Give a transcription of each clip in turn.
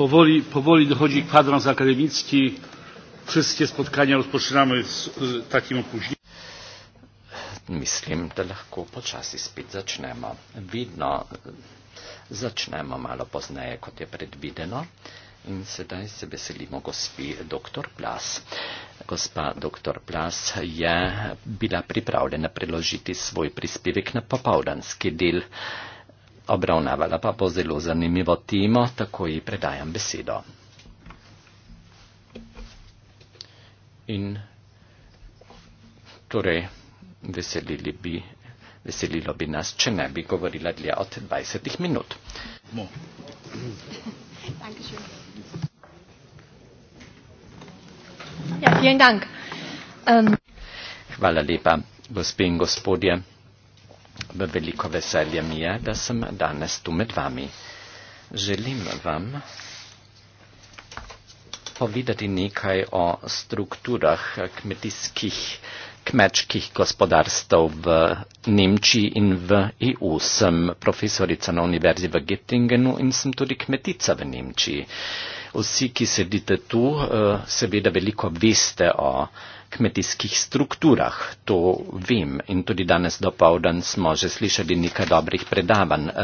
Powoli, powoli dochodzi kwadrans akademicki. Wszystkie spotkania rozpoczynamy z, z takim opóźnieniem. Myślę, że lekko po czasie spić zaczniemy. Widno, zaczniemy mało poznaje, jak je predwideno. I teraz se weselimo gospi dr Plas. Gospa dr Plas je bila pripravljena preložiti svoj prispevek na popoldanski del obravnavala pa bo zelo zanimivo temo, tako ji predajam besedo. In torej veselili bi, veselilo bi nas, če ne bi govorila dlje od 20 minut. No. Ja, um. Hvala lepa, gospe in gospodje v veliko veselje mi je, da sem danes tu med vami. Želim vam povedati nekaj o strukturah kmetijskih, kmečkih gospodarstv v Nemčiji in v EU. Sem profesorica na univerzi v Göttingenu in sem tudi kmetica v Nemčiji. Vsi, ki sedite tu, eh, seveda veliko veste o kmetijskih strukturah. To vem in tudi danes do povdan smo že slišali nekaj dobrih predavanj. E,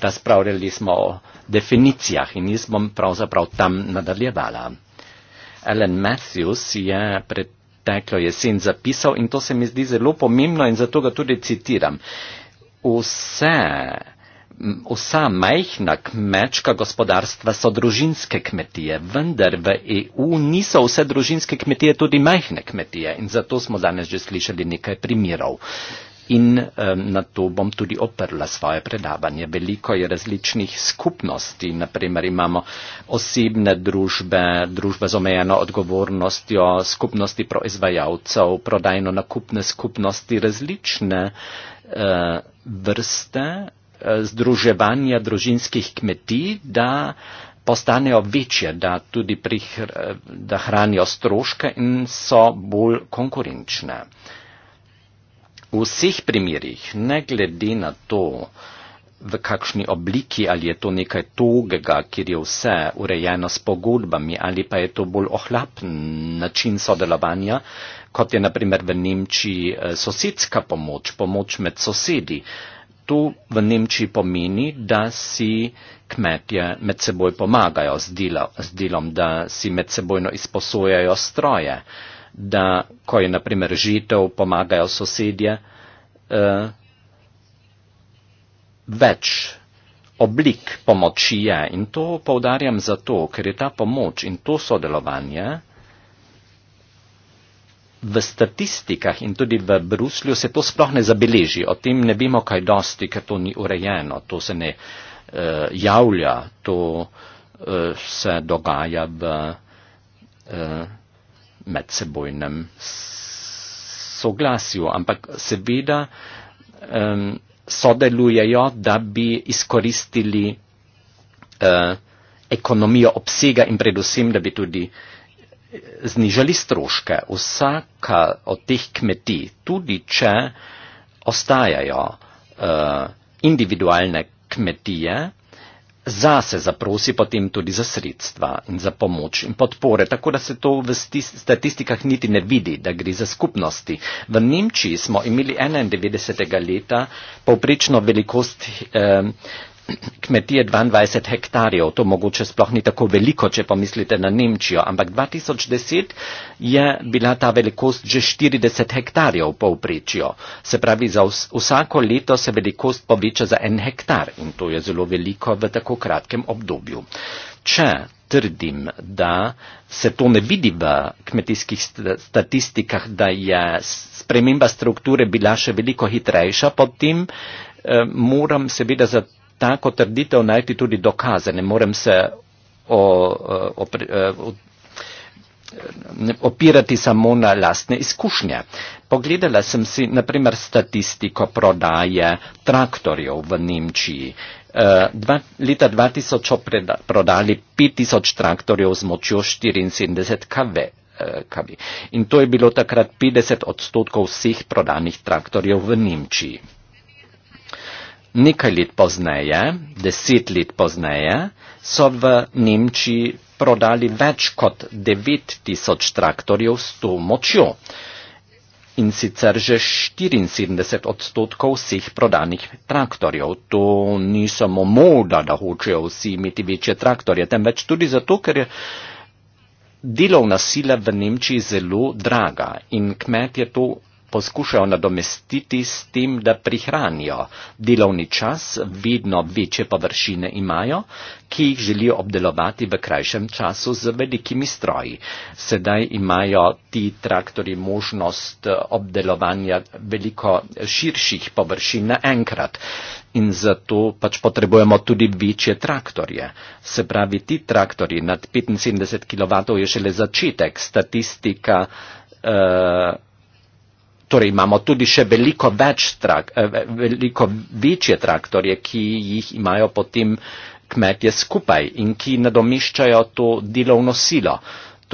razpravljali smo o definicijah in jaz bom pravzaprav tam nadaljevala. Ellen Matthews je preteklo jesen zapisal in to se mi zdi zelo pomembno in zato ga tudi citiram. Vse vsa majhna kmečka gospodarstva so družinske kmetije, vendar v EU niso vse družinske kmetije tudi majhne kmetije in zato smo danes že slišali nekaj primerov. In um, na to bom tudi oprla svoje predavanje. Veliko je različnih skupnosti, naprimer imamo osebne družbe, družbe z omejeno odgovornostjo, skupnosti proizvajalcev, prodajno-nakupne skupnosti, različne uh, vrste združevanja družinskih kmetij, da postanejo večje, da tudi prihr, da hranijo stroške in so bolj konkurenčne. V vseh primerjih, ne glede na to, v kakšni obliki, ali je to nekaj togega, kjer je vse urejeno s pogodbami, ali pa je to bolj ohlapen način sodelovanja, kot je naprimer v Nemčiji eh, sosedska pomoč, pomoč med sosedi to v Nemčiji pomeni, da si kmetje med seboj pomagajo z, delo, z delom, da si med sebojno izposojajo stroje, da ko je naprimer žitev, pomagajo sosedje. Eh, več oblik pomoči je in to povdarjam zato, ker je ta pomoč in to sodelovanje v statistikah in tudi v Bruslju se to sploh ne zabeleži. O tem ne vemo kaj dosti, ker to ni urejeno, to se ne uh, javlja, to uh, se dogaja v uh, medsebojnem soglasju. Ampak seveda um, sodelujejo, da bi izkoristili uh, ekonomijo obsega in predvsem, da bi tudi uh, znižali stroške. Vsaka od teh kmetij, tudi če ostajajo uh, individualne kmetije, zase zaprosi potem tudi za sredstva in za pomoč in podpore, tako da se to v statistikah niti ne vidi, da gre za skupnosti. V Nemčiji smo imeli 91. leta povprečno velikost. Uh, kmetije 22 hektarjev, to mogoče sploh ni tako veliko, če pomislite na Nemčijo, ampak 2010 je bila ta velikost že 40 hektarjev povprečjo. Se pravi, za vsako leto se velikost poveča za en hektar in to je zelo veliko v tako kratkem obdobju. Če trdim, da se to ne vidi v kmetijskih statistikah, da je sprememba strukture bila še veliko hitrejša, potem eh, moram seveda za to tako trditev najti tudi dokaze. Ne morem se o, o, o, opirati samo na lastne izkušnje. Pogledala sem si, naprimer, statistiko prodaje traktorjev v Nemčiji. E, dva, leta 2000 so prodali 5000 traktorjev z močjo 74 kV. E, In to je bilo takrat 50 odstotkov vseh prodanih traktorjev v Nemčiji nekaj let pozneje, deset let pozneje, so v Nemčiji prodali več kot 9000 traktorjev s to močjo in sicer že 74 odstotkov vseh prodanih traktorjev. To ni samo moda, da hočejo vsi imeti večje traktorje, temveč tudi zato, ker je delovna sila v Nemčiji zelo draga in kmet je to poskušajo nadomestiti s tem, da prihranijo delovni čas, vedno večje površine imajo, ki jih želijo obdelovati v krajšem času z velikimi stroji. Sedaj imajo ti traktori možnost eh, obdelovanja veliko širših površin naenkrat. In zato pač potrebujemo tudi večje traktorje. Se pravi, ti traktori nad 75 kW je šele začetek statistika. Uh, Torej imamo tudi še veliko, več trak, eh, veliko večje traktorje, ki jih imajo potem kmetje skupaj in ki nadomiščajo to delovno silo.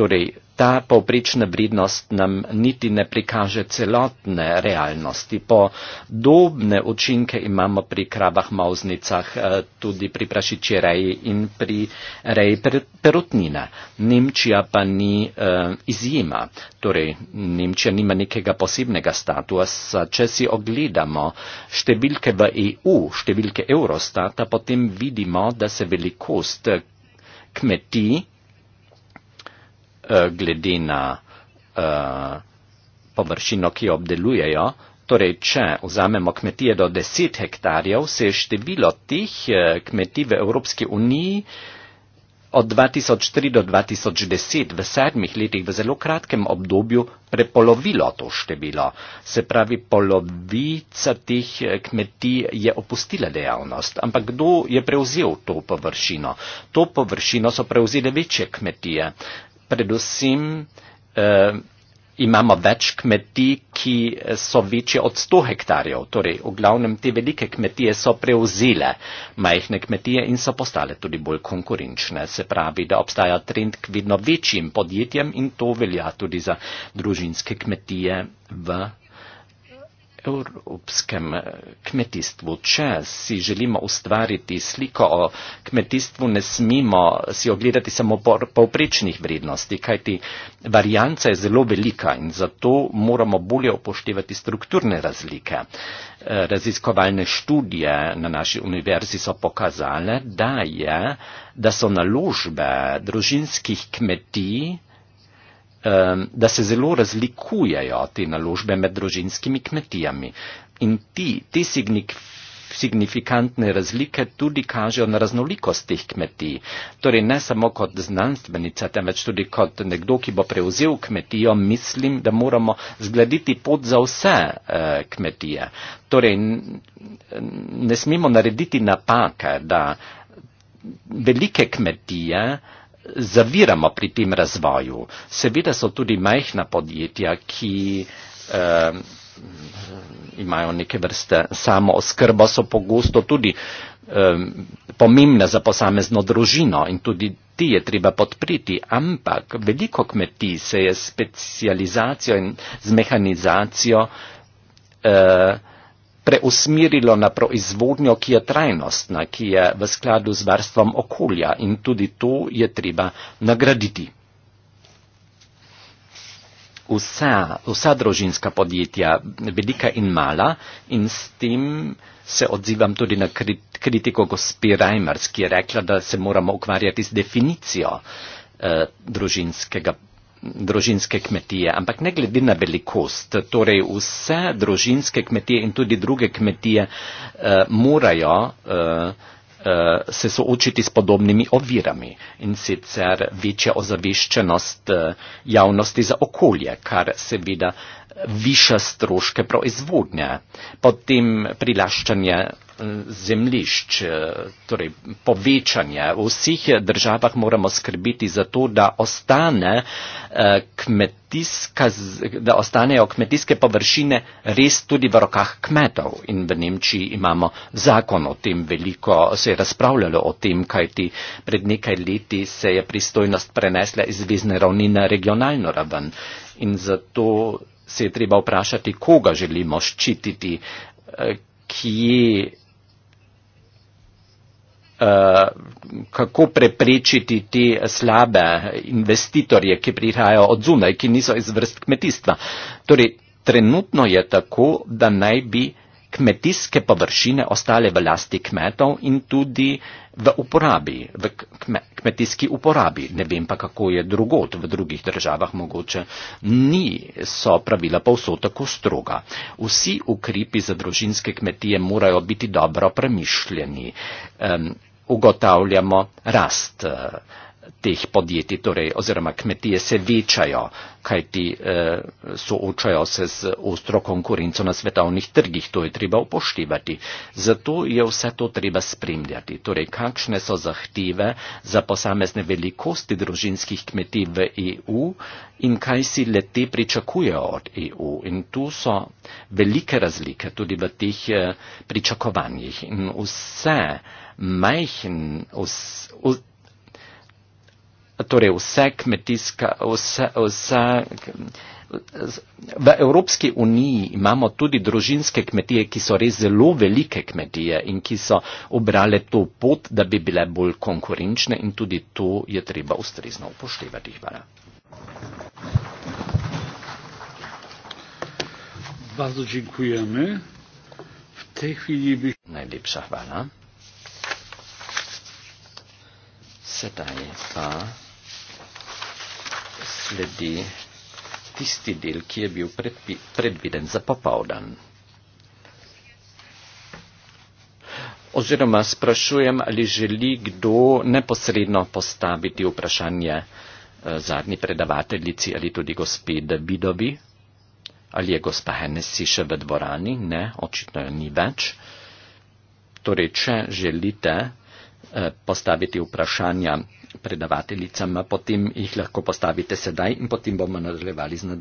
Torej, Ta povprečna vrednost nam niti ne prikaže celotne realnosti. Podobne učinke imamo pri krabah mauznicah, eh, tudi pri prašiči reji in pri reji perutnina. Nemčija pa ni eh, izjema. Torej, Nemčija nima nekega posebnega statusa. Če si ogledamo številke v EU, številke Eurostata, potem vidimo, da se velikost kmetij, Eh, glede na uh, površino, ki jo obdelujejo. Torej, če vzamemo kmetije do 10 hektarjev, se je število teh eh, kmetij v Evropski uniji od 2003 do 2010 v sedmih letih v zelo kratkem obdobju prepolovilo to število. Se pravi, polovica teh kmetij je opustila dejavnost. Ampak kdo je prevzel to površino? To površino so prevzele večje kmetije. Uh, predvsem eh, imamo več kmetij, ki so večje od 100 hektarjev. Torej, v glavnem te velike kmetije so prevzele majhne kmetije in so postale tudi bolj konkurenčne. Se pravi, da obstaja trend k vedno večjim podjetjem in to velja tudi za družinske kmetije v evropskem eh, kmetijstvu. Če si želimo ustvariti sliko o kmetijstvu, ne smimo si ogledati samo povprečnih vrednosti, kajti varijanca je zelo velika in zato moramo bolje upoštevati strukturne razlike. Eh, raziskovalne študije na naši univerzi so pokazale, da, je, da so naložbe družinskih kmetij da se zelo razlikujejo te naložbe med družinskimi kmetijami. In ti, te signifikantne razlike tudi kažejo na raznolikost teh kmetij. Torej ne samo kot znanstvenica, temveč tudi kot nekdo, ki bo prevzel kmetijo, mislim, da moramo zgraditi pot za vse eh, kmetije. Torej ne smemo narediti napake, da velike kmetije eh, zaviramo pri tem razvoju. Seveda so tudi majhna podjetja, ki eh, imajo neke vrste samo oskrbo, so pogosto tudi eh, pomembna za posamezno družino in tudi ti je treba podpriti, ampak veliko kmetij se je specializacijo in z mehanizacijo eh, preusmirilo na proizvodnjo, ki je trajnostna, ki je v skladu z varstvom okolja in tudi to je treba nagraditi. Vsa, vsa družinska podjetja, velika in mala, in s tem se odzivam tudi na kritiko gospe Reimers, ki je rekla, da se moramo ukvarjati z definicijo eh, družinskega podjetja družinske kmetije, ampak ne glede na velikost. Torej vse družinske kmetije in tudi druge kmetije eh, morajo eh, eh, se soočiti s podobnimi ovirami in sicer večja ozaveščenost eh, javnosti za okolje, kar seveda više stroške proizvodnje, potem prilaščanje eh, zemljišč, eh, torej povečanje. V vseh državah moramo skrbiti za to, da, ostane eh, da ostanejo kmetijske površine res tudi v rokah kmetov. In v Nemčiji imamo zakon o tem, veliko se je razpravljalo o tem, kajti pred nekaj leti se je pristojnost prenesla iz zvezne ravni na regionalno raven. In zato se je treba vprašati, koga želimo ščititi, eh, kje, eh, kako preprečiti te slabe investitorje, ki prihajajo od zunaj, ki niso iz vrst kmetijstva. Torej, trenutno je tako, da naj bi kmetijske površine ostale v lasti kmetov in tudi v uporabi, v kme, kmetijski uporabi. Ne vem pa, kako je drugot v drugih državah mogoče. Ni so pravila povsod tako stroga. Vsi ukripi za družinske kmetije morajo biti dobro premišljeni. Um, ugotavljamo rast. Uh, teh podjetij, torej oziroma kmetije se večajo, kajti eh, soočajo se z ostro konkurenco na svetovnih trgih, to je treba upoštevati. Zato je vse to treba spremljati, torej kakšne so zahteve za posamezne velikosti družinskih kmetij v EU in kaj si lete pričakujejo od EU. In tu so velike razlike tudi v teh eh, pričakovanjih in vse majhne torej vse kmetijska, vse, vse, v Evropski uniji imamo tudi družinske kmetije, ki so res zelo velike kmetije in ki so obrale to pot, da bi bile bolj konkurenčne in tudi to je treba ustrezno upoštevati. Hvala. Bardzo dziękujemy. W tej chwili by... Najlepsza chwala. Setaj, pa sledi tisti del, ki je bil predviden za popovdan. Oziroma sprašujem, ali želi kdo neposredno postaviti vprašanje eh, zadnji predavateljici ali tudi gospod Bidobi. Ali je gospa Hennessy še v dvorani? Ne, očitno jo ni več. Torej, če želite eh, postaviti vprašanja predavateljicama, potem jih lahko postavite sedaj in potem bomo nadaljevali z, na,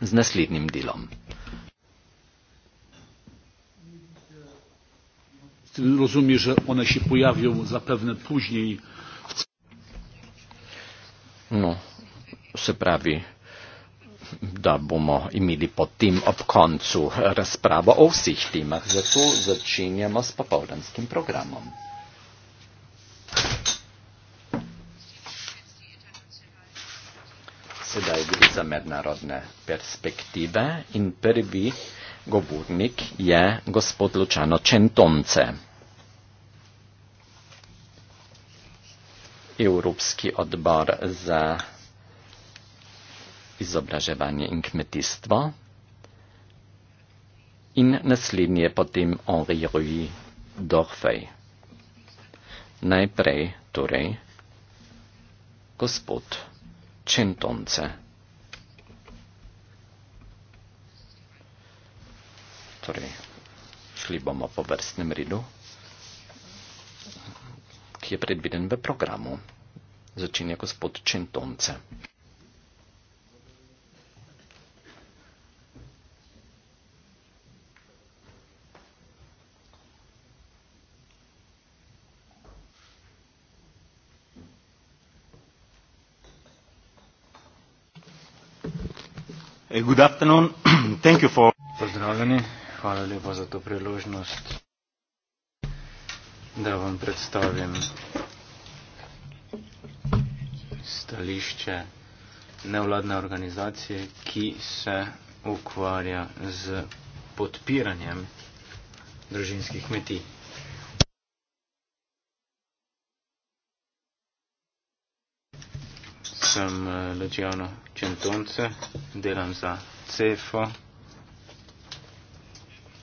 z naslednjim delom. Razumem, da one se pojavijo zapevne pužnji. No, se pravi, da bomo imeli potem ob koncu razpravo o vseh temah, zato začenjamo s popoldanskim programom. za mednarodne perspektive in prvi govornik je gospod Lučano Čentonce. Evropski odbor za izobraževanje in kmetijstvo. In naslednji je potem Henri Rui Dorfej. Najprej torej gospod Čentonce. torej hlibamo po vrstnem redu, ki je predviden v programu. Začenja gospod Čentonce. Eh, good afternoon. Thank you for... Pozdravljeni hvala lepa za to priložnost, da vam predstavim stališče nevladne organizacije, ki se ukvarja z podpiranjem družinskih kmetij. Sem eh, Luciano Centonce, delam za CEFO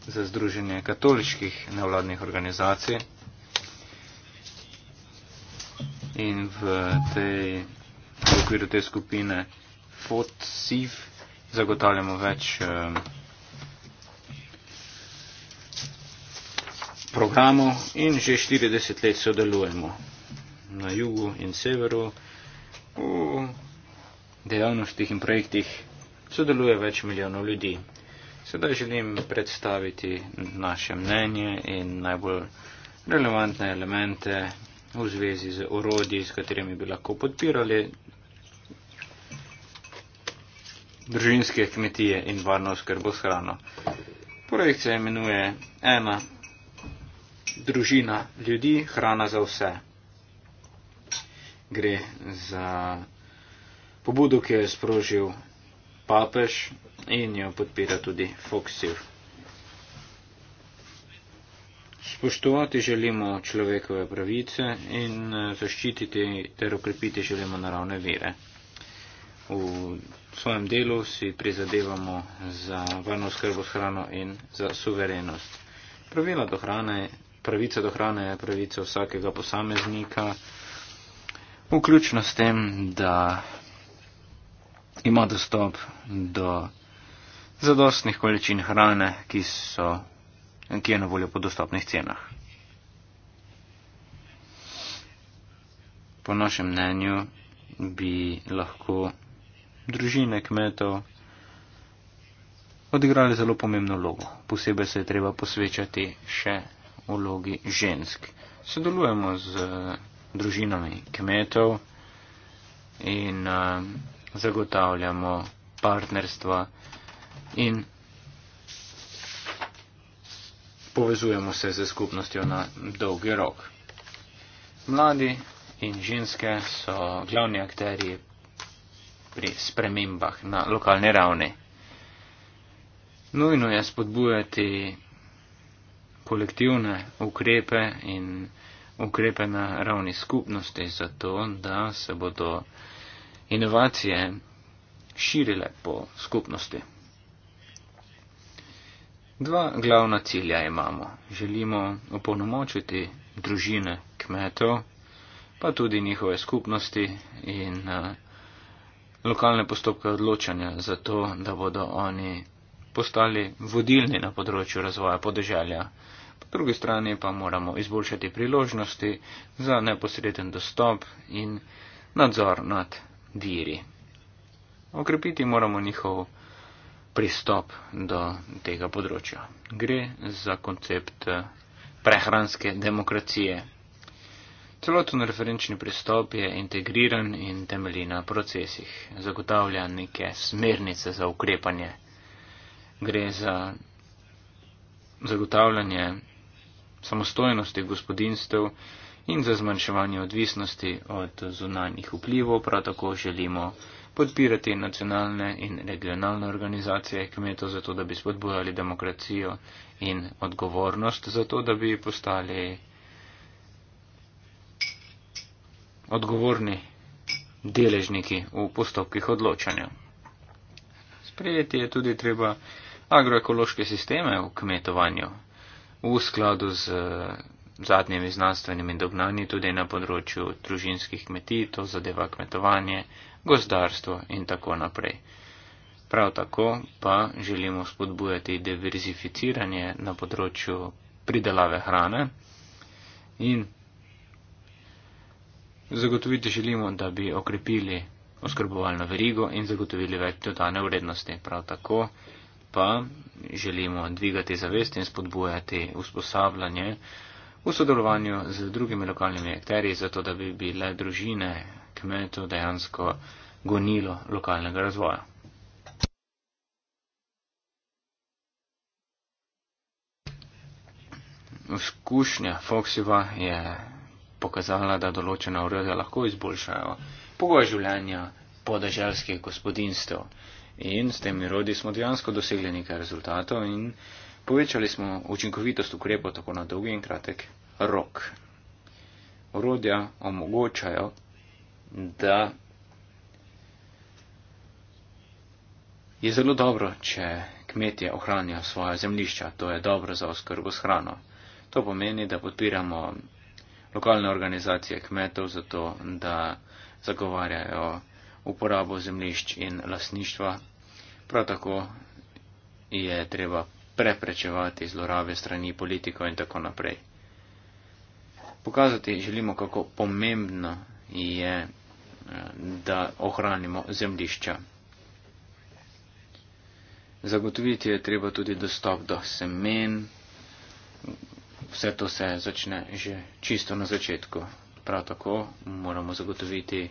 za Združenje katoliških nevladnih organizacij. In v, tej, v okviru te skupine FOTSIV zagotavljamo več eh, programov in že 40 let sodelujemo na jugu in severu v dejavnostih in projektih sodeluje več milijonov ljudi. Sedaj želim predstaviti naše mnenje in najbolj relevantne elemente v zvezi z orodji, s katerimi bi lahko podpirali družinske kmetije in varno skrbo s hrano. Projekt se imenuje ena družina ljudi, hrana za vse. Gre za pobudo, ki jo je sprožil papež in jo podpira tudi Foxiv. Spoštovati želimo človekove pravice in eh, zaščititi ter ukrepiti želimo naravne vire. V svojem delu si prizadevamo za varno skrbo s hrano in za suverenost. Pravila do hrane, pravica do hrane je pravica vsakega posameznika, vključno s tem, da ima dostop do zadostnih količin hrane, ki, so, ki je na voljo po dostopnih cenah. Po našem mnenju bi lahko družine kmetov odigrali zelo pomembno vlogo. Posebej se je treba posvečati še vlogi žensk. Sodelujemo z družinami kmetov in uh, zagotavljamo partnerstva in povezujemo se z skupnostjo na dolgi rok. Mladi in ženske so glavni akteri pri spremembah na lokalni ravni. Nujno je spodbujati kolektivne ukrepe in ukrepe na ravni skupnosti, zato da se bodo inovacije širile po skupnosti. Dva glavna cilja imamo. Želimo opolnomočiti družine kmetov, pa tudi njihove skupnosti in eh, lokalne postopke odločanja za to, da bodo oni postali vodilni na področju razvoja podeželja. Po drugi strani pa moramo izboljšati priložnosti za neposreden dostop in nadzor nad viri. Okrepiti moramo njihov pristop do tega področja. Gre za koncept eh, prehranske demokracije. Celoten referenčni pristop je integriran in temelji na procesih, zagotavlja neke smernice za ukrepanje. Gre za zagotavljanje samostojnosti gospodinstv, in za zmanjševanje odvisnosti od zunanjih vplivov. Prav tako želimo podpirati nacionalne in regionalne organizacije kmetov, zato da bi spodbujali demokracijo in odgovornost, zato da bi postali odgovorni deležniki v postopkih odločanja. Sprejeti je tudi treba agroekološke sisteme v kmetovanju v skladu z zadnjimi znanstvenimi dognanji tudi na področju družinskih kmetij, to zadeva kmetovanje, gozdarstvo in tako naprej. Prav tako pa želimo spodbujati diverzificiranje na področju pridelave hrane in zagotoviti želimo, da bi okrepili oskrbovalno verigo in zagotovili več dodane vrednosti. Prav tako pa želimo dvigati zavest in spodbujati usposabljanje uh, v sodelovanju z drugimi lokalnimi akterji, zato da bi bile družine kmetov dejansko gonilo lokalnega razvoja. Vzkušnja Foxiva je pokazala, da določena urodja lahko izboljšajo pogoje življenja podeželskih gospodinstv. In s temi urodji smo dejansko dosegli nekaj rezultatov in Povečali smo učinkovitost ukrepov tako na dolgi in kratek rok. Orodja omogočajo, da je zelo dobro, če kmetje ohranijo svoje zemlišča. To je dobro za oskrbo s hrano. To pomeni, da podpiramo lokalne organizacije kmetov za to, da zagovarjajo uporabo zemlišč in lasništva. Prav tako je treba preprečevati zlorabe strani politikov in tako naprej. Pokazati želimo, kako pomembno je, eh, da ohranimo zemlišča. Zagotoviti je treba tudi dostop do semen. Vse to se začne že čisto na začetku. Prav tako moramo zagotoviti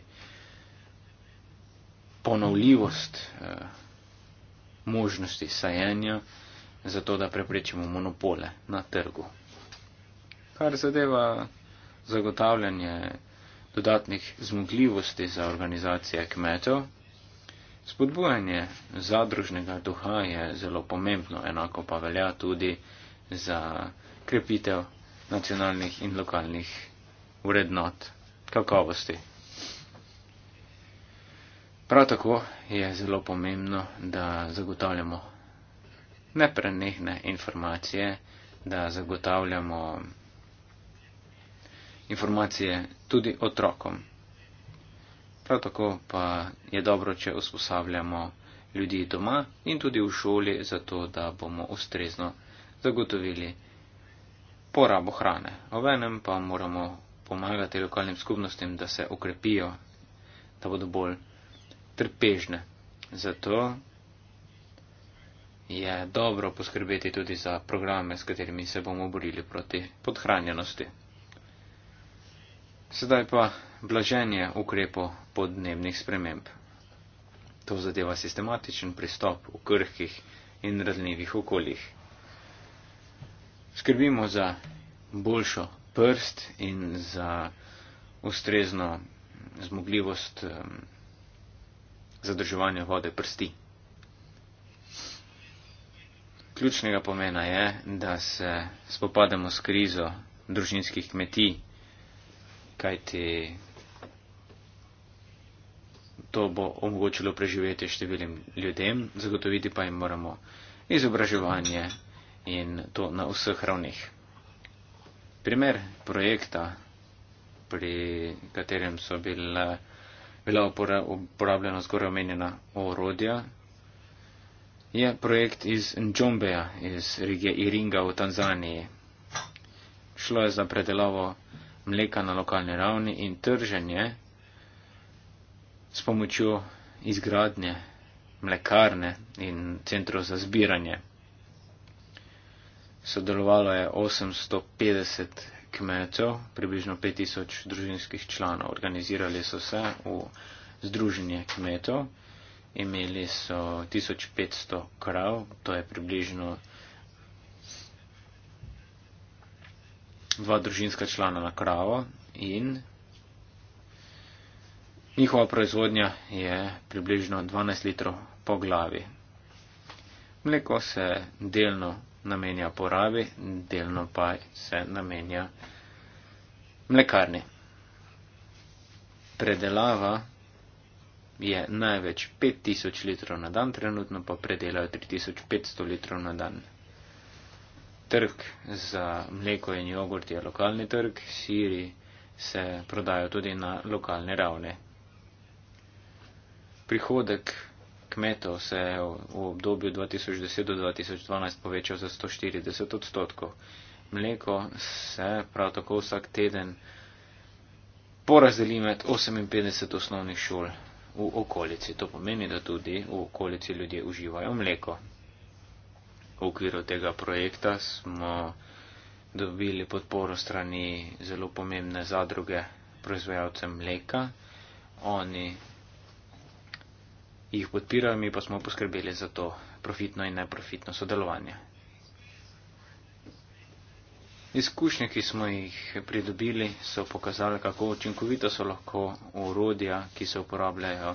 ponovljivost eh, možnosti sajenja zato da preprečimo monopole na trgu. Kar zadeva zagotavljanje dodatnih zmogljivosti za organizacije kmetov, spodbujanje zadružnega duha je zelo pomembno, enako pa velja tudi za krepitev nacionalnih in lokalnih vrednot kakovosti. Prav tako je zelo pomembno, da zagotavljamo neprenehne informacije, da zagotavljamo informacije tudi otrokom. Prav tako pa je dobro, če usposabljamo ljudi doma in tudi v šoli, zato da bomo ustrezno zagotovili porabo hrane. Ovenem pa moramo pomagati lokalnim skupnostim, da se okrepijo, da bodo bolj trpežne. Zato je dobro poskrbeti tudi za programe, s katerimi se bomo borili proti podhranjenosti. Sedaj pa blaženje ukrepo podnebnih sprememb. To zadeva sistematičen pristop v krhkih in radljivih okoljih. Skrbimo za boljšo prst in za ustrezno zmogljivost zadrževanja vode prsti ključnega pomena je, da se spopadamo s krizo družinskih kmetij, kajti to bo omogočilo preživetje številim ljudem, zagotoviti pa jim moramo izobraževanje in to na vseh ravnih. Primer projekta, pri katerem so bila, bila uporabljena zgoraj omenjena orodja, je projekt iz Njombeja, iz regije Iringa v Tanzaniji. Šlo je za predelavo mleka na lokalni ravni in trženje s pomočjo izgradnje mlekarne in centrov za zbiranje. Sodelovalo je 850 kmetov, približno 5000 družinskih članov. Organizirali so se v združenje kmetov imeli so 1500 krav, to je približno dva družinska člana na kravo in njihova proizvodnja je približno 12 litrov po glavi. Mleko se delno namenja porabi, delno pa se namenja mlekarni. Predelava je največ 5000 litrov na dan, trenutno pa predelajo 3500 litrov na dan. Trg za mleko in jogurt je lokalni trg, siri se prodajo tudi na lokalne ravne. Prihodek kmetov se je v obdobju 2010 do 2012 povečal za 140 odstotkov. Mleko se prav tako vsak teden porazdeli med 58 osnovnih šol v okolici. To pomeni, da tudi v okolici ljudje uživajo mleko. V okviru tega projekta smo dobili podporo strani zelo pomembne zadruge proizvajalcem mleka. Oni jih podpirajo, mi pa smo poskrbeli za to profitno in neprofitno sodelovanje. Izkušnje, ki smo jih pridobili, so pokazali, kako učinkovito so lahko urodja, ki se uporabljajo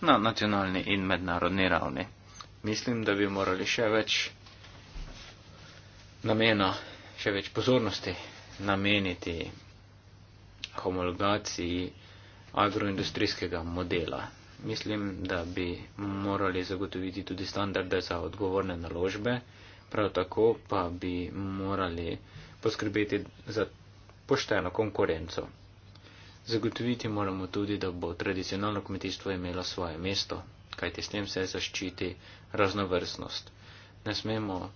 na nacionalni in mednarodni ravni. Mislim, da bi morali še več namena, še več pozornosti nameniti homologaciji agroindustrijskega modela. Mislim, da bi morali zagotoviti tudi standarde za odgovorne naložbe, prav tako pa bi morali poskrbeti za pošteno konkurenco. Zagotoviti moramo tudi, da bo tradicionalno kmetijstvo imelo svoje mesto, kajti s tem se zaščiti raznovrstnost. Ne smemo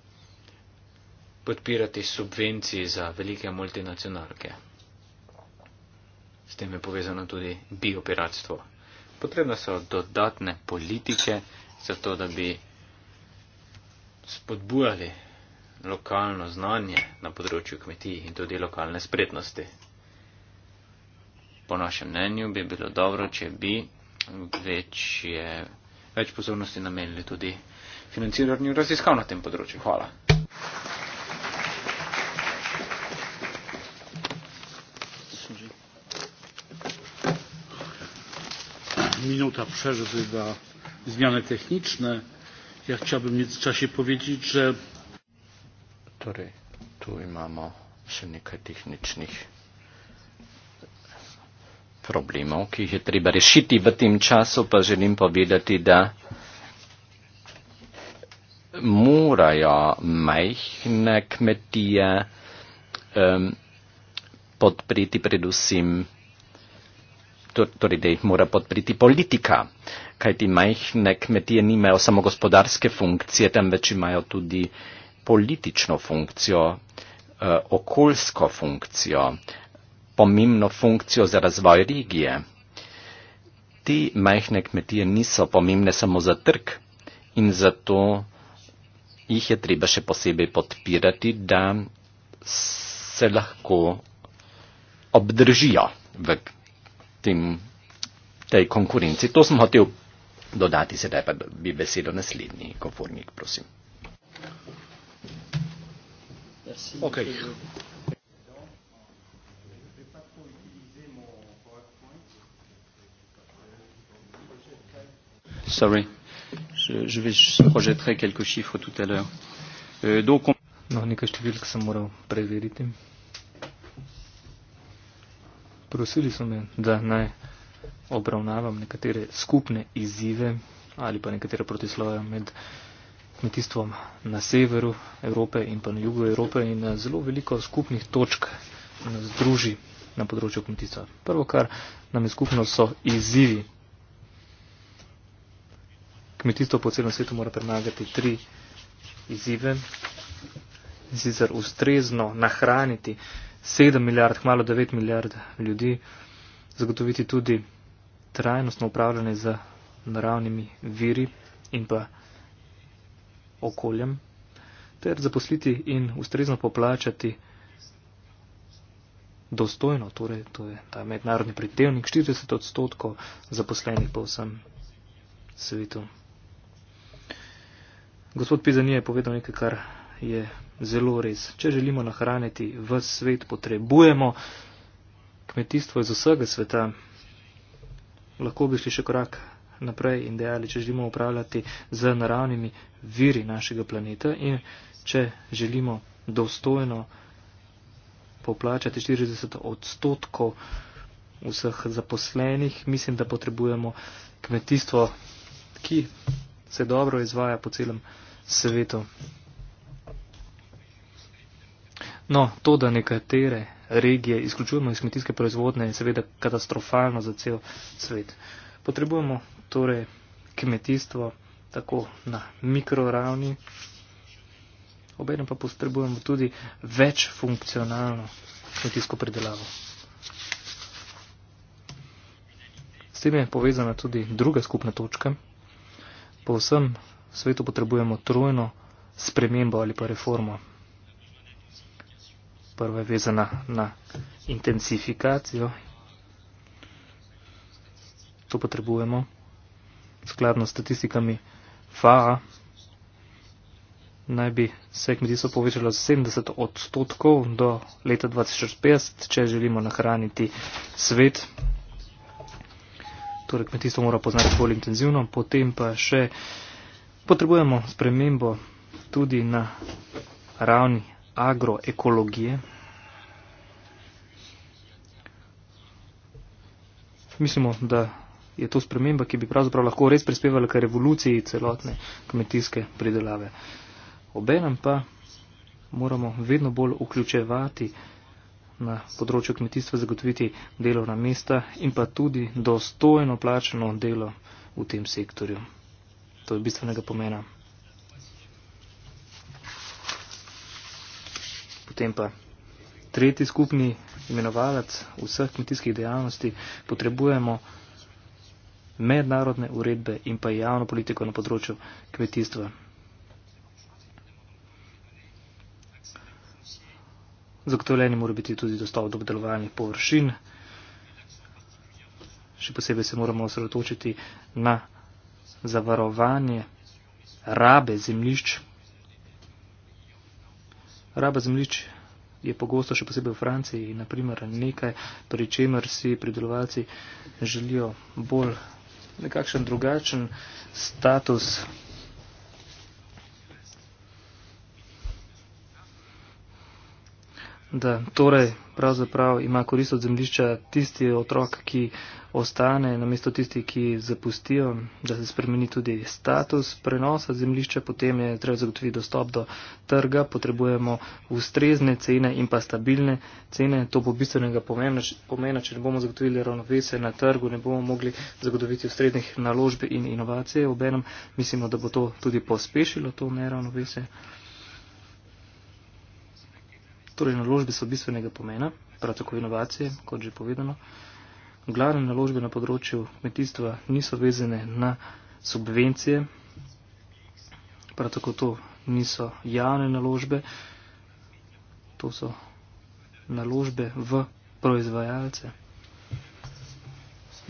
podpirati subvencij za velike multinacionalke. S tem je povezano tudi biopiratstvo. Potrebne so dodatne politike, zato da bi spodbujali lokalno znanje na področju kmetij in tudi lokalne spretnosti. Po našem mnenju bi bilo dobro, če bi več, je, več pozornosti namenili tudi financiranju raziskav na tem področju. Hvala. Minuta przerwy na zmiany techniczne. Ja chciałbym w międzyczasie powiedzieć, że Torej, tu imamo še nekaj tehničnih problemov, ki jih je treba rešiti v tem času, pa želim povedati, da morajo majhne kmetije um, podpreti predvsem, torej, da jih mora podpreti politika, kajti majhne kmetije nimajo samo gospodarske funkcije, temveč imajo tudi uh, politično funkcijo, eh, okoljsko funkcijo, pomembno funkcijo za razvoj regije. Ti majhne kmetije niso pomembne samo za trg in zato jih je treba še posebej podpirati, da se lahko obdržijo v tem, tej konkurenci. To sem hotel dodati, sedaj pa bi besedo naslednji govornik, prosim. Merci. Ok. Sorry. Je, je vais je projeterai quelques chiffres tout à l'heure. Euh, donc on... Non, nekaj številk sem moral preveriti. Prosili so me, da naj obravnavam nekatere skupne izzive ali pa nekatere protislova med uh, kmetijstvom na severu Evrope in pa na jugu Evrope in eh, zelo veliko skupnih točk nas druži na področju kmetijstva. Prvo, kar nam je skupno, so izzivi. Kmetijstvo po celem svetu mora premagati tri izzive in sicer ustrezno nahraniti 7 milijard, malo 9 milijard ljudi, zagotoviti tudi trajnostno upravljanje z naravnimi viri in pa okoljem, ter zaposliti in ustrezno poplačati dostojno, torej to je ta mednarodni pridelnik, 40 odstotkov zaposlenih po vsem svetu. Gospod Pizanija je povedal nekaj, kar je zelo res. Če želimo nahraniti v svet, potrebujemo kmetijstvo iz vsega sveta. Lahko bi šli še korak naprej in dejali, če želimo upravljati z naravnimi viri našega planeta in če želimo dostojno poplačati 40 odstotkov vseh zaposlenih, mislim, da potrebujemo kmetijstvo, ki se dobro izvaja po celem svetu. No, to, da nekatere regije izključujemo iz kmetijske proizvodne, je seveda katastrofalno za cel svet. Potrebujemo torej kmetijstvo tako na mikroravni, obenem pa potrebujemo tudi več funkcionalno kmetijsko predelavo. S tem je povezana tudi druga skupna točka. Po vsem svetu potrebujemo trojno spremembo ali pa reformo. Prva je vezana na intensifikacijo. To potrebujemo skladno s statistikami FAA, naj bi se kmetijstvo povečalo 70 odstotkov do leta 2050, če želimo nahraniti svet. Torej, kmetijstvo mora poznati bolj intenzivno, potem pa še potrebujemo spremembo tudi na ravni agroekologije. Mislimo, da je to sprememba, ki bi pravzaprav lahko res prispevala k revoluciji celotne kmetijske pridelave. Obenem pa moramo vedno bolj vključevati na področju kmetijstva, zagotoviti delovna mesta in pa tudi dostojno plačeno delo v tem sektorju. To je bistvenega pomena. Potem pa tretji skupni imenovalec vseh kmetijskih dejavnosti potrebujemo mednarodne uredbe in pa javno politiko na področju kmetijstva. Zagotovljeni mora biti tudi dostop do obdelovalnih površin. Še posebej se moramo osredotočiti na zavarovanje rabe zemlišč. Raba zemlišč je pogosto še posebej v Franciji, naprimer nekaj, pri čemer si pridelovalci želijo bolj nekakšen drugačen status da torej pravzaprav ima korist od zemljišča tisti otrok, ki ostane na mesto tisti, ki zapustijo, da se spremeni tudi status prenosa zemljišča, potem je treba zagotoviti dostop do trga, potrebujemo ustrezne cene in pa stabilne cene, to bo bistvenega pomena, če ne bomo zagotovili ravnovese na trgu, ne bomo mogli zagotoviti ustreznih naložb in inovacije, obenem mislimo, da bo to tudi pospešilo to neravnovese. Torej, naložbe so bistvenega pomena, prav tako inovacije, kot že povedano. Glavne naložbe na področju kmetijstva niso vezene na subvencije, prav tako to niso javne naložbe, to so naložbe v proizvajalce.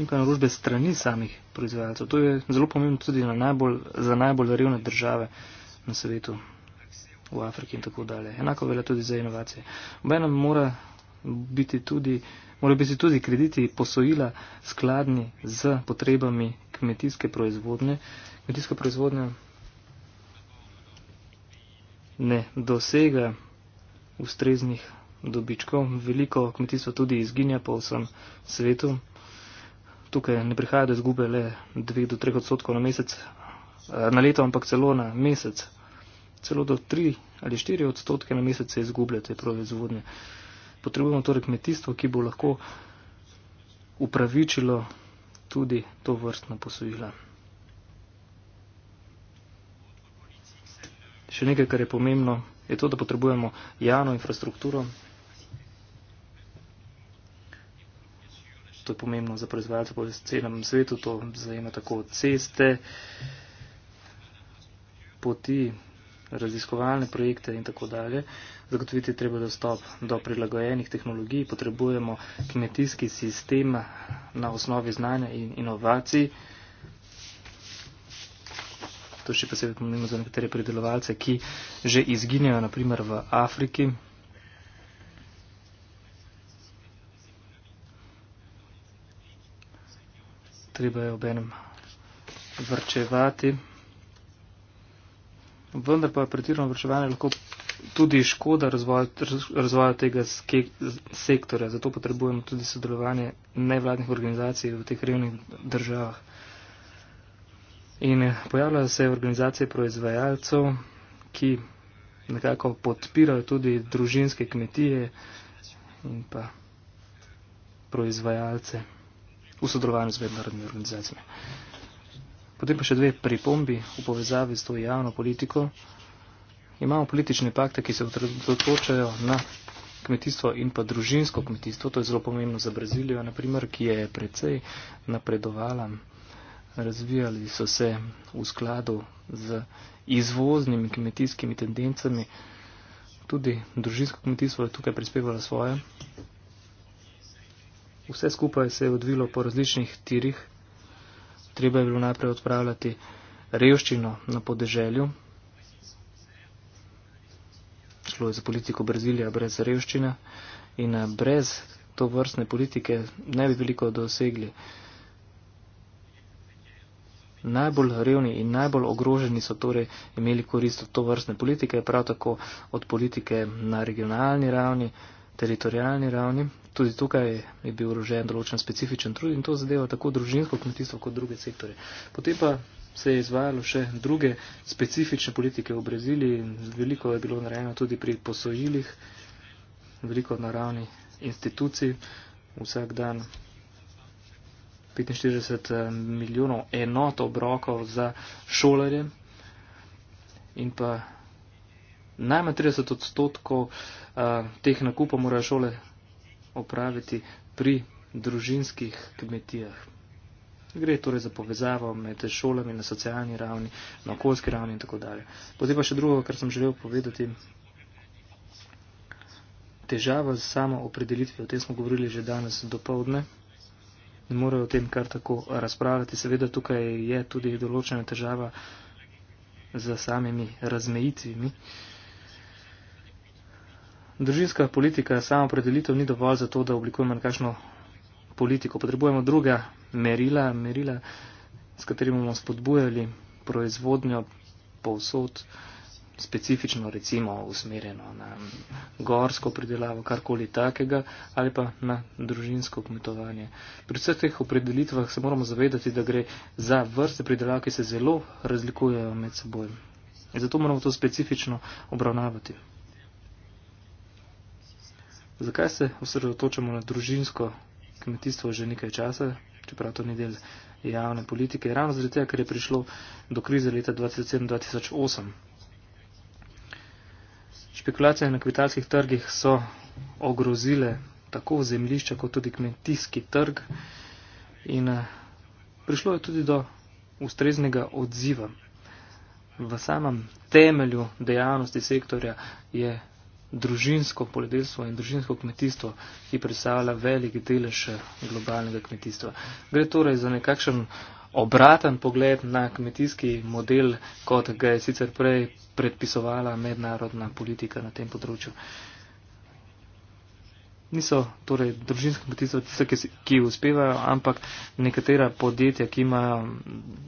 In pa naložbe strani samih proizvajalcev. To je zelo pomembno tudi na najbolj, za najbolj revne države na svetu v Afriki in tako dalje. Enako velja tudi za inovacije. Obenem mora biti tudi, mora biti tudi krediti posojila skladni z potrebami kmetijske proizvodnje. Kmetijska proizvodnja ne dosega ustreznih dobičkov. Veliko kmetijstva tudi izginja po vsem svetu. Tukaj ne prihaja do izgube le 2 do 3 odstotkov na mesec, eh, na leto, ampak celo na mesec celo do 3 ali 4 odstotke na mesec se izgublja te proizvodnje. Potrebujemo torej kmetijstvo, ki bo lahko upravičilo tudi to vrstno posojila. Še nekaj, kar je pomembno, je to, da potrebujemo javno infrastrukturo. To je pomembno za proizvajalce po celem svetu, to zajema tako ceste, poti, raziskovalne projekte in tako dalje. Zagotoviti treba dostop do prilagojenih tehnologij, potrebujemo kmetijski sistem na osnovi znanja in inovacij. To še posebej pomenimo za nekatere predelovalce, ki že izginjajo, naprimer v Afriki. Treba je ob enem vrčevati vendar pa je pretirano vprašanje lahko tudi škoda razvoja, razvoja tega ske, sektora. Zato potrebujemo tudi sodelovanje nevladnih organizacij v teh revnih državah. In eh, pojavljajo se organizacije proizvajalcev, ki nekako podpirajo tudi družinske kmetije in pa proizvajalce v sodelovanju z mednarodnimi organizacijami. Potem pa še dve pripombi v povezavi s to javno politiko. Imamo politične pakte, ki se odločajo na kmetijstvo in pa družinsko kmetijstvo. To je zelo pomembno za Brazilijo, naprimer, ki je precej napredovala. Razvijali so se v skladu z izvoznimi kmetijskimi tendencami. Tudi družinsko kmetijstvo je tukaj prispevalo svoje. Vse skupaj se je odvilo po različnih tirih treba je bilo najprej odpravljati revščino na podeželju. Šlo je za politiko Brazilija brez revščine in eh, brez to vrstne politike ne bi veliko dosegli. Najbolj revni in najbolj ogroženi so torej imeli korist od to vrstne politike, prav tako od politike na regionalni ravni teritorijalni ravni. Tudi tukaj je bil urožen določen specifičen trud in to zadeva tako družinsko kmetijstvo kot druge sektore. Potem pa se je izvajalo še druge specifične politike v Braziliji in veliko je bilo narejeno tudi pri posojilih, veliko na ravni institucij. Vsak dan 45 eh, milijonov enot obrokov za šolarje in pa najmanj 30 odstotkov eh, teh nakupov morajo šole opraviti pri družinskih kmetijah. Gre torej za povezavo med šolami na socialni ravni, na okoljski ravni in tako dalje. Potem pa še drugo, kar sem želel povedati, težava z samo opredelitvijo, o tem smo govorili že danes dopoledne, ne morejo o tem kar tako razpravljati. Seveda tukaj je tudi določena težava za samimi razmejitvimi. Uh, Družinska politika, samo predelitev ni dovolj za to, da oblikujemo nekakšno politiko. Potrebujemo druga merila, merila, s katerimi bomo spodbujali proizvodnjo povsod, specifično recimo usmerjeno na gorsko pridelavo, karkoli takega, ali pa na družinsko kmetovanje. Pri vseh teh opredelitvah se moramo zavedati, da gre za vrste pridelav, ki se zelo razlikujejo med seboj. In zato moramo to specifično obravnavati. Zakaj se osredotočamo na družinsko kmetijstvo že nekaj časa, čeprav to ni del javne politike, ravno zaradi tega, ker je prišlo do krize leta 2007-2008. Špekulacije na kvitalskih trgih so ogrozile tako zemljišča kot tudi kmetijski trg in eh, prišlo je tudi do ustreznega odziva. V samem temelju dejavnosti sektorja je družinsko poljedelstvo in družinsko kmetijstvo, ki predstavlja velik delež eh, globalnega kmetijstva. Gre torej za nekakšen obraten pogled na kmetijski model, kot ga je sicer prej predpisovala mednarodna politika na tem področju. Niso torej družinsko kmetijstvo tiste, ki, ki uspevajo, ampak nekatera podjetja, ki imajo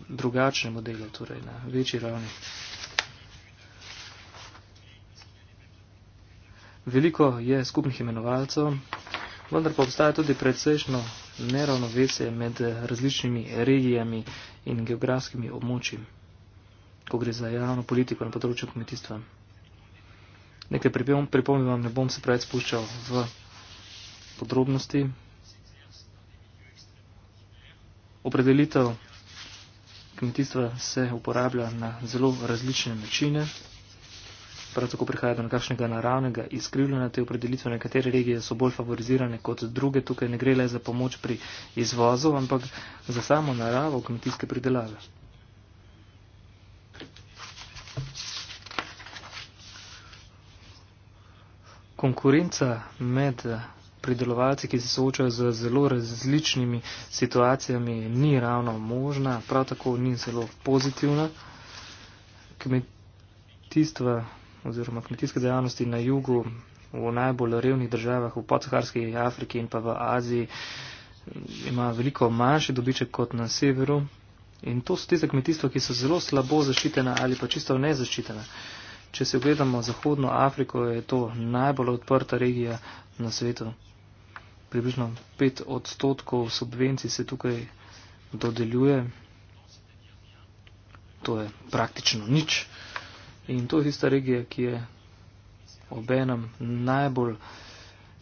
drugačne modele, torej na večji ravni. Veliko je skupnih imenovalcev, vendar pa obstaja tudi precejšno neravnovesje med različnimi regijami in geografskimi območji, ko gre za javno politiko na področju kmetijstva. Nekaj pripomnim vam, ne bom se preveč spuščal v podrobnosti. Opredelitev kmetijstva se uporablja na zelo različne načine prav tako prihaja do nekakšnega naravnega izkrivljanja te opredelitve. Nekatere regije so bolj favorizirane kot druge. Tukaj ne gre le za pomoč pri izvozu, ampak za samo naravo kmetijske pridelave. Konkurenca med pridelovalci, ki se soočajo z zelo različnimi situacijami, ni ravno možna, prav tako ni zelo pozitivna. Kmetijstva oziroma kmetijske dejavnosti na jugu, v najbolj revnih državah, v podsaharski Afriki in pa v Aziji, ima veliko manjši dobiček kot na severu. In to so tiste kmetijstva, ki so zelo slabo zaščitena ali pa čisto nezaščitena. Če se ogledamo Zahodno Afriko, je to najbolj odprta regija na svetu. Približno 5 odstotkov subvencij se tukaj dodeljuje. To je praktično nič. In to je tista regija, ki je obenem najbolj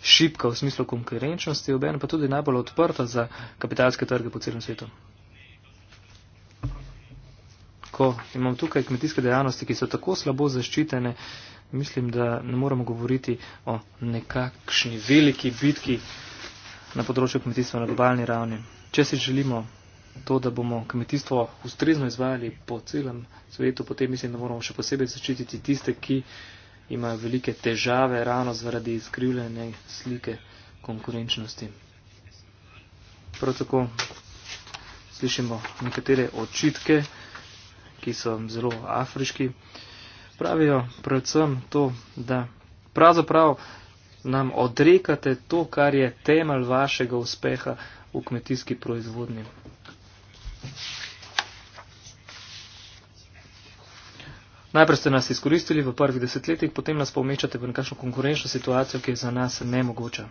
šipka v smislu konkurenčnosti, obenem pa tudi najbolj odprta za kapitalske trge po celem svetu. Ko imamo tukaj kmetijske dejavnosti, ki so tako slabo zaščitene, mislim, da ne moramo govoriti o nekakšni veliki bitki na področju kmetijstva na globalni ravni. Če si želimo to, da bomo kmetijstvo ustrezno izvajali po celem svetu, potem mislim, da moramo še posebej zaščititi tiste, ki imajo velike težave ravno zaradi izkrivljene slike konkurenčnosti. Prav tako slišimo nekatere očitke, ki so zelo afriški. Pravijo predvsem to, da pravzaprav nam odrekate to, kar je temelj vašega uspeha v kmetijski proizvodnji. Najprej ste nas izkoristili v prvih desetletjih, potem nas pomečate v nekakšno konkurenčno situacijo, ki je za nas nemogoča.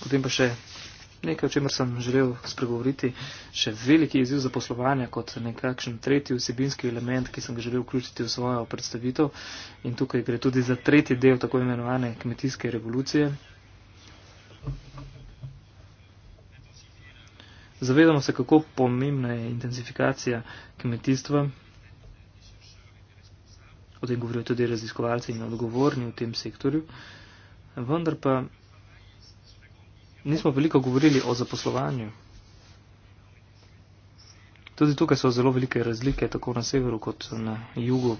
Potem pa še nekaj, o čemer sem želel spregovoriti, še veliki izziv zaposlovanja kot nekakšen tretji vsebinski element, ki sem ga želel vključiti v svojo predstavitev. In tukaj gre tudi za tretji del tako imenovane kmetijske revolucije. Thank you. Zavedamo se, kako pomembna je intenzifikacija kmetijstva. O tem govorijo tudi raziskovalci in odgovorni v tem sektorju. Vendar pa nismo veliko govorili o zaposlovanju. Tudi tukaj so zelo velike razlike, tako na severu kot na jugu.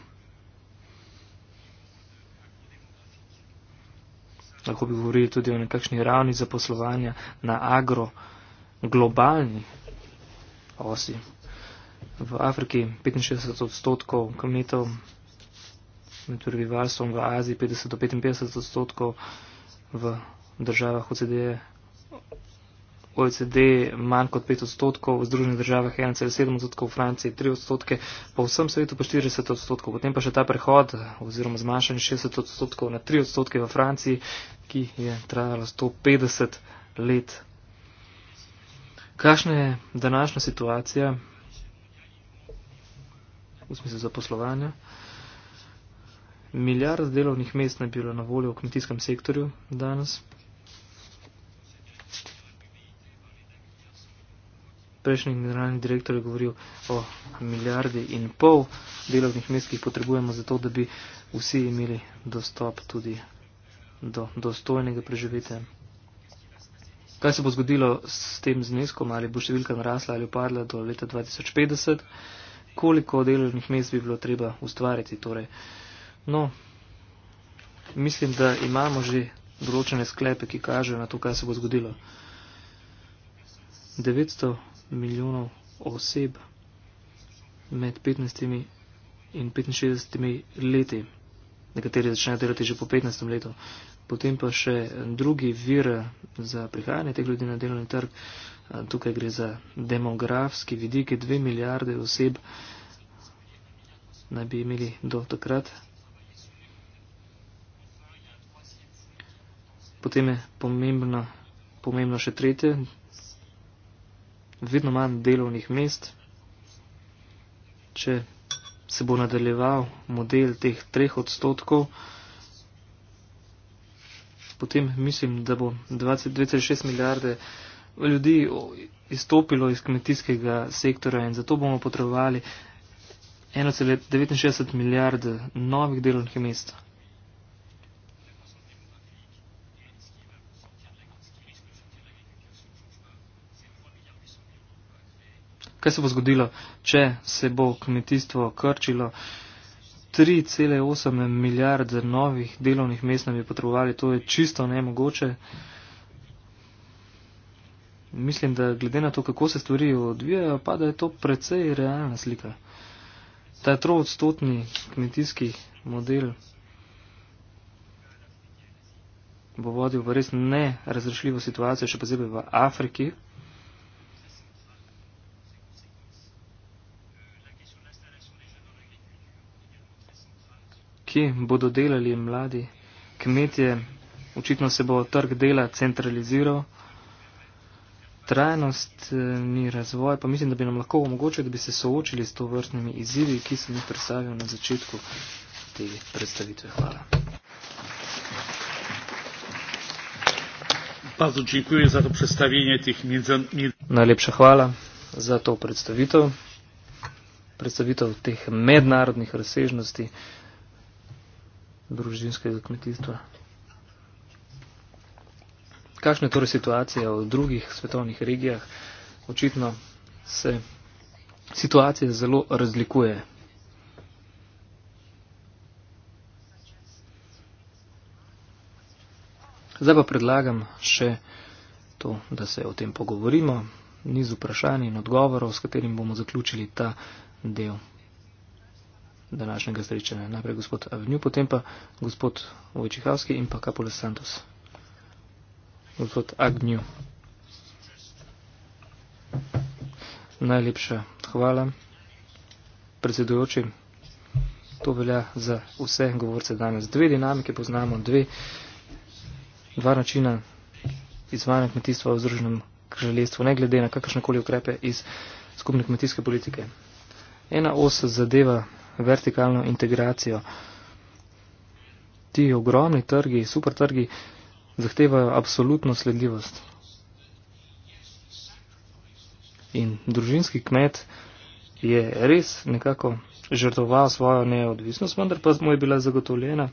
Lahko bi govorili tudi o nekakšni ravni zaposlovanja na agro globalni osi. V Afriki 65 odstotkov kmetov, med prebivalstvom v Aziji 50 do 55 odstotkov, v državah OCD, OECD manj kot 5 odstotkov, v Združenih državah 1,7 odstotkov, v Franciji 3 odstotke, po vsem svetu pa 40 odstotkov. Potem pa še ta prehod oziroma zmanjšanje 60 odstotkov na 3 odstotke v Franciji, ki je trajala 150 let. Kakšna je današnja situacija v smislu zaposlovanja? Milijard delovnih mest naj bilo na voljo v kmetijskem sektorju danes. Prejšnji generalni direktor je govoril o milijardi in pol delovnih mest, ki jih potrebujemo za to, da bi vsi imeli dostop tudi do dostojnega preživetja kaj se bo zgodilo s tem zneskom, ali bo številka narasla ali upadla do leta 2050, koliko delovnih mest bi bilo treba ustvariti. Torej. No, mislim, da imamo že določene sklepe, ki kažejo na to, kaj se bo zgodilo. 900 milijonov oseb med 15 in 65 leti. Nekateri začnejo delati že po 15. letu, Potem pa še drugi vir za prihajanje teh ljudi na delovni trg. Tukaj gre za demografski vidike. Dve milijarde oseb naj bi imeli do takrat. Potem je pomembno, pomembno še tretje. Vedno manj delovnih mest. Če se bo nadaljeval model teh treh odstotkov, potem mislim, da bo 22,6 milijarde ljudi izstopilo iz kmetijskega sektora in zato bomo potrebovali 1,69 milijarde novih delovnih mest. Kaj se bo zgodilo, če se bo kmetijstvo krčilo? 3,8 milijarde novih delovnih mest nam je potrebovali, to je čisto nemogoče. Mislim, da glede na to, kako se stvari odvijajo, pa da je to precej realna slika. Ta troodstotni kmetijski model bo vodil v res ne razrešljivo situacijo, še posebej v Afriki, kje bodo delali mladi kmetje, očitno se bo trg dela centraliziral. Trajnostni eh, razvoj, pa mislim, da bi nam lahko omogočil, da bi se soočili s to vrstnimi izzivi, ki sem jih predstavil na začetku te predstavitve. Hvala. Za to teh Najlepša hvala za to predstavitev, predstavitev teh mednarodnih razsežnosti družinske za kmetijstva. Kakšna je torej situacija v drugih svetovnih regijah? Očitno se situacija zelo razlikuje. Zdaj pa predlagam še to, da se o tem pogovorimo, niz vprašanj in odgovorov, s katerim bomo zaključili ta del današnjega srečanja. Najprej gospod Avnju, potem pa gospod Vojčihavski in pa Kapoles Santos. Gospod Agnju. Najlepša hvala, predsedujoči. To velja za vse govorce danes. Dve dinamike poznamo, dve, dva načina izvajanja kmetijstva v združenem kraljestvu, ne glede na kakršne koli ukrepe iz skupne kmetijske politike. Ena os zadeva vertikalno integracijo. Ti ogromni trgi, super trgi, zahtevajo absolutno sledljivost. In družinski kmet je res nekako žrtoval svojo neodvisnost, vendar pa mu je bila zagotovljena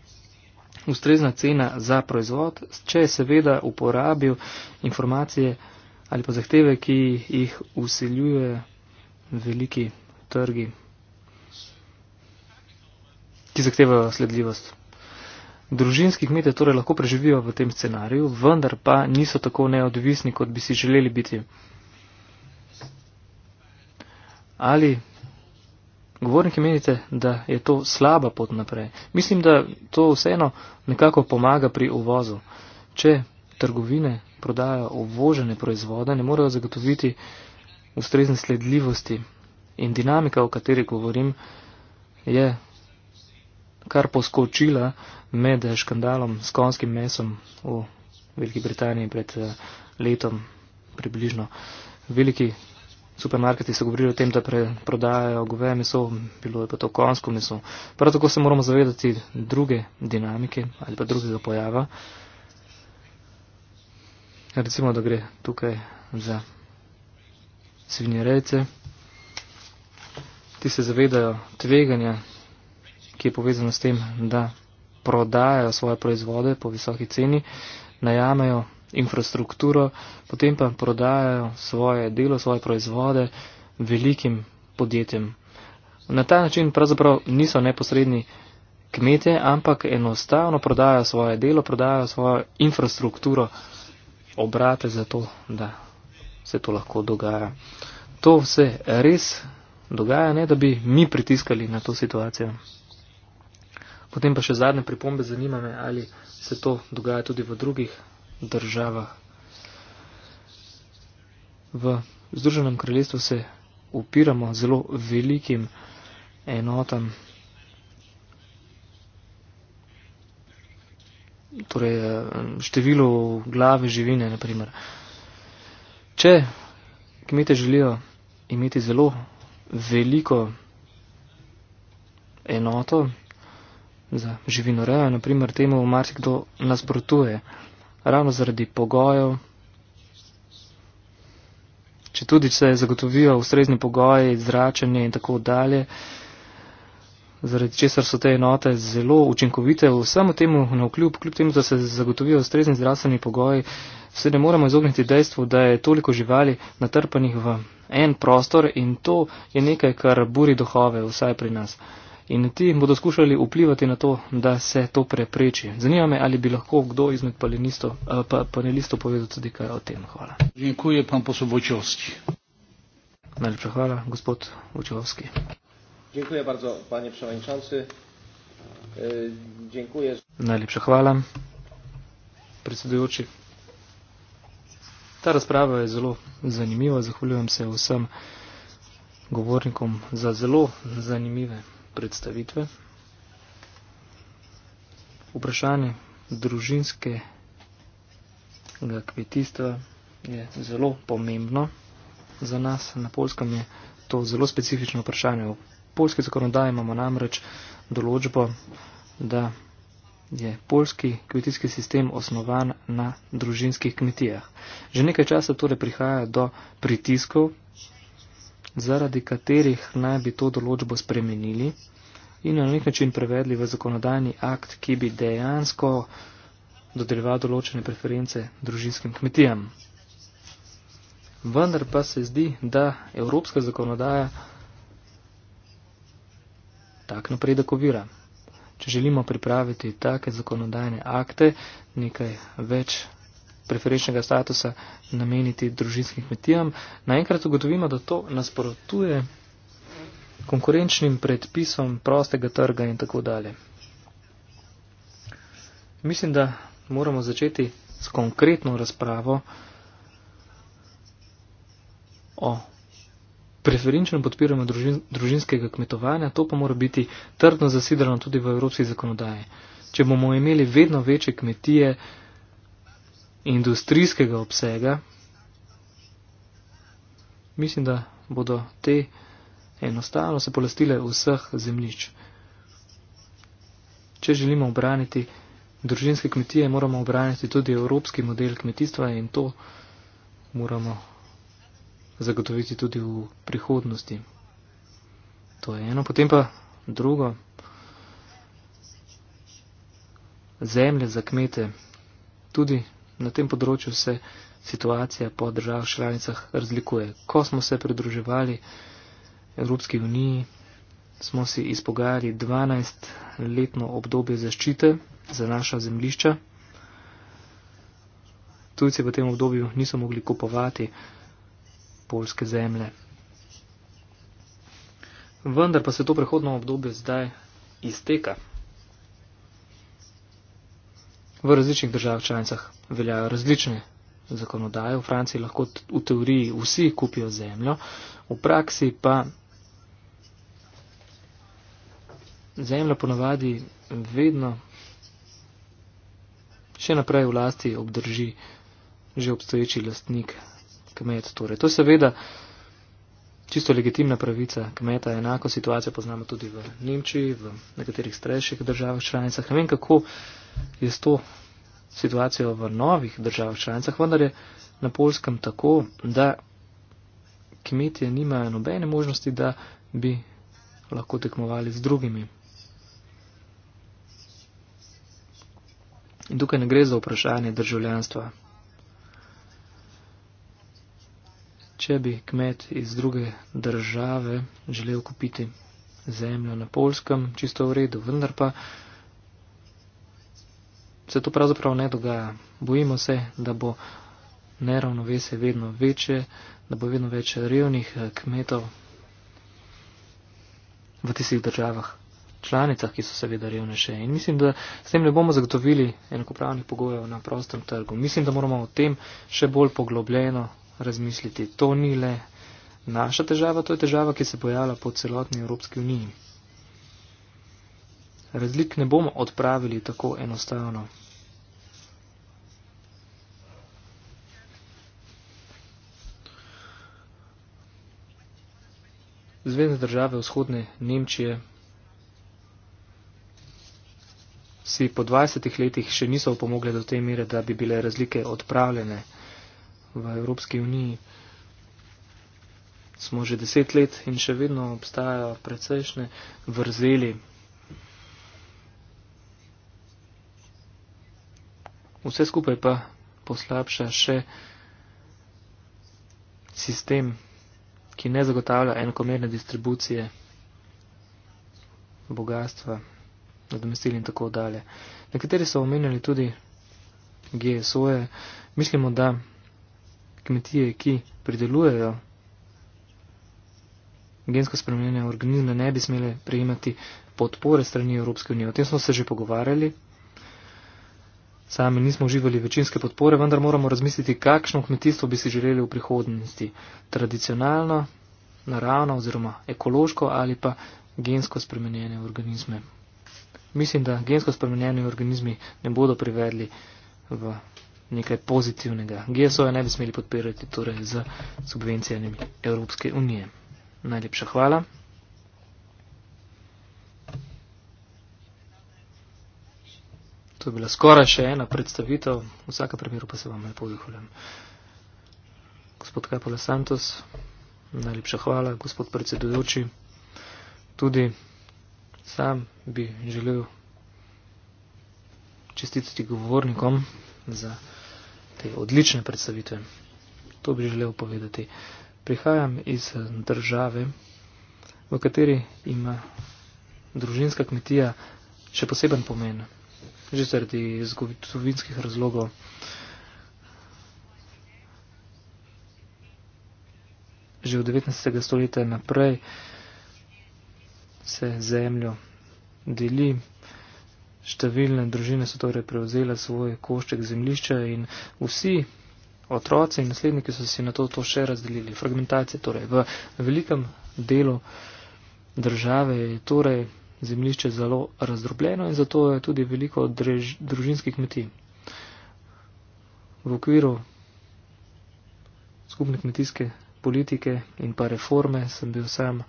ustrezna cena za proizvod, če je seveda uporabil informacije ali pa zahteve, ki jih usiljuje veliki trgi ki zahtevajo sledljivost. Družinski kmete torej lahko preživijo v tem scenariju, vendar pa niso tako neodvisni, kot bi si želeli biti. Ali govorniki menite, da je to slaba pot naprej? Mislim, da to vseeno nekako pomaga pri uvozu. Če trgovine prodajo uvožene proizvode, ne morejo zagotoviti ustrezne sledljivosti. In dinamika, o kateri govorim, je kar poskočila med eh, škandalom s konskim mesom v Veliki Britaniji pred eh, letom približno. Veliki supermarketi so govorili o tem, da prodajajo goveje meso, bilo je pa to konsko meso. Prav tako se moramo zavedati druge dinamike ali pa drugega pojava. Recimo, da gre tukaj za svinjerejce. Ti se zavedajo tveganja, ki je povezano s tem, da prodajajo svoje proizvode po visoki ceni, najamejo infrastrukturo, potem pa prodajajo svoje delo, svoje proizvode velikim podjetjem. Na ta način pravzaprav niso neposredni kmete, ampak enostavno prodajajo svoje delo, prodajajo svojo infrastrukturo, obrate za to, da se to lahko dogaja. To se res dogaja, ne da bi mi pritiskali na to situacijo. Potem pa še zadnje pripombe, zanima me, ali se to dogaja tudi v drugih državah. V Združenem kraljestvu se upiramo zelo velikim enotam, torej eh, številu glave živine, naprimer. Če kmete želijo imeti zelo veliko enoto, za živino rejo, naprimer temu v marsikdo nasprotuje, ravno zaradi pogojev. Če tudi se zagotovijo ustrezni pogoji, zračanje in tako dalje, zaradi česar so te enote zelo učinkovite, vsemu temu na vkljub, kljub temu, da se zagotovijo ustrezni zdravstveni pogoji, se ne moremo izogniti dejstvu, da je toliko živali natrpanih v en prostor in to je nekaj, kar buri duhove vsaj pri nas in ti bodo skušali vplivati na to, da se to prepreči. Zanima me, ali bi lahko kdo izmed panelistov, eh, pa, panelistov povedal tudi kaj o tem. Hvala. Dziękuję pan posłu Wojciowski. Najlepša hvala, gospod Wojciowski. Dziękuję bardzo, panie przewodniczący. E, dziękuję. Najlepša hvala, predsedujoči. Ta razprava je zelo zanimiva. Zahvaljujem se vsem govornikom za zelo zanimive predstavitve. Vprašanje družinskega kmetijstva je zelo pomembno za nas. Na Polskem je to zelo specifično vprašanje. V polski zakonodaji imamo namreč določbo, da je polski kmetijski sistem osnovan na družinskih kmetijah. Že nekaj časa torej prihaja do pritiskov zaradi katerih naj bi to določbo spremenili in na nek način prevedli v zakonodajni akt, ki bi dejansko dodeljeval določene preference družinskim kmetijam. Vendar pa se zdi, da evropska zakonodaja tak napredek ovira. Če želimo pripraviti take zakonodajne akte, nekaj več preferenčnega statusa nameniti družinskim kmetijam. Naenkrat ugotovimo, da to nasprotuje konkurenčnim predpisom prostega trga in tako dalje. Mislim, da moramo začeti s konkretno razpravo o preferenčnem podpiranju družin, družinskega kmetovanja, to pa mora biti trdno zasidrano tudi v evropski zakonodaji. Če bomo imeli vedno večje kmetije, industrijskega obsega, mislim, da bodo te enostavno se polastile vseh zemljišč. Če želimo obraniti družinske kmetije, moramo obraniti tudi evropski model kmetijstva in to moramo zagotoviti tudi v prihodnosti. To je eno. Potem pa drugo. Zemlje za kmete. Tudi Na tem področju se situacija po državah članicah razlikuje. Ko smo se pridruževali Evropski uniji, smo si izpogajali 12 letno obdobje zaščite za naša zemlišča. Tujci v tem obdobju niso mogli kupovati polske zemlje. Vendar pa se to prehodno obdobje zdaj izteka v različnih državah članicah veljajo različne zakonodaje. V Franciji lahko v teoriji vsi kupijo zemljo, v praksi pa zemlja ponavadi vedno še naprej v lasti obdrži že obstoječi lastnik kmet. Torej, to seveda čisto legitimna pravica kmeta, enako situacijo poznamo tudi v Nemčiji, v nekaterih starejših državah članicah. Ne vem, kako je s to situacijo v novih državah članicah, vendar je na polskem tako, da kmetje nimajo nobene možnosti, da bi lahko tekmovali z drugimi. In tukaj ne gre za vprašanje državljanstva. Če bi kmet iz druge države želel kupiti zemljo na polskem, čisto v redu, vendar pa se to pravzaprav ne dogaja. Bojimo se, da bo neravnovesje vedno večje, da bo vedno več revnih eh, kmetov v tistih državah, članicah, ki so seveda revnejše. In mislim, da s tem ne bomo zagotovili enakopravnih pogojev na prostem trgu. Mislim, da moramo o tem še bolj poglobljeno razmisliti. To ni le naša težava, to je težava, ki se pojavlja po celotni Evropski uniji. Razlik ne bomo odpravili tako enostavno. Zvezne države vzhodne Nemčije si po 20 letih še niso pomogle do te mere, da bi bile razlike odpravljene v Evropski uniji. Smo že deset let in še vedno obstajajo precejšne vrzeli. Vse skupaj pa poslabša še sistem, ki ne zagotavlja enakomerne distribucije bogatstva, nadomestili in tako dalje. Nekateri so omenjali tudi GSO-je. Mislimo, da kmetije, ki pridelujejo gensko spremenjene organizme, ne bi smele prejemati podpore strani Evropske unije. O tem smo se že pogovarjali Sami nismo uživali večinske podpore, vendar moramo razmisliti, kakšno kmetijstvo bi si želeli v prihodnosti. Tradicionalno, naravno oziroma ekološko ali pa gensko spremenjene organizme. Mislim, da gensko spremenjeni organizmi ne bodo privedli v nekaj pozitivnega. GSO-ja ne bi smeli podpirati torej z subvencijami Evropske unije. Najlepša hvala. To je bila skoraj še ena predstavitev, v vsakem primeru pa se vam lepo zahvaljujem. Gospod Kapola Santos, najlepša hvala, gospod predsedujoči. Tudi sam bi želel čestitati govornikom za te odlične predstavitve. To bi želel povedati. Prihajam iz eh, države, v kateri ima družinska kmetija še poseben pomen že zaradi zgodovinskih razlogov. Že od 19. stoletja naprej se zemljo deli, številne družine so torej prevzele svoj košček zemljišča in vsi otroci in nasledniki so si na to, to še razdelili. Fragmentacija torej v velikem delu države je torej zemljišče zelo razdrobljeno in zato je tudi veliko drž, družinskih kmetij. V okviru skupne kmetijske politike in pa reforme sem bil sam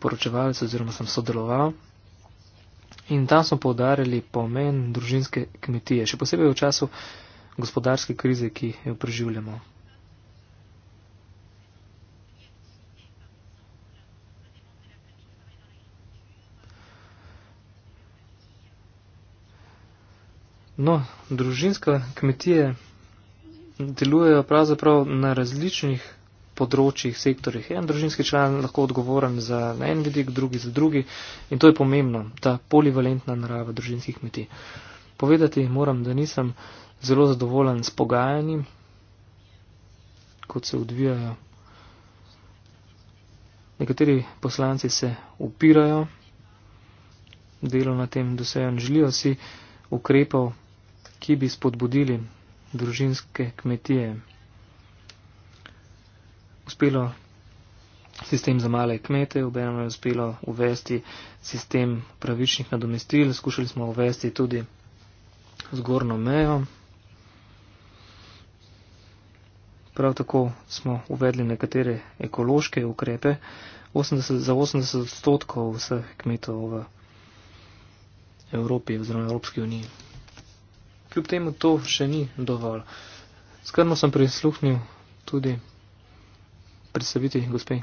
poročevalec oziroma sem sodeloval in tam smo povdarjali pomen družinske kmetije, še posebej v času gospodarske krize, ki jo preživljamo. No, družinska kmetije delujejo pravzaprav na različnih področjih, sektorjih. En družinski član lahko odgovoren za na en vidik, drugi za drugi in to je pomembno, ta polivalentna narava družinskih kmetij. Povedati moram, da nisem zelo zadovoljen s pogajanji, kot se odvijajo. Nekateri poslanci se upirajo, delo na tem dosejo in želijo si ukrepov, ki bi spodbudili družinske kmetije. Uspelo sistem za male kmete, obenem je uspelo uvesti sistem pravičnih nadomestil, skušali smo uvesti tudi zgornjo mejo. Prav tako smo uvedli nekatere ekološke ukrepe 80, za 80 odstotkov vseh kmetov v Evropi oziroma Evropski uniji kljub temu to še ni dovolj. Skrno sem prisluhnil tudi predstaviti gospe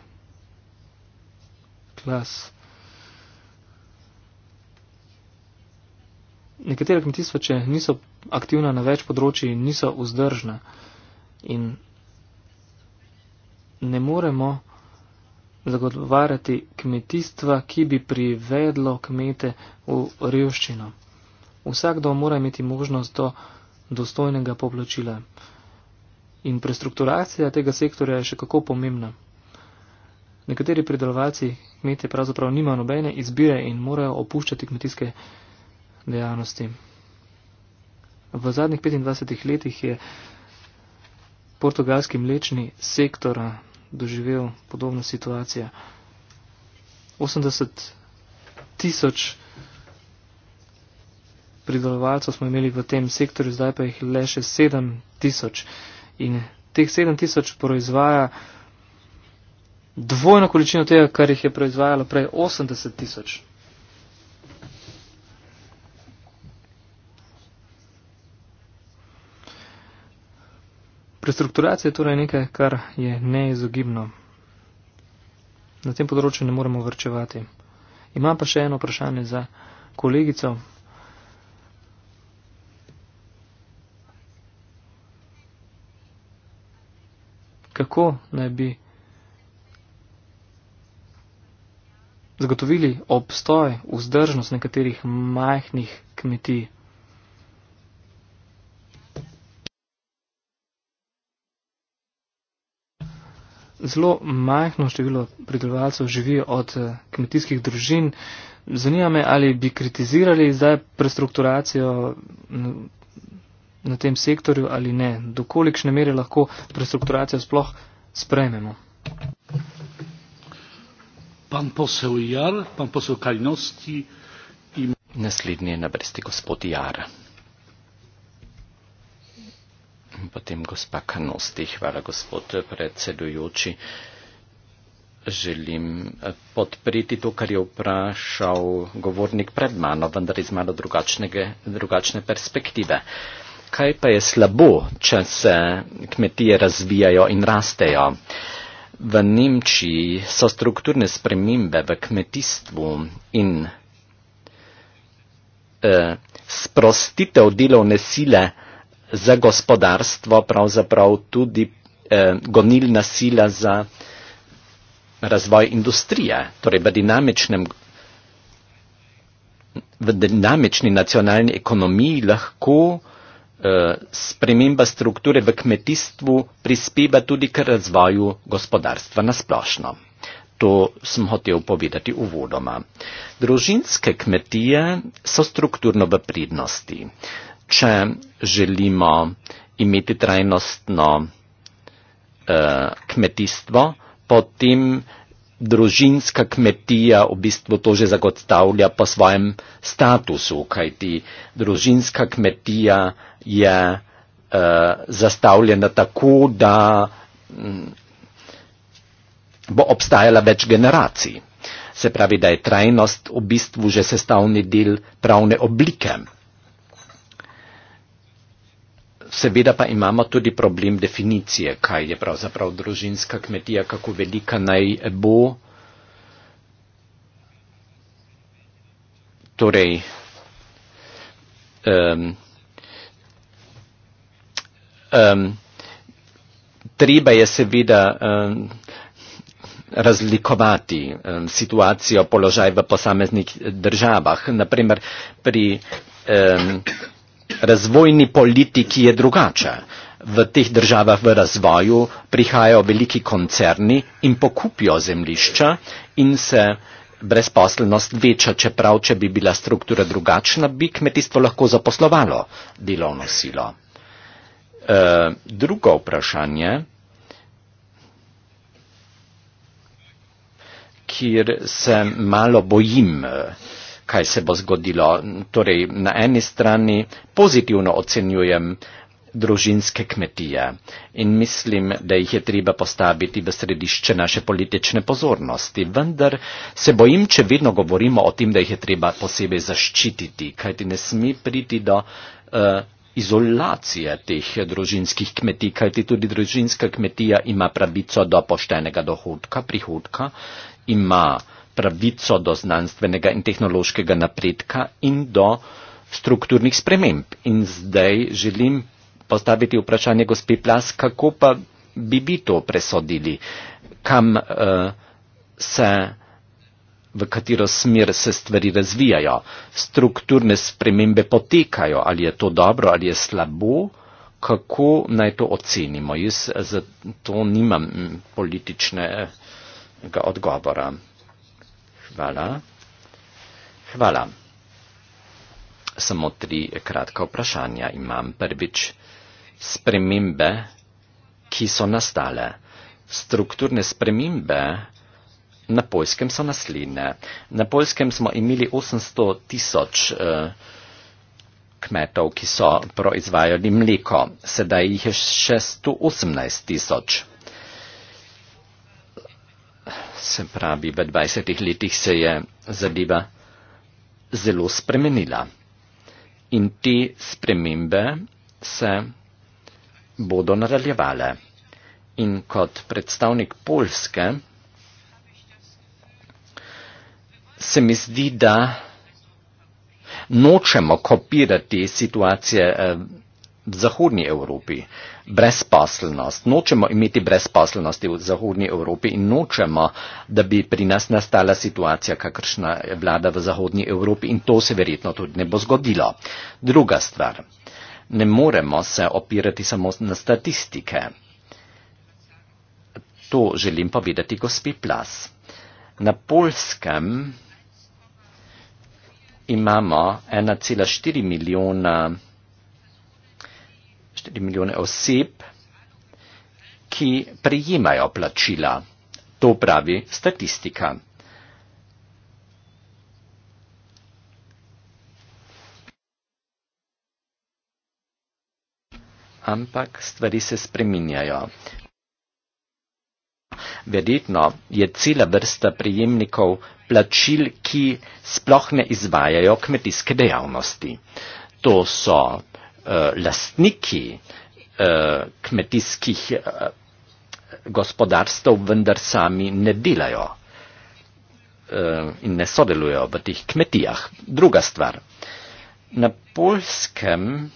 klas. Nekatera kmetijstva, če niso aktivna na več področji, niso vzdržna in ne moremo zagotovarjati kmetijstva, ki bi privedlo kmete v revščino. Vsakdo mora imeti možnost do dostojnega poplačila. In prestrukturacija tega sektorja je še kako pomembna. Nekateri pridelovalci kmete pravzaprav nima nobene izbire in morajo opuščati kmetijske dejavnosti. V zadnjih 25 letih je portugalski mlečni sektor doživel podobno situacijo. 80 tisoč pridelovalcev smo imeli v tem sektorju, zdaj pa jih le še 7 tisoč. In teh 7 tisoč proizvaja dvojno količino tega, kar jih je proizvajalo prej 80 tisoč. Prestrukturacija je torej nekaj, kar je neizogibno. Na tem področju ne moremo vrčevati. Imam pa še eno vprašanje za kolegico. kako naj bi zagotovili obstoj, vzdržnost nekaterih majhnih kmetij. Zelo majhno število pridelovalcev živi od eh, kmetijskih družin. Zanima me, ali bi kritizirali zdaj prestrukturacijo na tem sektorju ali ne, dokolikšne mere lahko prestrukturacijo sploh sprejmemo. Pan posel Jar, pan posel Kalinovski in. Naslednji je na vrsti gospod Jar. Potem gospa Kanosti, hvala gospod predsedujoči. Želim eh, podpreti to, kar je vprašal govornik pred mano, vendar iz malo drugačne perspektive. Uh, kaj pa je slabo, če se kmetije razvijajo in rastejo. V Nemčiji so strukturne spremembe v kmetijstvu in eh, sprostitev delovne sile za gospodarstvo pravzaprav tudi eh, gonilna sila za razvoj industrije, torej v dinamičnem. V dinamični nacionalni ekonomiji lahko Eh, sprememba strukture v kmetijstvu prispeva tudi k razvoju gospodarstva nasplošno. To sem hotel povedati uvodoma. Družinske kmetije so strukturno v pridnosti. Če želimo imeti trajnostno eh, kmetijstvo, potem družinska kmetija v bistvu to že zagotavlja po svojem statusu, kajti družinska kmetija je uh, zastavljena tako, da um, bo obstajala več generacij. Se pravi, da je trajnost v bistvu že sestavni del pravne oblike seveda pa imamo tudi problem definicije, kaj je pravzaprav družinska kmetija, kako velika naj bo. Torej, um, um, treba je seveda um, razlikovati um, situacijo, položaj v posameznih državah. Naprimer, pri um, razvojni politiki je drugače. V teh državah v razvoju prihajajo veliki koncerni in pokupijo zemlišča in se brezposelnost veča, čeprav če bi bila struktura drugačna, bi kmetijstvo lahko zaposlovalo delovno silo. E, drugo vprašanje, kjer se malo bojim. E, kaj se bo zgodilo. Torej, na eni strani pozitivno ocenjujem družinske kmetije in mislim, da jih je treba postaviti v središče naše politične pozornosti. Vendar se bojim, če vedno govorimo o tem, da jih je treba posebej zaščititi, kajti ne sme priti do uh, izolacije teh družinskih kmetij, kajti tudi družinska kmetija ima pravico do poštenega dohodka, prihodka, ima uh, pravico do znanstvenega in tehnološkega napredka in do strukturnih sprememb. In zdaj želim postaviti vprašanje gospe Plas, kako pa bi vi to presodili, kam uh, se, v katero smer se stvari razvijajo, strukturne spremembe potekajo, ali je to dobro ali je slabo, kako naj to ocenimo. Jaz zato nimam mm, političnega odgovora. Hvala. Hvala. Samo tri kratka vprašanja imam. Prvič, spremembe, ki so nastale. Strukturne spremembe na Poljskem so naslednje. Na Poljskem smo imeli 800 tisoč eh, kmetov, ki so proizvajali mleko. Sedaj jih je 618 tisoč se pravi v 20 letih se je zadeva zelo spremenila. In te spremembe se bodo nadaljevale. In kot predstavnik Polske se mi zdi, da nočemo kopirati situacije. Eh, v Zahodnji Evropi. Brezposelnost. Nočemo imeti brezposelnosti v Zahodnji Evropi in nočemo, da bi pri nas nastala situacija, kakršna je vlada v Zahodnji Evropi in to se verjetno tudi ne bo zgodilo. Druga stvar. Ne moremo se opirati samo na statistike. To želim povedati gospi Plas. Na polskem imamo 1,4 milijona 4 milijone oseb, ki prijimajo plačila. To pravi statistika. Ampak stvari se spreminjajo. Verjetno je cela vrsta prijemnikov plačil, ki sploh ne izvajajo kmetijske dejavnosti. To so Eh, lastniki eh, kmetijskih eh, gospodarstv vendar sami ne delajo in ne sodelujo v teh kmetijah. Druga stvar. Na polskem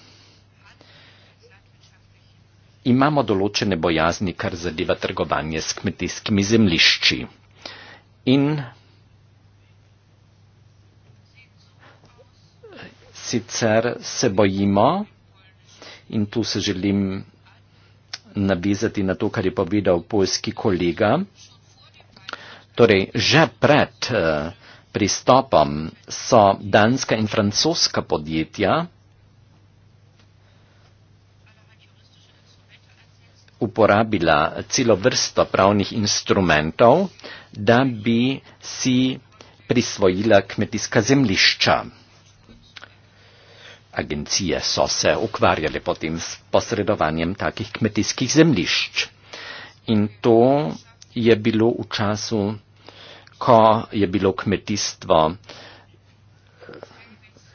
imamo določene bojazni, kar zadeva trgovanje s kmetijskimi zemlišči. In sicer se bojimo, In tu se želim navizati na to, kar je povedal poljski kolega. Torej, že pred uh, pristopom so danska in francoska podjetja uporabila celo vrsto pravnih instrumentov, da bi si prisvojila kmetijska zemlišča agencije so se ukvarjali potem s posredovanjem takih kmetijskih zemlišč. In to je bilo v času, ko je bilo kmetijstvo eh,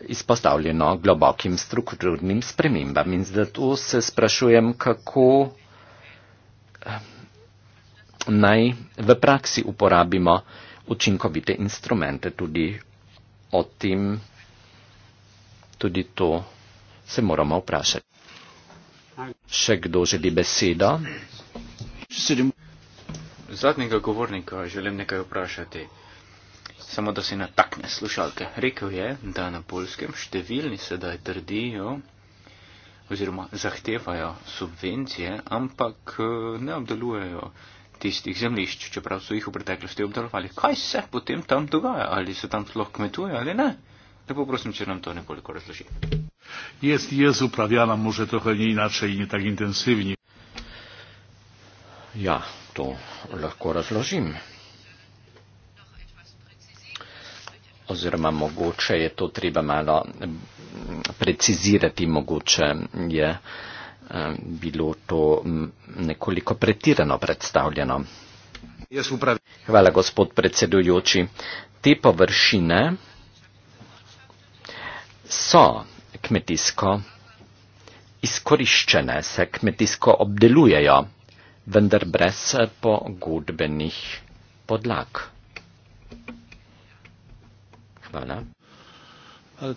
izpostavljeno globokim strukturnim spremembam. In zato se sprašujem, kako eh, naj v praksi uporabimo učinkovite instrumente tudi o tem. Tudi to se moramo vprašati. Še kdo želi besedo? Zadnjega govornika želim nekaj vprašati. Samo da se natakne slušalke. Rekel je, da na polskem številni sedaj trdijo oziroma zahtevajo subvencije, ampak eh, ne obdelujejo tistih zemlišč, čeprav so jih v preteklosti obdelovali. Kaj se potem tam dogaja? Ali se tam sploh kmetuje ali ne? Lepo prosim, če nam to nekoliko razloži. Jaz, jaz upravljam, mož je to hranje inače in je tako intenzivni. Ja, to lahko razložim. Oziroma mogoče je to treba malo precizirati, mogoče je bilo to nekoliko pretirano predstavljeno. Hvala, gospod predsedujoči. Te površine so kmetijsko izkoriščene, se kmetijsko obdelujejo, vendar brez pogodbenih podlag. Hvala. No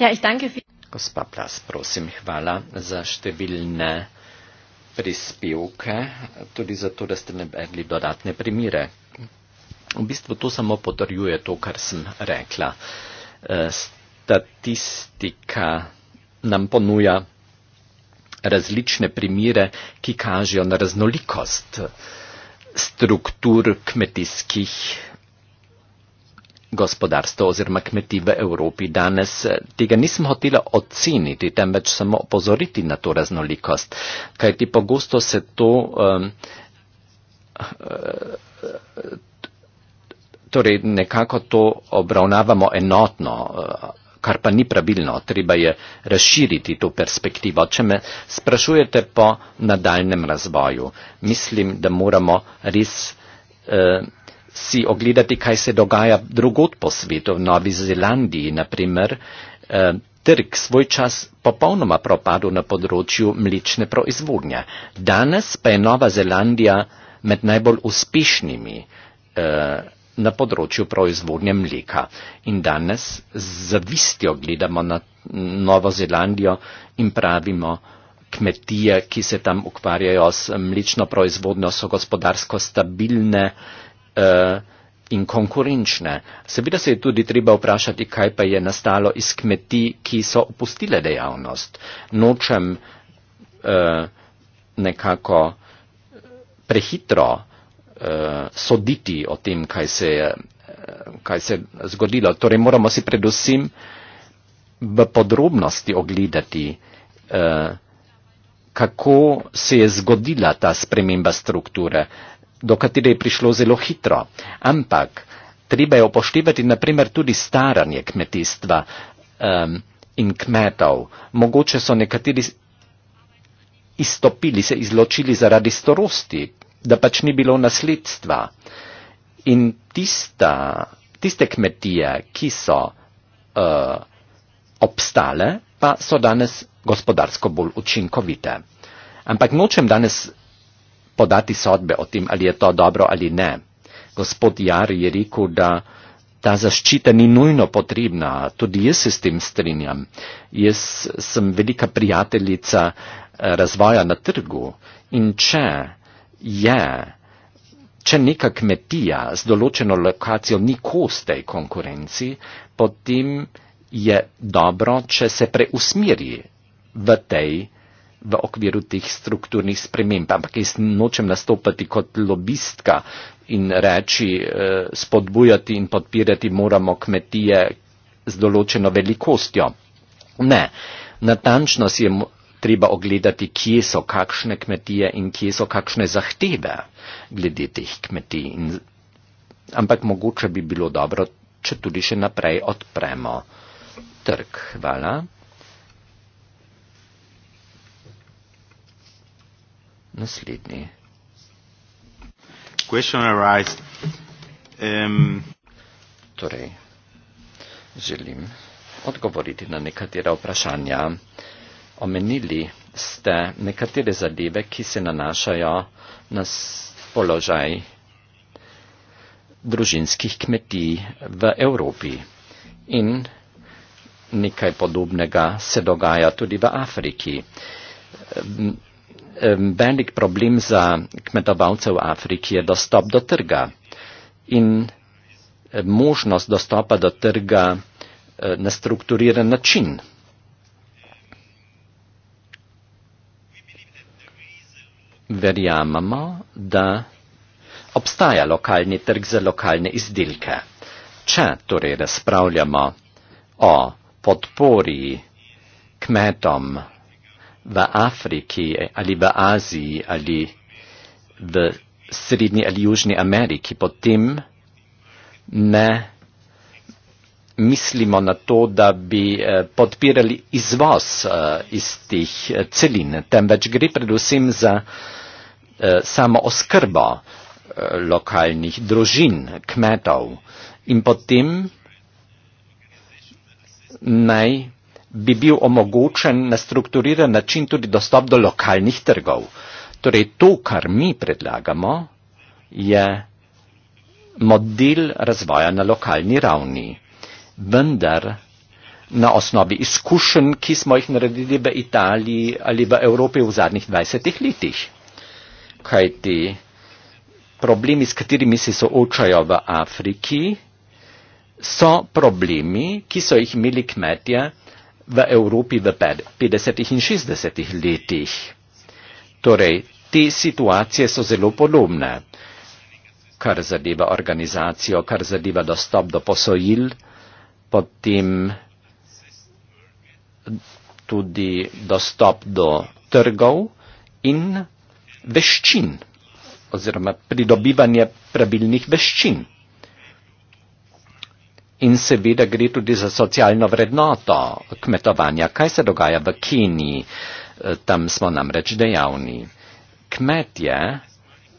ja, ich danke für Gospa Plas, prosim, hvala za številne prispevke, tudi zato, da ste nabrali dodatne primire. V bistvu to samo potrjuje to, kar sem rekla. E, statistika nam ponuja različne primire, ki kažejo na raznolikost struktur kmetijskih gospodarstvo oziroma kmeti v Evropi danes. Eh, tega nisem hotela oceniti, temveč samo opozoriti na to raznolikost, kaj ti pogosto se to. Um, torej nekako to obravnavamo enotno, eh, kar pa ni pravilno. Treba je razširiti to perspektivo. Če me sprašujete po nadaljnem razvoju, mislim, da moramo res. Um, si ogledati, kaj se dogaja drugot po svetu, v Novi Zelandiji, naprimer, eh, trg svoj čas popolnoma propadl na področju mlečne proizvodnje. Danes pa je Nova Zelandija med najbolj uspešnimi eh, na področju proizvodnje mleka. In danes z zavistjo gledamo na Novo Zelandijo in pravimo, kmetije, ki se tam ukvarjajo s mlečno proizvodnjo, so gospodarsko stabilne. Eh, in konkurenčne. Seveda se je tudi treba vprašati, kaj pa je nastalo iz kmetij, ki so opustile dejavnost. Nočem uh, nekako eh, prehitro uh, soditi o tem, kaj se je kaj se je zgodilo. Torej moramo si predvsem v podrobnosti ogledati, uh, kako se je zgodila ta sprememba strukture do katere je prišlo zelo hitro. Ampak treba je upoštevati naprimer tudi staranje kmetijstva um, in kmetov. Mogoče so nekateri izstopili, se izločili zaradi starosti, da pač ni bilo nasledstva. In tista, tiste kmetije, ki so uh, obstale, pa so danes gospodarsko bolj učinkovite. Ampak nočem danes podati sodbe o tem, ali je to dobro ali ne. Gospod Jar je rekel, da ta zaščita ni nujno potrebna, tudi jaz se s tem strinjam. Jaz sem velika prijateljica eh, razvoja na trgu in če je, če neka kmetija z določeno lokacijo ni kost tej konkurenci, potem je dobro, če se preusmeri v tej konkurenci v okviru teh strukturnih sprememb. Ampak jaz nočem nastopati kot lobistka in reči, eh, spodbujati in podpirati moramo kmetije z določeno velikostjo. Ne, natančno si je treba ogledati, kje so kakšne kmetije in kje so kakšne zahteve glede teh kmetij. In, ampak mogoče bi bilo dobro, če tudi še naprej odpremo trg. Hvala. naslednji. Um... Torej, želim odgovoriti na nekatera vprašanja. Omenili ste nekatere zadeve, ki se nanašajo na položaj družinskih kmetij v Evropi. In nekaj podobnega se dogaja tudi v Afriki velik problem za kmetovalce v Afriki je dostop do trga in možnost dostopa do trga eh, na strukturiran način. Verjamemo, da obstaja lokalni trg za lokalne izdelke. Če torej razpravljamo o podpori kmetom v Afriki ali v Aziji ali v Srednji ali Južni Ameriki, potem ne mislimo na to, da bi eh, podpirali izvoz eh, iz teh eh, celin, temveč gre predvsem za samo oskrbo lokalnih družin, kmetov in potem naj bi bil omogočen na strukturiran način tudi dostop do lokalnih trgov. Torej, to, kar mi predlagamo, je model razvoja na lokalni ravni, vendar na osnovi izkušenj, ki smo jih naredili v Italiji ali v Evropi v zadnjih 20 letih. Kaj ti problemi, s katerimi se soočajo v Afriki, so problemi, ki so jih imeli kmetje, v Evropi v 50 in 60 letih. Torej, te situacije so zelo podobne, kar zadeva organizacijo, kar zadeva dostop do posojil, potem tudi dostop do trgov in veščin oziroma pridobivanje pravilnih veščin. In seveda gre tudi za socialno vrednoto kmetovanja. Kaj se dogaja v Keniji? E, tam smo namreč dejavni. Kmetje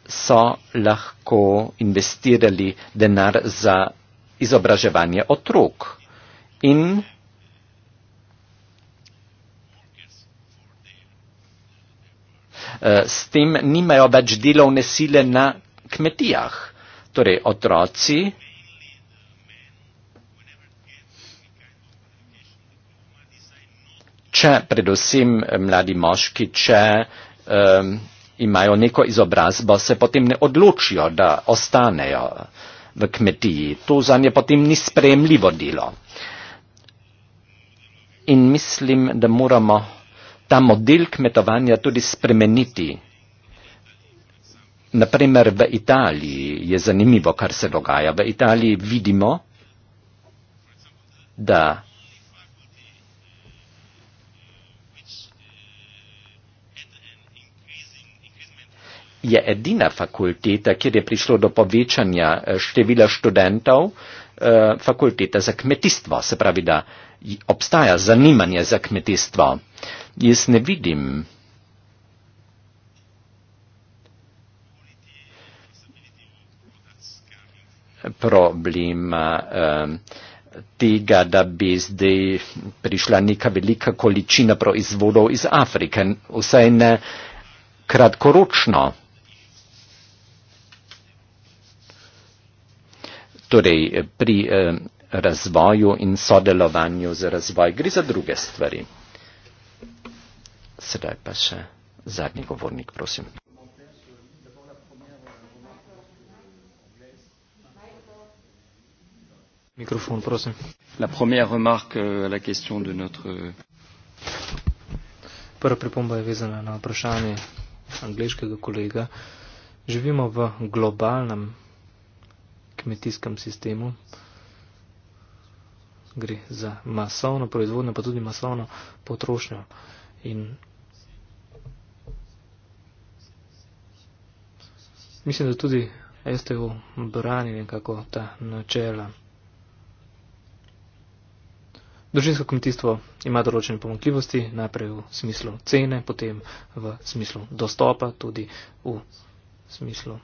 so lahko investirali denar za izobraževanje otrok in e, s tem nimajo več delovne sile na kmetijah. Torej, otroci če predvsem eh, mladi moški, če um, imajo neko izobrazbo, se potem ne odločijo, da ostanejo v kmetiji. To za nje potem ni spremljivo delo. In mislim, da moramo ta model kmetovanja tudi spremeniti. Naprimer v Italiji je zanimivo, kar se dogaja. V Italiji vidimo, da je edina fakulteta, kjer je prišlo do povečanja eh, števila študentov, eh, fakulteta za kmetijstvo. Se pravi, da obstaja zanimanje za kmetijstvo. Jaz ne vidim. problema eh, tega, da bi zdaj prišla neka velika količina proizvodov iz Afrike, vsaj ne kratkoročno. torej eh, pri eh, razvoju in sodelovanju za razvoj. Gre za druge stvari. Sedaj pa še zadnji govornik, prosim. Mikrofon, prosim. La première remarque euh, la question de notre. Euh, Prva pripomba je vezana na vprašanje angliškega kolega. Živimo v globalnem kmetijskem sistemu. Gre za masovno proizvodnjo, pa tudi masovno potrošnjo. In mislim, da tudi STO brani nekako ta načela. Družinsko kmetijstvo ima določene pomankljivosti, najprej v smislu cene, potem v smislu dostopa, tudi v smislu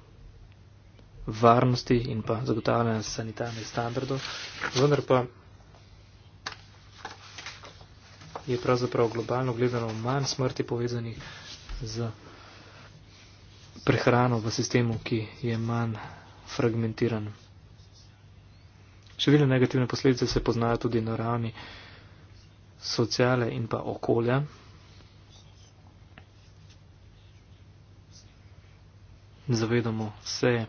varnosti in pa zagotavljanja sanitarnih standardov, vendar pa je pravzaprav globalno gledano manj smrti povezanih z prehrano v sistemu, ki je manj fragmentiran. Številne negativne posledice se poznajo tudi na ravni sociale in pa okolja. Zavedamo se,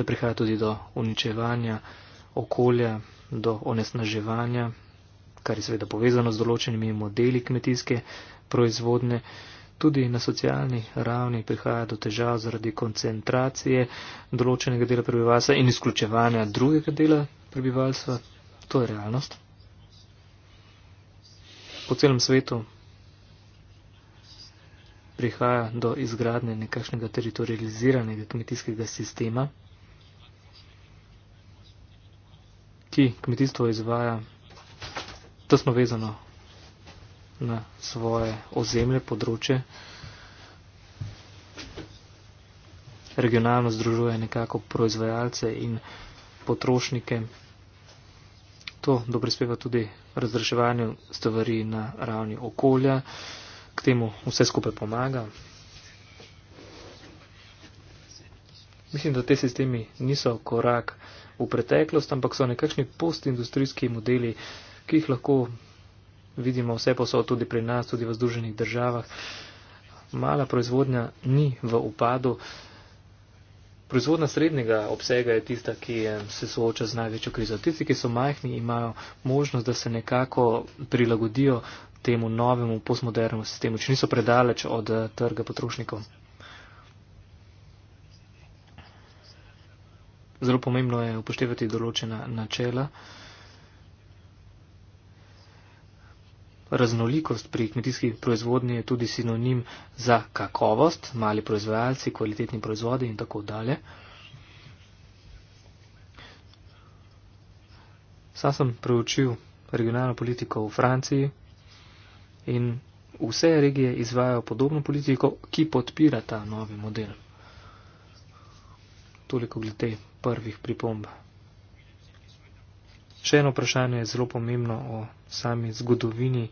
da prihaja tudi do uničevanja okolja, do onesnaževanja, kar je seveda povezano z določenimi modeli kmetijske proizvodne. Tudi na socialni ravni prihaja do težav zaradi koncentracije določenega dela prebivalstva in izključevanja drugega dela prebivalstva. To je realnost. Po celem svetu prihaja do izgradnje nekakšnega teritorializiranega kmetijskega sistema, ki kmetijstvo izvaja, tesno vezano na svoje ozemlje, področje. Regionalno združuje nekako proizvajalce in potrošnike. To doprispeva tudi razreševanju stvari na ravni okolja, k temu vse skupaj pomaga. Mislim, da te sistemi niso korak v preteklost, ampak so nekakšni postindustrijski modeli, ki jih lahko vidimo vse posod tudi pri nas, tudi v Združenih državah. Mala proizvodnja ni v upadu. Proizvodna srednjega obsega je tista, ki se sooča z največjo krizo. Tisti, ki so majhni, imajo možnost, da se nekako prilagodijo temu novemu postmodernemu sistemu, če niso predaleč od eh, trga potrošnikov. Zelo pomembno je upoštevati določena načela. Raznolikost pri kmetijski proizvodnji je tudi sinonim za kakovost, mali proizvajalci, kvalitetni proizvodi in tako dalje. Sam sem preučil regionalno politiko v Franciji in vse regije izvajajo podobno politiko, ki podpira ta novi model. Toliko glede prvih pripomb. Še eno vprašanje je zelo pomembno o sami zgodovini.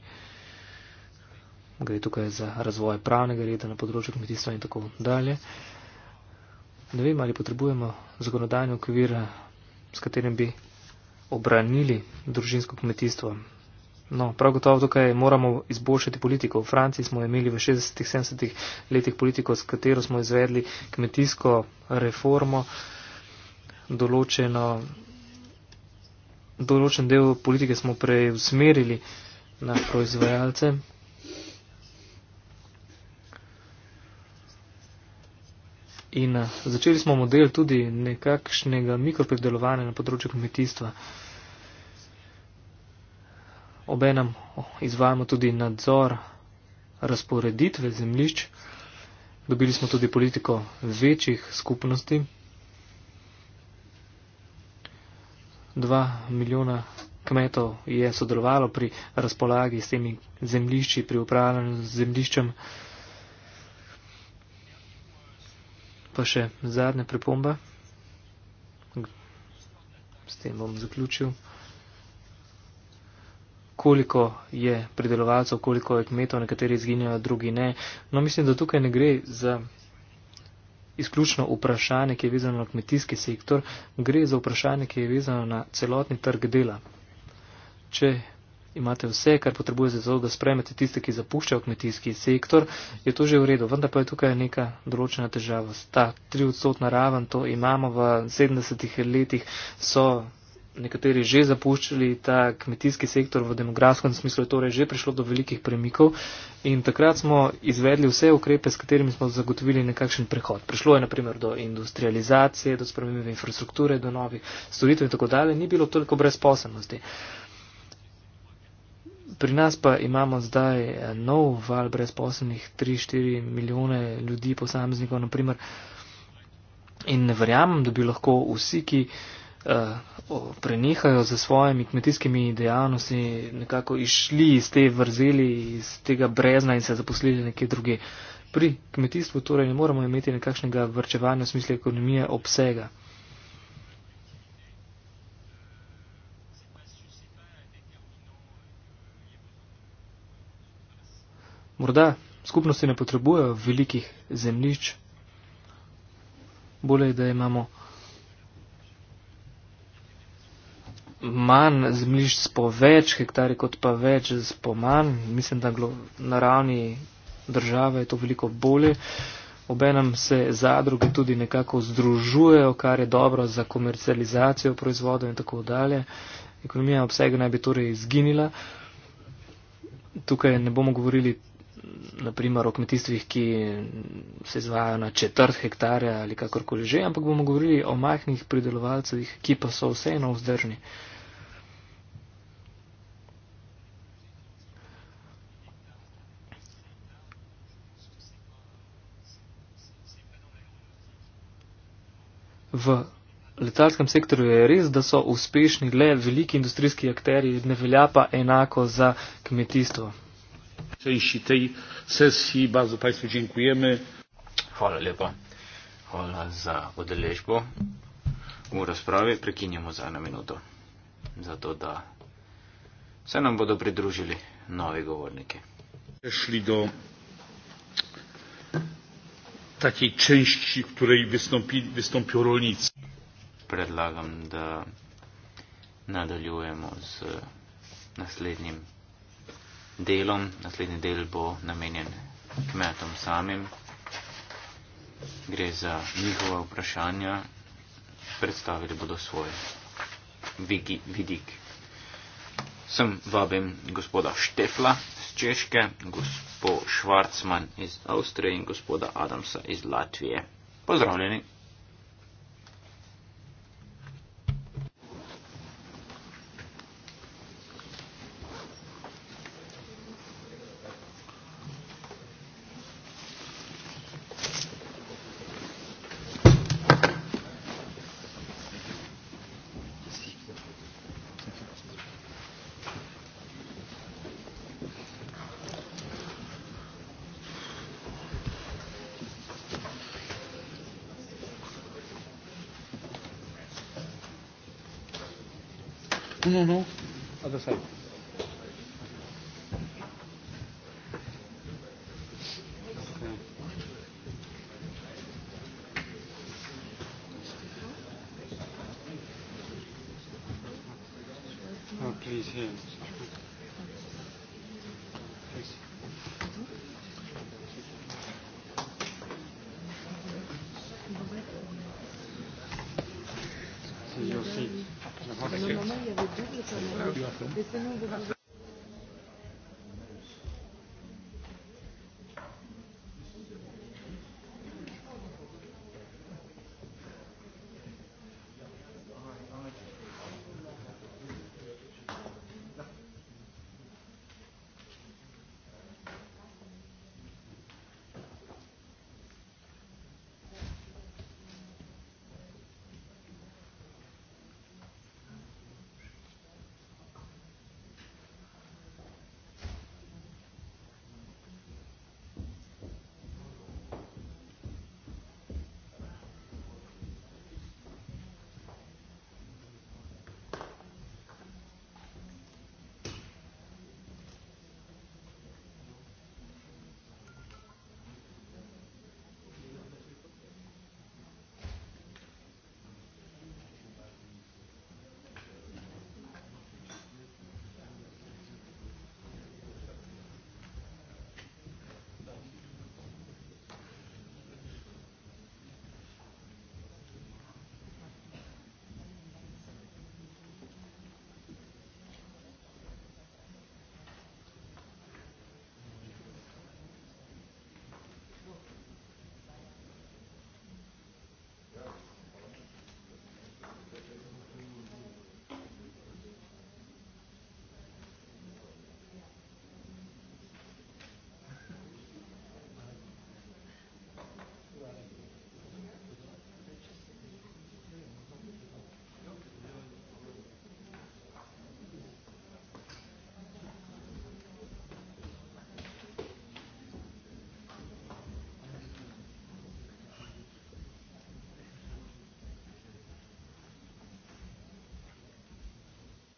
Gre tukaj za razvoj pravnega reda na področju kmetijstva in tako dalje. Ne vem, ali potrebujemo zakonodajni okvir, s katerim bi obranili družinsko kmetijstvo. No, prav gotovo tukaj moramo izboljšati politiko. V Franciji smo imeli v 60-70 letih politiko, s katero smo izvedli kmetijsko reformo določeno, določen del politike smo prej usmerili na proizvajalce. In eh, začeli smo model tudi nekakšnega mikropredelovanja na področju kmetijstva. Obenem izvajamo tudi nadzor razporeditve zemljišč. Dobili smo tudi politiko večjih skupnosti. 2 milijona kmetov je sodelovalo pri razpolagi s temi zemljišči, pri upravljanju z zemljiščem. Pa še zadnja pripomba, s tem bom zaključil. Koliko je pridelovalcev, koliko je kmetov, nekateri izginjajo, drugi ne. No, mislim, da tukaj ne gre za izključno vprašanje, ki je vezano na kmetijski sektor, gre za vprašanje, ki je vezano na celotni trg dela. Če imate vse, kar potrebuje za to, da spremete tiste, ki zapuščajo kmetijski sektor, je to že v redu, vendar pa je tukaj neka določena težava. Ta tri odstotna raven, to imamo v 70-ih letih, so nekateri že zapuščali ta kmetijski sektor v demografskem smislu, je torej že prišlo do velikih premikov in takrat smo izvedli vse ukrepe, s katerimi smo zagotovili nekakšen prehod. Prišlo je naprimer do industrializacije, do spremembe infrastrukture, do novih storitev in tako dalje, ni bilo toliko brezposobnosti. Pri nas pa imamo zdaj eh, nov val brezposobnih 3-4 milijone ljudi, posameznikov naprimer. In ne verjamem, da bi lahko vsi, ki uh, prenehajo z svojimi kmetijskimi dejavnostmi, nekako išli iz te vrzeli, iz tega brezna in se zaposlili nekje druge. Pri kmetijstvu torej ne moramo imeti nekakšnega vrčevanja v smislu ekonomije obsega. Morda skupnosti ne potrebujejo velikih zemljišč, bolje je, da imamo manj zemljišč po več hektari, kot pa več z po manj. Mislim, da na ravni države je to veliko bolje. Obenem se zadruge tudi nekako združujejo, kar je dobro za komercializacijo proizvodov in tako dalje. Ekonomija obsega naj bi torej izginila. Tukaj ne bomo govorili naprimer o kmetijstvih, ki se izvajajo na četrt hektarja ali kakorkoli že, ampak bomo govorili o majhnih pridelovalcev, ki pa so vseeno vzdržni. v letalskem sektorju je res, da so uspešni le veliki industrijski akteri, ne velja pa enako za kmetijstvo. Hvala lepa. Hvala za odeležbo v razpravi. Prekinjamo za eno minuto, zato da se nam bodo pridružili novi govorniki. Prišli do takiej części, w której wystąpi, wystąpią rolnicy. Предлагам да надалюемо с наследним делом. Наследний дел бо наменен кметом самим. Гре за нихова упрашања. Представили бодо свој видик. Виги. Sem vabim gospoda Štefla z Češke, gospod Švarcman iz Avstrije in gospoda Adamsa iz Latvije. Pozdravljeni.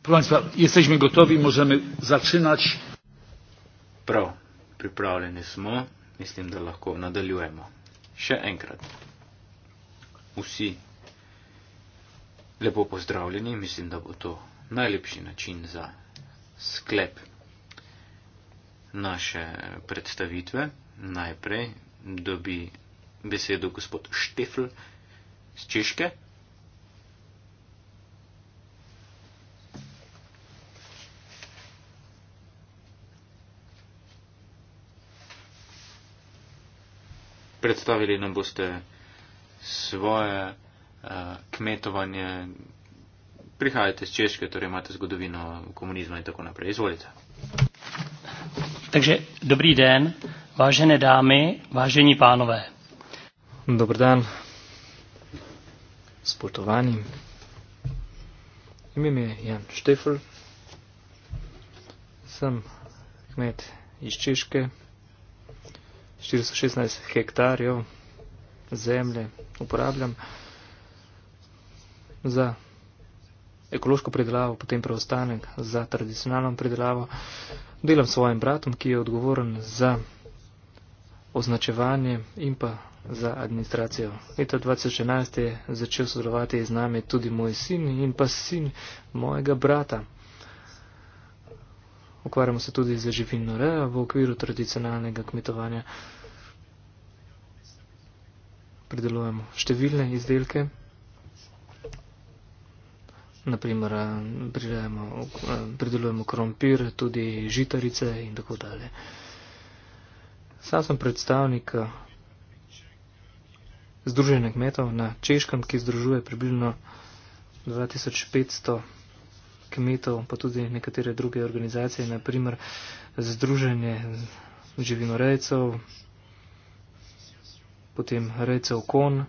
Proszę Państwa, jesteśmy gotowi, możemy zaczynać. Pro, przyprawleni smo. Myślę, że lahko nadaljujemy. Jeszcze enkrat. Wszyscy lepo pozdrawieni. Myślę, że bo to najlepszy način za sklep naše predstavitve. Najprej dobi besedo gospod Štefl z Češke. predstavili nam boste svoje uh, kmetovanje. Prihajate iz Češke, torej imate zgodovino komunizma in tako naprej. Izvolite. Takže dobrý den, vážené dámy, vážení pánové. Dobr dan, spoštovani. Ime mi je Jan Štefel, sem kmet iz Češke. 416 hektarjev zemlje uporabljam za ekološko predelavo, potem preostanek za tradicionalno predelavo. Delam s svojim bratom, ki je odgovoren za označevanje in pa za administracijo. Leta 2011 je začel sodelovati z nami tudi moj sin in pa sin mojega brata ukvarjamo se tudi za živino rejo v okviru tradicionalnega kmetovanja. Pridelujemo številne izdelke, naprimer eh, eh, pridelujemo krompir, tudi žitarice in tako dalje. Sam sem predstavnik eh, Združenja kmetov na Češkem, ki združuje približno 2500 kmetov kmetov, pa tudi nekatere druge organizacije, naprimer Združenje živinorejcev, potem rejcev kon.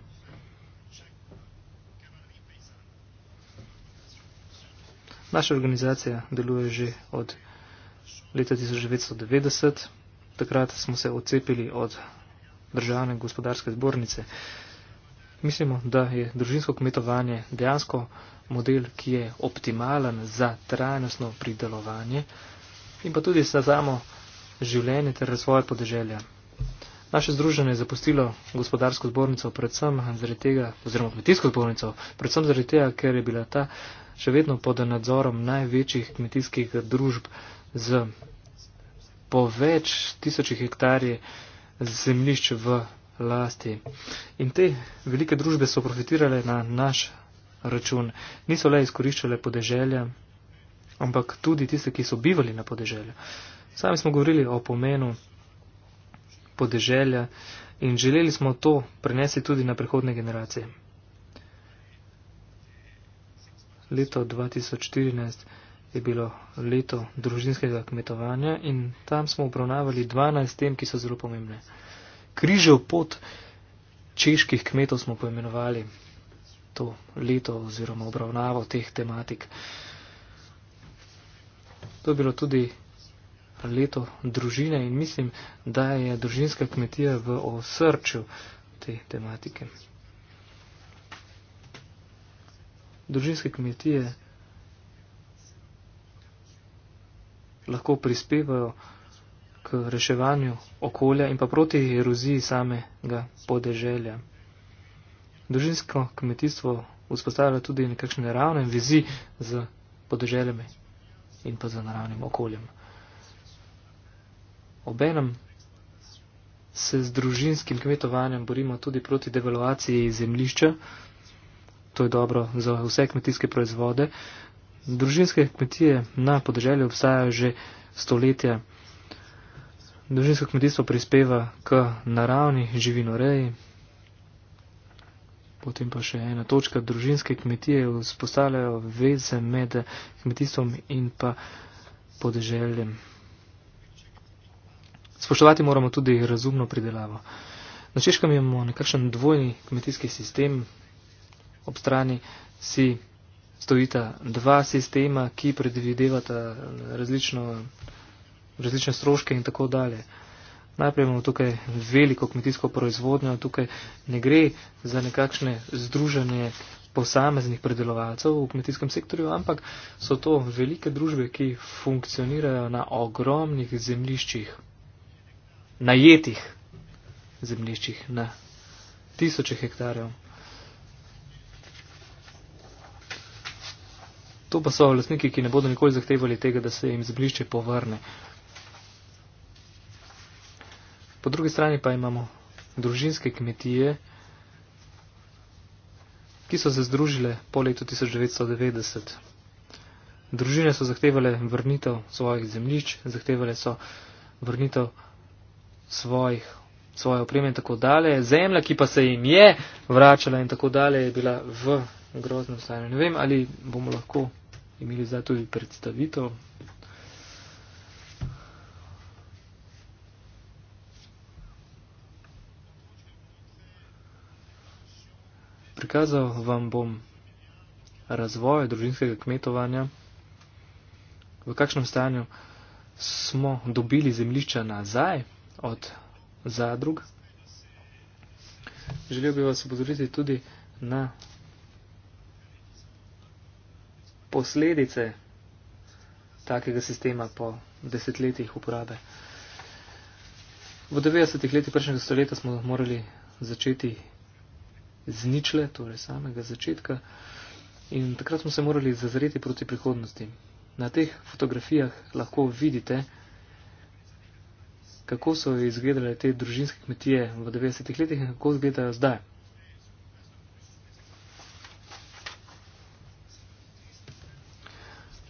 Naša organizacija deluje že od leta 1990. Takrat smo se odcepili od državne gospodarske zbornice. Mislimo, da je družinsko kmetovanje dejansko model, ki je optimalen za trajnostno pridelovanje in pa tudi za samo življenje ter razvoj podeželja. Naše združenje je zapustilo gospodarsko zbornico predvsem zaradi tega, oziroma kmetijsko zbornico, predvsem zaradi tega, ker je bila ta še vedno pod nadzorom največjih kmetijskih družb z po več tisočih hektarjev zemljišč v lasti. In te velike družbe so profitirale na naš račun. Niso le izkoriščale podeželja, ampak tudi tiste, ki so bivali na podeželju. Sami smo govorili o pomenu podeželja in želeli smo to prenesti tudi na prihodne generacije. Leto 2014 je bilo leto družinskega kmetovanja in tam smo obravnavali 12 tem, ki so zelo pomembne. Križev pot čeških kmetov smo poimenovali to leto oziroma obravnavo teh tematik. To je bilo tudi leto družine in mislim, da je družinska kmetija v osrčju te tematike. Družinske kmetije lahko prispevajo k reševanju okolja in pa proti eroziji samega podeželja družinsko kmetijstvo vzpostavljalo tudi nekakšne naravne vizi z podeželjami in pa z naravnim okoljem. Obenem se z družinskim kmetovanjem borimo tudi proti devalvaciji zemlišča. To je dobro za vse kmetijske proizvode. Družinske kmetije na podeželju obstajajo že stoletja. Družinsko kmetijstvo prispeva k naravni živinoreji, Potem pa še ena točka, družinske kmetije vzpostavljajo veze med kmetijstvom in pa podeželjem. Spoštovati moramo tudi razumno pridelavo. Na Češkem imamo nekakšen dvojni kmetijski sistem, ob strani si stojita dva sistema, ki predvidevata eh, različno, različne stroške in tako dalje. Najprej imamo tukaj veliko kmetijsko proizvodnjo, tukaj ne gre za nekakšne združenje posameznih predelovalcev v kmetijskem sektorju, ampak so to velike družbe, ki funkcionirajo na ogromnih zemliščih, najetih zemliščih, na tisoče hektarjev. To pa so vlastniki, ki ne bodo nikoli zahtevali tega, da se jim zemlišče povrne. Po drugi strani pa imamo družinske kmetije, ki so se združile po letu 1990. Družine so zahtevale vrnitev svojih zemljišč, zahtevale so vrnitev svojih, svoje opreme in tako dalje. Zemlja, ki pa se jim je vračala in tako dalje, je bila v groznem stanju. Ne vem, ali bomo lahko imeli zdaj tudi predstavitev. prikazal vam bom razvoj družinskega kmetovanja, v kakšnem stanju smo dobili zemlišča nazaj od zadrug. Želel bi vas upozoriti tudi na posledice takega sistema po desetletjih uporabe. V 90-ih letih prejšnjega stoletja smo morali začeti z ničle, torej samega začetka. In takrat smo se morali zazreti proti prihodnosti. Na teh fotografijah lahko vidite, kako so izgledale te družinske kmetije v 90-ih letih in kako izgledajo zdaj.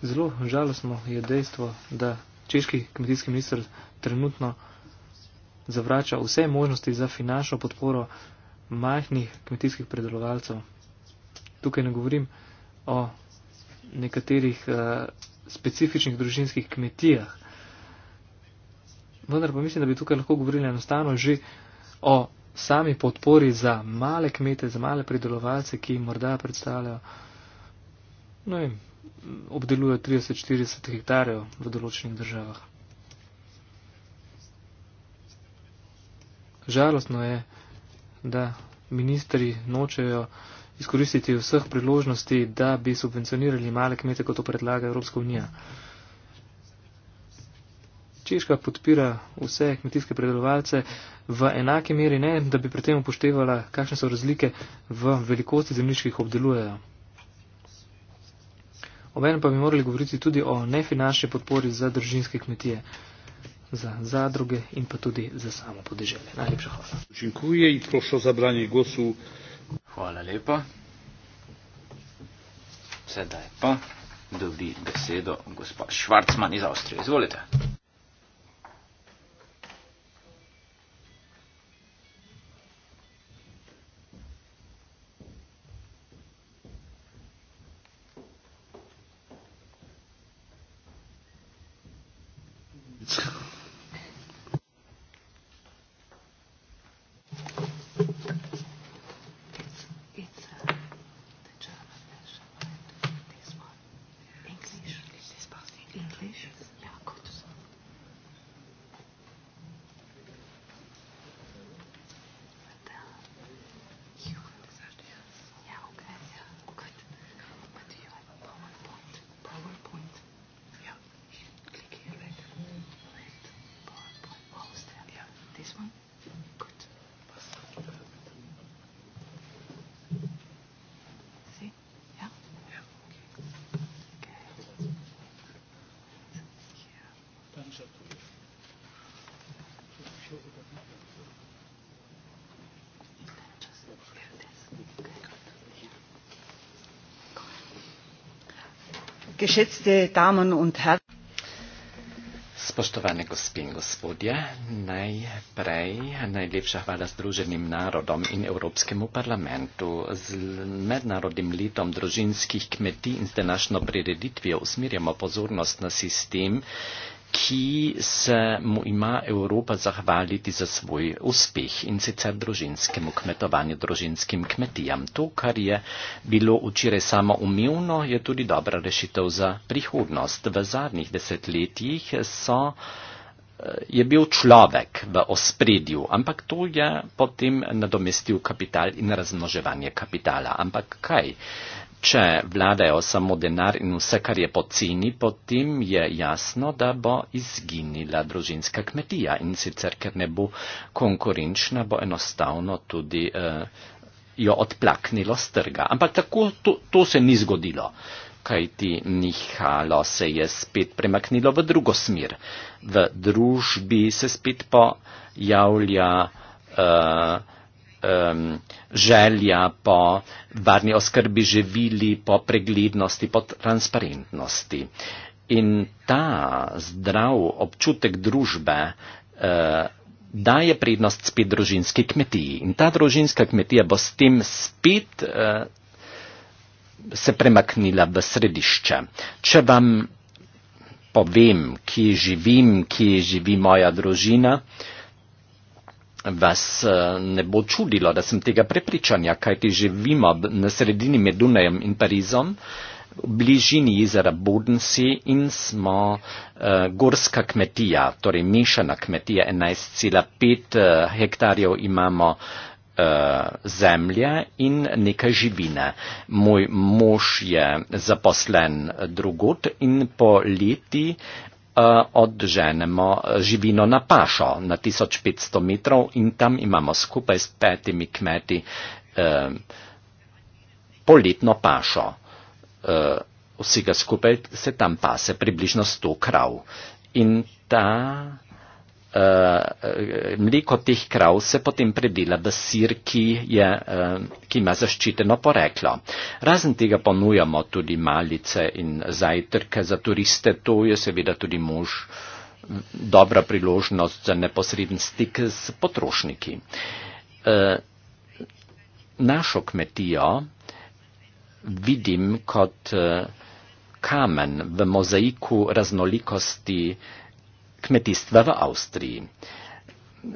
Zelo žalostno je dejstvo, da češki kmetijski minister trenutno zavrača vse možnosti za finančno podporo majhnih kmetijskih predelovalcev. Tukaj ne govorim o nekaterih uh, specifičnih družinskih kmetijah. Vendar pa mislim, da bi tukaj lahko govorili enostavno že o sami podpori za male kmete, za male predelovalce, ki jim morda predstavljajo, no in obdelujejo 30-40 hektarjev v določenih državah. Žalostno je, da ministri nočejo izkoristiti vseh priložnosti, da bi subvencionirali male kmete, kot to predlaga Evropska unija. Češka podpira vse kmetijske predelovalce v enake meri, ne da bi pri tem upoštevala, kakšne so razlike v velikosti zemljišč, ki jih obdelujejo. Obenem pa bi morali govoriti tudi o nefinančni podpori za držinske kmetije za zadruge in pa tudi za samo podeželje. Najlepša hvala. Dziękuję in prosim za branje glasu. Hvala lepa. Sedaj pa dobi besedo gospa Švarcman iz Avstrije. Izvolite. geschätzte Damen und Herren. Spoštovane gospe in gospodje, najprej najlepša hvala Združenim narodom in Evropskemu parlamentu z mednarodnim letom družinskih kmetij in z današnjo prireditvijo usmerjamo pozornost na sistem ki se mu ima Evropa zahvaliti za svoj uspeh in sicer družinskemu kmetovanju, družinskim kmetijam. To, kar je bilo včeraj samo umevno, je tudi dobra rešitev za prihodnost. V zadnjih desetletjih so, eh, je bil človek v ospredju, ampak to je potem nadomestil kapital in razmnoževanje kapitala. Ampak kaj? če vladajo samo denar in vse, kar je poceni, potem je jasno, da bo izginila družinska kmetija in sicer, ker ne bo konkurenčna, bo enostavno tudi eh, jo odplaknilo z trga. Ampak tako to, to se ni zgodilo kaj ti nihalo se je spet premaknilo v drugo smer. V družbi se spet pojavlja uh, um, želja po varni oskrbi živili, po preglednosti, po transparentnosti. In ta zdrav občutek družbe uh, daje prednost spet družinski kmetiji. In ta družinska kmetija bo s tem spet uh, se premaknila v središče. Če vam povem, kje živim, kje živi moja družina, uh, vas eh, ne bo čudilo, da sem tega prepričanja, kajti živimo na sredini med Dunajem in Parizom, v bližini jezera Bodensi in smo uh, gorska kmetija, torej mešana kmetija, 11,5 eh, hektarjev imamo zemlje in neka živine. Moj mož je zaposlen drugot in po leti Eh, odženemo eh, živino na pašo na 1500 metrov in tam imamo skupaj s petimi kmeti eh, poletno pašo. Vsega skupaj se tam pase približno 100 krav. In ta Eh, mliko teh krav se potem predela v sir, ki, je, eh, ki ima zaščiteno poreklo. Razen tega ponujamo tudi malice in zajtrke za turiste, to je seveda tudi mož dobra priložnost za neposreden stik z potrošniki. Eh, našo kmetijo vidim kot kamen v mozaiku raznolikosti kmetijstva v Avstriji.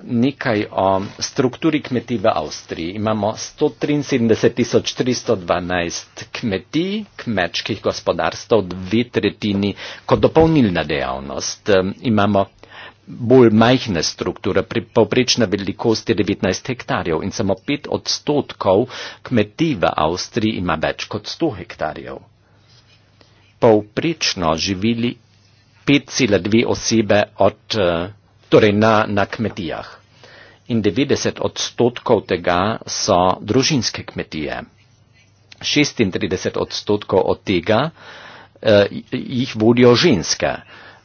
Nekaj o strukturi kmetij v Avstriji. Imamo 173 312 kmetij, kmečkih gospodarstv, dve tretjini kot dopolnilna dejavnost. Imamo bolj majhne strukture, povprečna velikost je 19 hektarjev in samo 5 odstotkov kmetij v Avstriji ima več kot 100 hektarjev. Povprečno živili 5,2 osebe od, eh, torej na, na kmetijah. In 90 odstotkov tega so družinske kmetije. 36 odstotkov od tega eh, jih vodijo ženske.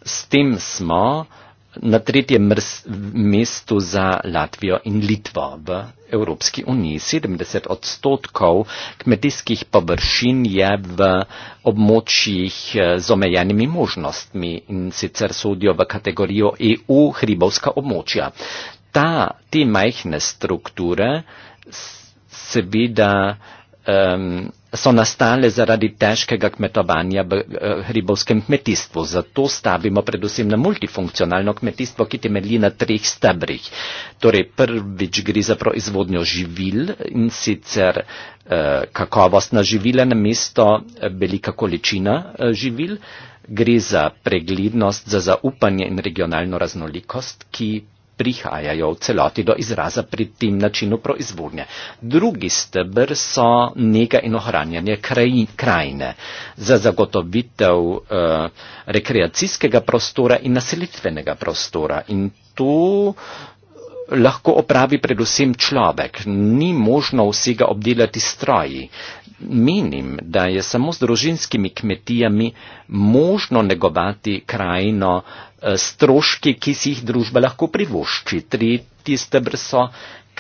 S tem smo eh, na tretjem mestu za Latvijo in Litvo. V Evropski uniji 70 odstotkov kmetijskih površin je v območjih eh, z omejenimi možnostmi in sicer sodijo v kategorijo EU hribovska območja. Ta, te majhne strukture seveda um, so nastale zaradi težkega kmetovanja v hribovskem eh, kmetijstvu. Zato stavimo predvsem na multifunkcionalno kmetijstvo, ki temelji na treh stebrih. Torej, prvič gre za proizvodnjo živil in sicer eh, kakovostna živila na mesto eh, velika količina eh, živil. Gre za preglednost, za zaupanje in regionalno raznolikost, ki prihajajo v celoti do izraza pri tem načinu proizvodnje. Drugi stebr so nega in ohranjanje krajin, krajine za zagotovitev eh, rekreacijskega prostora in naselitvenega prostora. In to eh, lahko opravi predvsem človek. Ni možno vsega obdelati stroji. Eh, menim, da je samo z družinskimi kmetijami možno negovati krajino eh, stroški, ki si jih družba lahko privošči. Tretji stebr so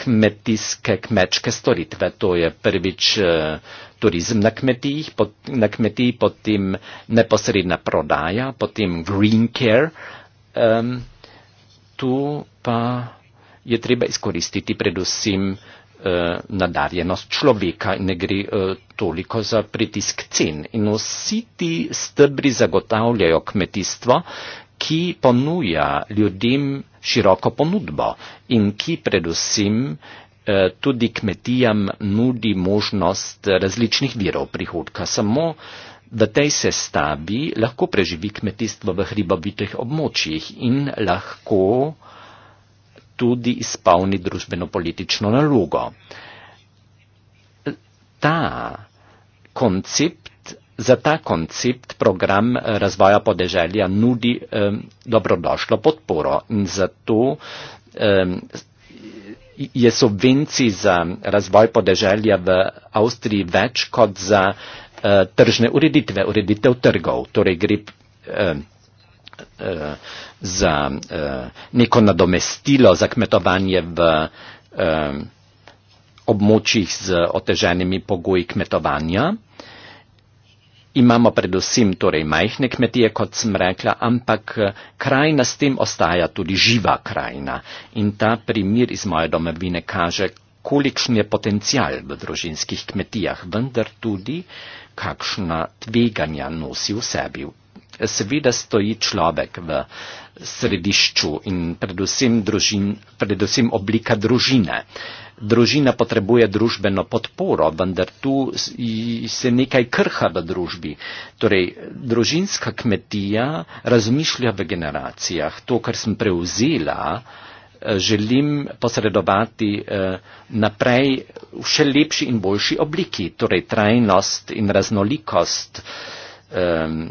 kmetijske, kmečke storitve. To je prvič eh, turizem na kmetijih, na kmetiji, potem neposredna prodaja, potem green care. Um, tu pa je treba izkoristiti predvsem Eh, nadarjenost človeka in ne gre eh, toliko za pritisk cen. In vsi ti stebri zagotavljajo kmetijstvo, ki ponuja ljudem široko ponudbo in ki predvsem eh, tudi kmetijam nudi možnost različnih virov prihodka. Samo v tej sestavi lahko preživi kmetijstvo v hribovitih območjih in lahko uh, tudi izpolni družbeno-politično nalogo. Ta koncept, za ta koncept program razvoja podeželja nudi um, dobrodošlo podporo in zato um, je subvencij za razvoj podeželja v Avstriji več kot za uh, tržne ureditve, ureditev trgov. Torej gre, um, Eh, za eh, neko nadomestilo za kmetovanje v eh, območjih z oteženimi pogoji kmetovanja. Imamo predvsem torej majhne kmetije, kot sem rekla, ampak krajina s tem ostaja tudi živa krajina. In ta primir iz moje domovine kaže, kolikšen je potencial v družinskih kmetijah, vendar tudi kakšna tveganja nosi v sebi seveda stoji človek v središču in predvsem, družin, predvsem oblika družine. Družina potrebuje družbeno podporo, vendar tu se nekaj krha v družbi. Torej, družinska kmetija razmišlja v generacijah. To, kar sem prevzela, eh, želim posredovati eh, naprej v še lepši in boljši obliki, torej trajnost in raznolikost. Ehm,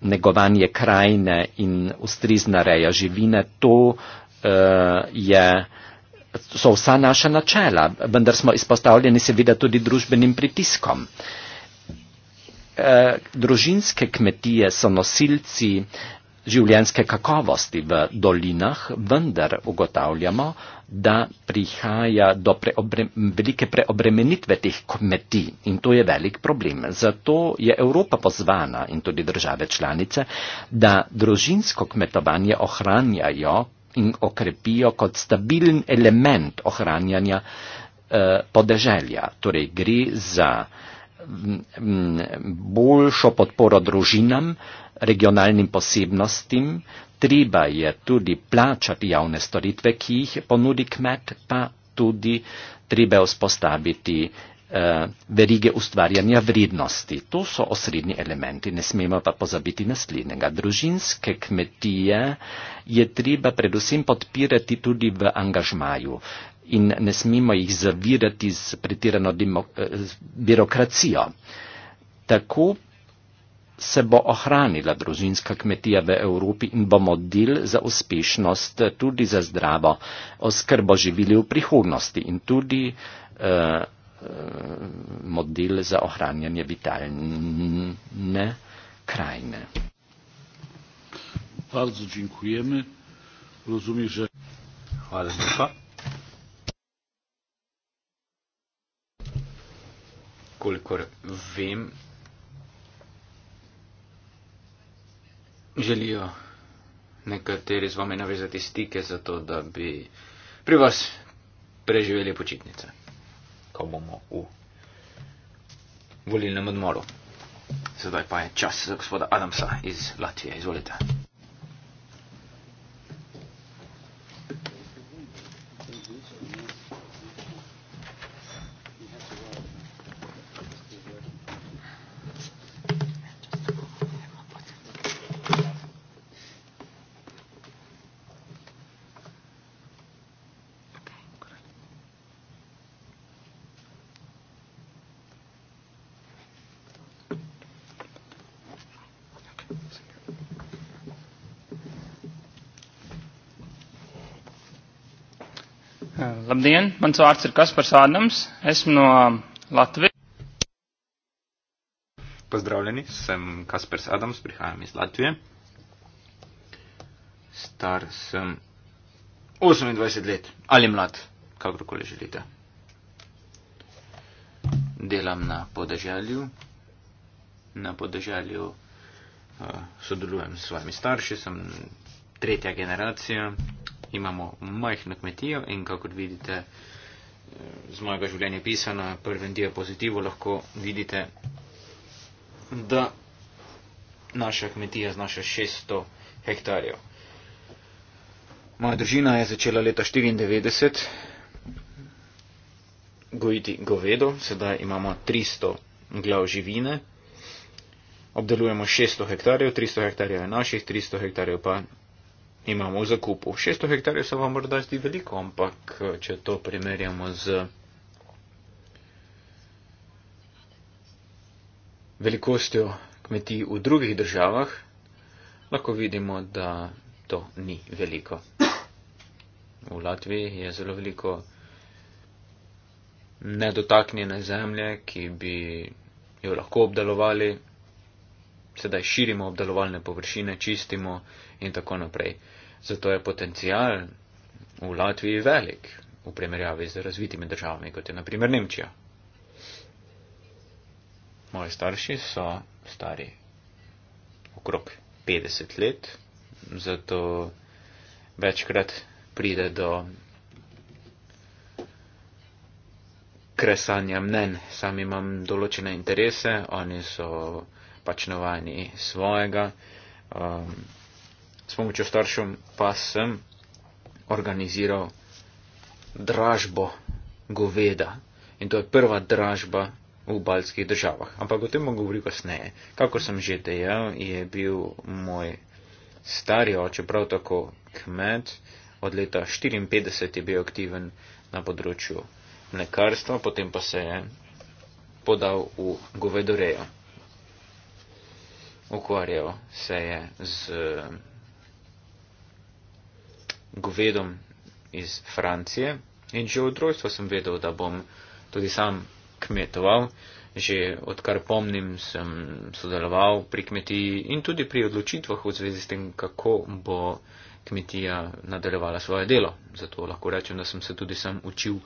negovanje krajine in ustrizna reja živine, to uh, je, so vsa naša načela, vendar smo izpostavljeni seveda tudi družbenim pritiskom. Uh, družinske kmetije so nosilci življenske kakovosti v dolinah, vendar ugotavljamo, da prihaja do preobre, velike preobremenitve teh kmetij in to je velik problem. Zato je Evropa pozvana in tudi države članice, da družinsko kmetovanje ohranjajo in okrepijo kot stabilen element ohranjanja eh, podeželja. Torej gre za m, m, boljšo podporo družinam, regionalnim posebnostim, treba je tudi plačati javne storitve, ki jih ponudi kmet, pa tudi treba je vzpostaviti eh, verige ustvarjanja vrednosti. To so osrednji elementi, ne smemo pa pozabiti naslednjega. Družinske kmetije je treba predvsem podpirati tudi v angažmaju. In ne smemo jih zavirati z pretirano demok- eh, z birokracijo. Tako se bo ohranila družinska kmetija v Evropi in bomo del za uspešnost tudi za zdravo oskrbo živili v prihodnosti in tudi uh, model za ohranjanje vitalne krajine. Bardzo dziękujemy. Rozumiem, że. Kolikor wiem, želijo nekateri z vami navezati stike, zato da bi pri vas preživeli počitnice, ko bomo v volilnem odmoru. Sedaj pa je čas za gospoda Adamsa iz Latvije. Izvolite. Labdien, mans vārds ir Kaspars Ādams, esmu no um, Latvijas. Pazdravljeni, esmu Kaspars Ādams, prihājām iz Latvijas. Star sem 28 let, ali mlad, kakorkoli želite. Delam na podeželju, na podeželju uh, sodelujem s svojimi starši, sem tretja generacija imamo majhno kmetijo in kakor vidite eh, z mojega življenja pisa na prvem diapozitivu, lahko vidite, da naša kmetija znaša 600 hektarjev. Moja družina je začela leta 1994 gojiti govedo, sedaj imamo 300 glav živine, obdelujemo 600 hektarjev, 300 hektarjev je naših, 300 hektarjev pa imamo v zakupu. 600 hektarjev se vam morda zdi veliko, ampak eh, če to primerjamo z velikostjo kmetij v drugih državah, lahko vidimo, da to ni veliko. V Latviji je zelo veliko nedotaknjene zemlje, ki bi jo lahko obdelovali. Sedaj širimo obdelovalne površine, čistimo in tako naprej. Zato je potencial v Latviji velik v primerjavi z razvitimi državami, kot je naprimer Nemčija. Moji starši so stari okrog 50 let, zato večkrat pride do kresanja mnen. Sam imam določene interese, oni so pač navajeni svojega. Um, s pomočjo staršem pa sem organiziral dražbo goveda. In to je prva dražba v baljskih državah. Ampak o tem bom govoril kasneje. Kako sem že dejal, je bil moj stari oče prav tako kmet. Od leta 1954 je bil aktiven na področju mlekarstva, potem pa se je podal v govedorejo. Ukvarjal se je z govedom iz Francije. In že od rojstva sem vedel, da bom tudi sam kmetoval. Že odkar pomnim, sem sodeloval pri kmetiji in tudi pri odločitvah v zvezi s tem, kako bo kmetija nadaljevala svoje delo. Zato lahko rečem, da sem se tudi sam učil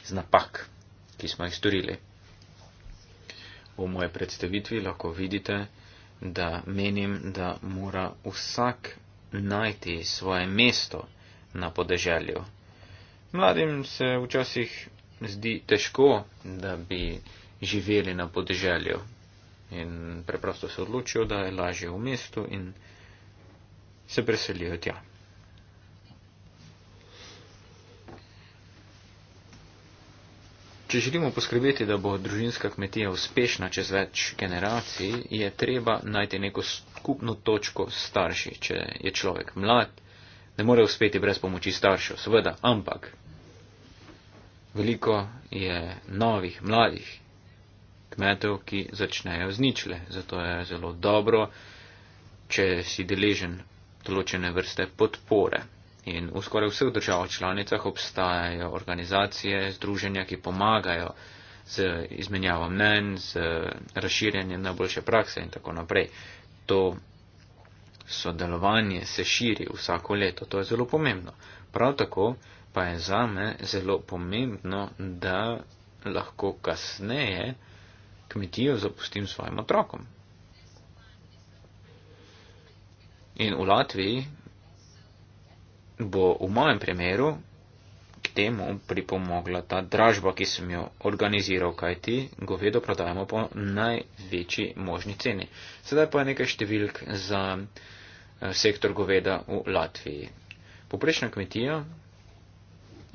iz napak, ki smo jih storili. V moje predstavitvi lahko vidite, da menim, da mora vsak najti svoje mesto na podeželju. Mladim se včasih zdi težko, da bi živeli na podeželju in preprosto se odločijo, da je lažje v mestu in se preselijo tja. Če želimo poskrbeti, da bo družinska kmetija uspešna čez več generacij, je treba najti neko skupno točko starši. Če je človek mlad, ne more uspeti brez pomoči staršev, seveda, ampak veliko je novih, mladih kmetov, ki začnejo z ničle. Zato je zelo dobro, če si deležen določene vrste podpore. In v skoraj vseh državah članicah obstajajo organizacije, združenja, ki pomagajo z izmenjavo mnen, z razširjanjem najboljše prakse in tako naprej. To sodelovanje se širi vsako leto, to je zelo pomembno. Prav tako pa je zame zelo pomembno, da lahko kasneje kmetijo zapustim svojim otrokom. In v Latviji bo v mojem primeru k temu pripomogla ta dražba, ki sem jo organiziral, kajti govedo prodajamo po največji možni ceni. Sedaj pa je nekaj številk za. Eh, sektor goveda v Latviji. Poprečna kmetija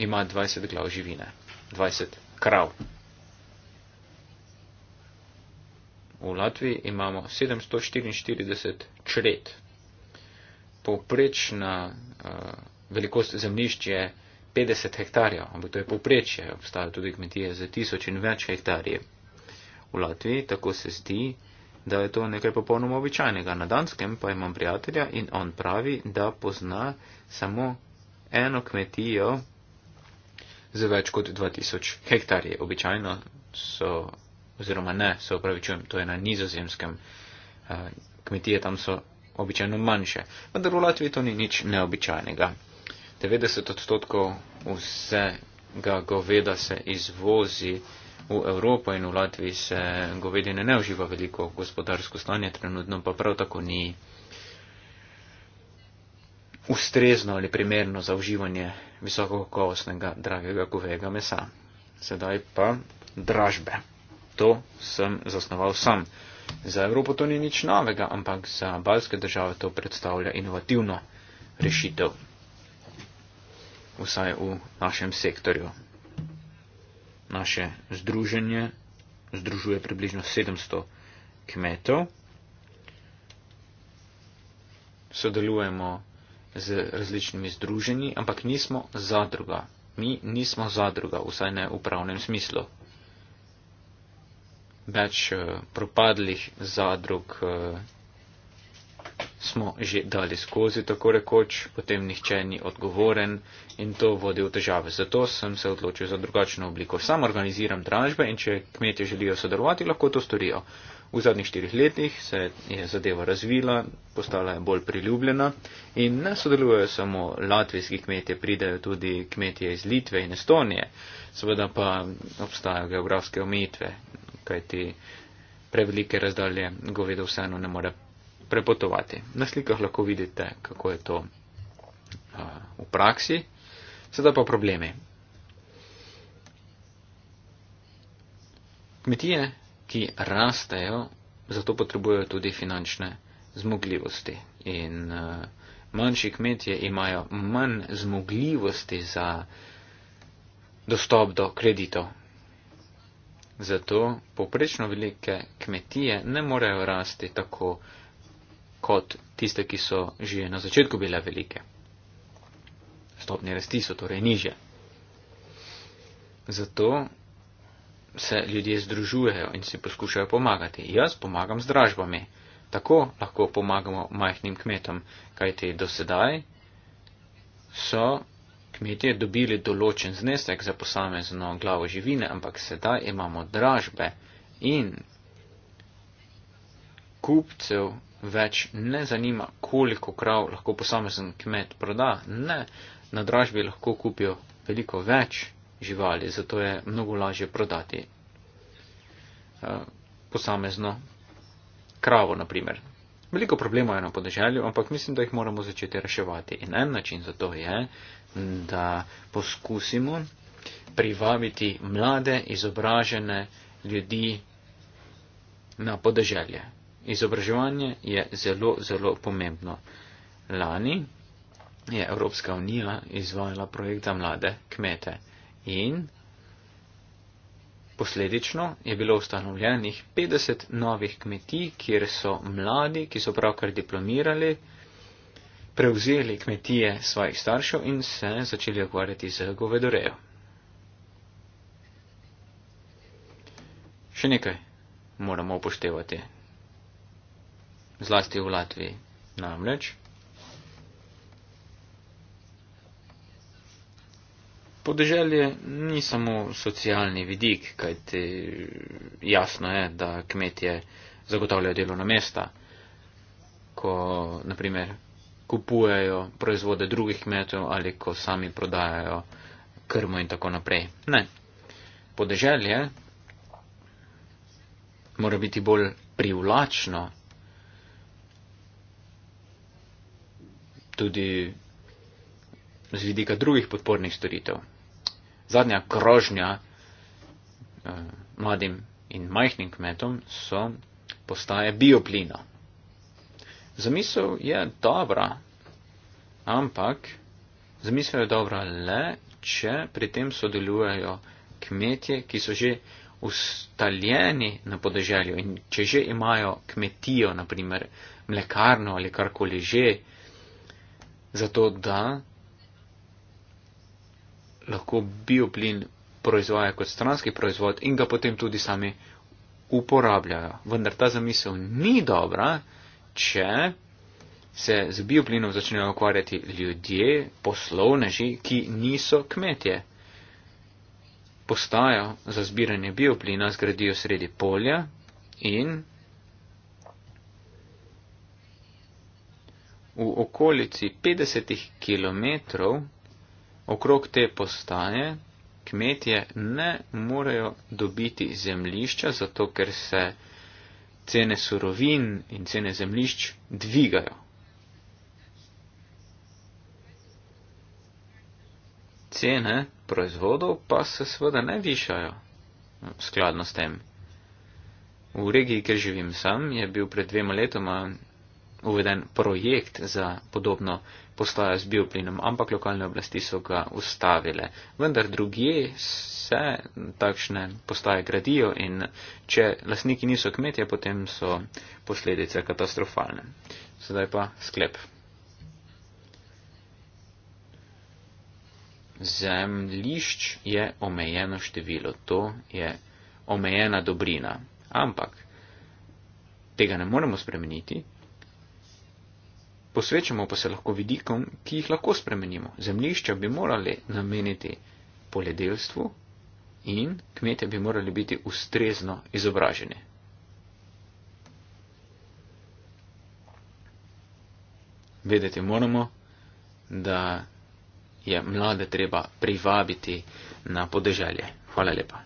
ima 20 glav živine, 20 krav. V Latviji imamo 744 čred. Poprečna uh, eh, velikost zemljišč je 50 hektarjev, ampak to je poprečje. Obstajajo tudi kmetije za tisoč in več hektarjev. V Latviji tako se zdi, da je to nekaj popolnoma običajnega. Na Danskem pa imam prijatelja in on pravi, da pozna samo eno kmetijo z več kot 2000 hektarji. Običajno so, oziroma ne, se upravičujem, to je na nizozemskem. Eh, kmetije tam so običajno manjše, vendar v Latviji to ni nič neobičajnega. 90 odstotkov vsega goveda se izvozi v Evropo in v Latviji se govedine ne uživa veliko, gospodarsko stanje trenutno pa prav tako ni ustrezno ali primerno za uživanje visokokakovostnega dragega govejega mesa. Sedaj pa dražbe. To sem zasnoval sam. Za Evropo to ni nič novega, ampak za balske države to predstavlja inovativno rešitev. Vsaj v našem sektorju naše združenje združuje približno 700 kmetov. Sodelujemo z različnimi združenji, ampak nismo zadruga. Mi nismo zadruga, vsaj ne v pravnem smislu. Več uh, propadlih zadrug uh, smo že dali skozi, tako rekoč, potem nihče ni odgovoren in to vodi v težave. Zato sem se odločil za drugačno obliko. Sam organiziram dražbe in če kmetje želijo sodelovati, lahko to storijo. V zadnjih štirih letih se je zadeva razvila, postala je bolj priljubljena in ne sodelujejo samo latvijski kmetje, pridajo tudi kmetje iz Litve in Estonije. Seveda pa obstajajo geografske omejitve, kajti prevelike razdalje govedo vseeno ne more prepotovati. Na slikah lahko vidite, kako je to uh, v praksi. Sedaj pa problemi. Kmetije, ki rastejo, zato potrebujejo tudi finančne zmogljivosti. In uh, manjši kmetije imajo manj zmogljivosti za dostop do kreditov. Zato poprečno velike kmetije ne morejo rasti tako, kot tiste, ki so že na začetku bile velike. Stopnje rasti so torej niže. Zato se ljudje združujejo in si poskušajo pomagati. Jaz pomagam z dražbami. Tako lahko pomagamo majhnim kmetom, kajti do sedaj so kmetje dobili določen znesek za posamezno glavo živine, ampak sedaj imamo dražbe in kupcev več ne zanima, koliko krav lahko posamezen kmet proda, ne, na dražbi lahko kupijo veliko več živali, zato je mnogo lažje prodati uh, posamezno kravo, na primer. Veliko problemov je na podeželju, ampak mislim, da jih moramo začeti reševati. In en način za to je, da poskusimo privabiti mlade, izobražene ljudi na podeželje. Izobraževanje je zelo, zelo pomembno. Lani je Evropska unija izvajala projekta mlade kmete in posledično je bilo ustanovljenih 50 novih kmetij, kjer so mladi, ki so pravkar diplomirali, prevzeli kmetije svojih staršev in se začeli ukvarjati z govedorejo. Še nekaj moramo upoštevati zlasti v Latviji. Namreč podeželje ni samo socialni vidik, kajti jasno je, da kmetje zagotavljajo delovna mesta, ko naprimer kupujejo proizvode drugih kmetov ali ko sami prodajajo krmo in tako naprej. Ne. Podeželje mora biti bolj privlačno tudi z vidika drugih podpornih storitev. Zadnja grožnja eh, mladim in majhnim kmetom so postaje bioplina. Zamisel je dobra, ampak zamisel je dobra le, če pri tem sodelujejo kmetje, ki so že ustaljeni na podeželju in če že imajo kmetijo, naprimer mlekarno ali karkoli že, zato da lahko bioplin proizvaja kot stranski proizvod in ga potem tudi sami uporabljajo. Vendar ta zamisel ni dobra, če se z bioplinom začnejo ukvarjati ljudje, poslovneži, ki niso kmetje. Postajo za zbiranje bioplina zgradijo sredi polja in v okolici 50 km okrog te postaje kmetje ne morejo dobiti zemlišča, zato ker se cene surovin in cene zemlišč dvigajo. Cene proizvodov pa se sveda ne višajo skladno s tem. V regiji, kjer živim sam, je bil pred dvema letoma uveden projekt za podobno postajo z bioplinom, ampak lokalne oblasti so ga ustavile. Vendar drugje se takšne postaje gradijo in če lasniki niso kmetje, potem so posledice katastrofalne. Sedaj pa sklep. Zemljišč je omejeno število, to je omejena dobrina. Ampak tega ne moremo spremeniti, Posvečamo pa se lahko vidikom, ki jih lahko spremenimo. Zemljišča bi morali nameniti poljedelstvu in kmete bi morali biti ustrezno izobraženi. Vedeti moramo, da je mlade treba privabiti na podeželje. Hvala lepa.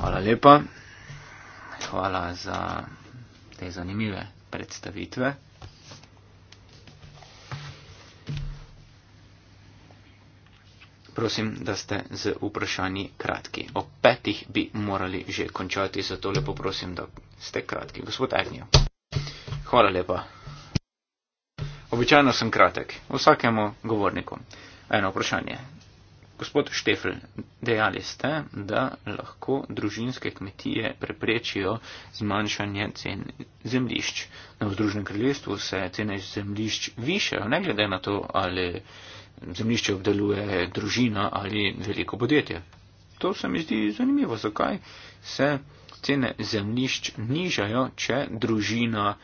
Hvala lepa. Hvala za te zanimive predstavitve. Prosim, da ste z vprašanji kratki. O petih bi morali že končati, zato lepo prosim, da ste kratki. Gospod Agnijo. Hvala lepa. Običajno sem kratek. Vsakemu govorniku. Eno vprašanje. Gospod Štefel, dejali ste, da lahko družinske kmetije preprečijo zmanjšanje cen zemlišč. Na vzdružnem kraljestvu se cene zemlišč višajo, ne glede na to, ali zemlišče obdeluje družina ali veliko podjetje. To se mi zdi zanimivo, zakaj se cene zemlišč nižajo, če družina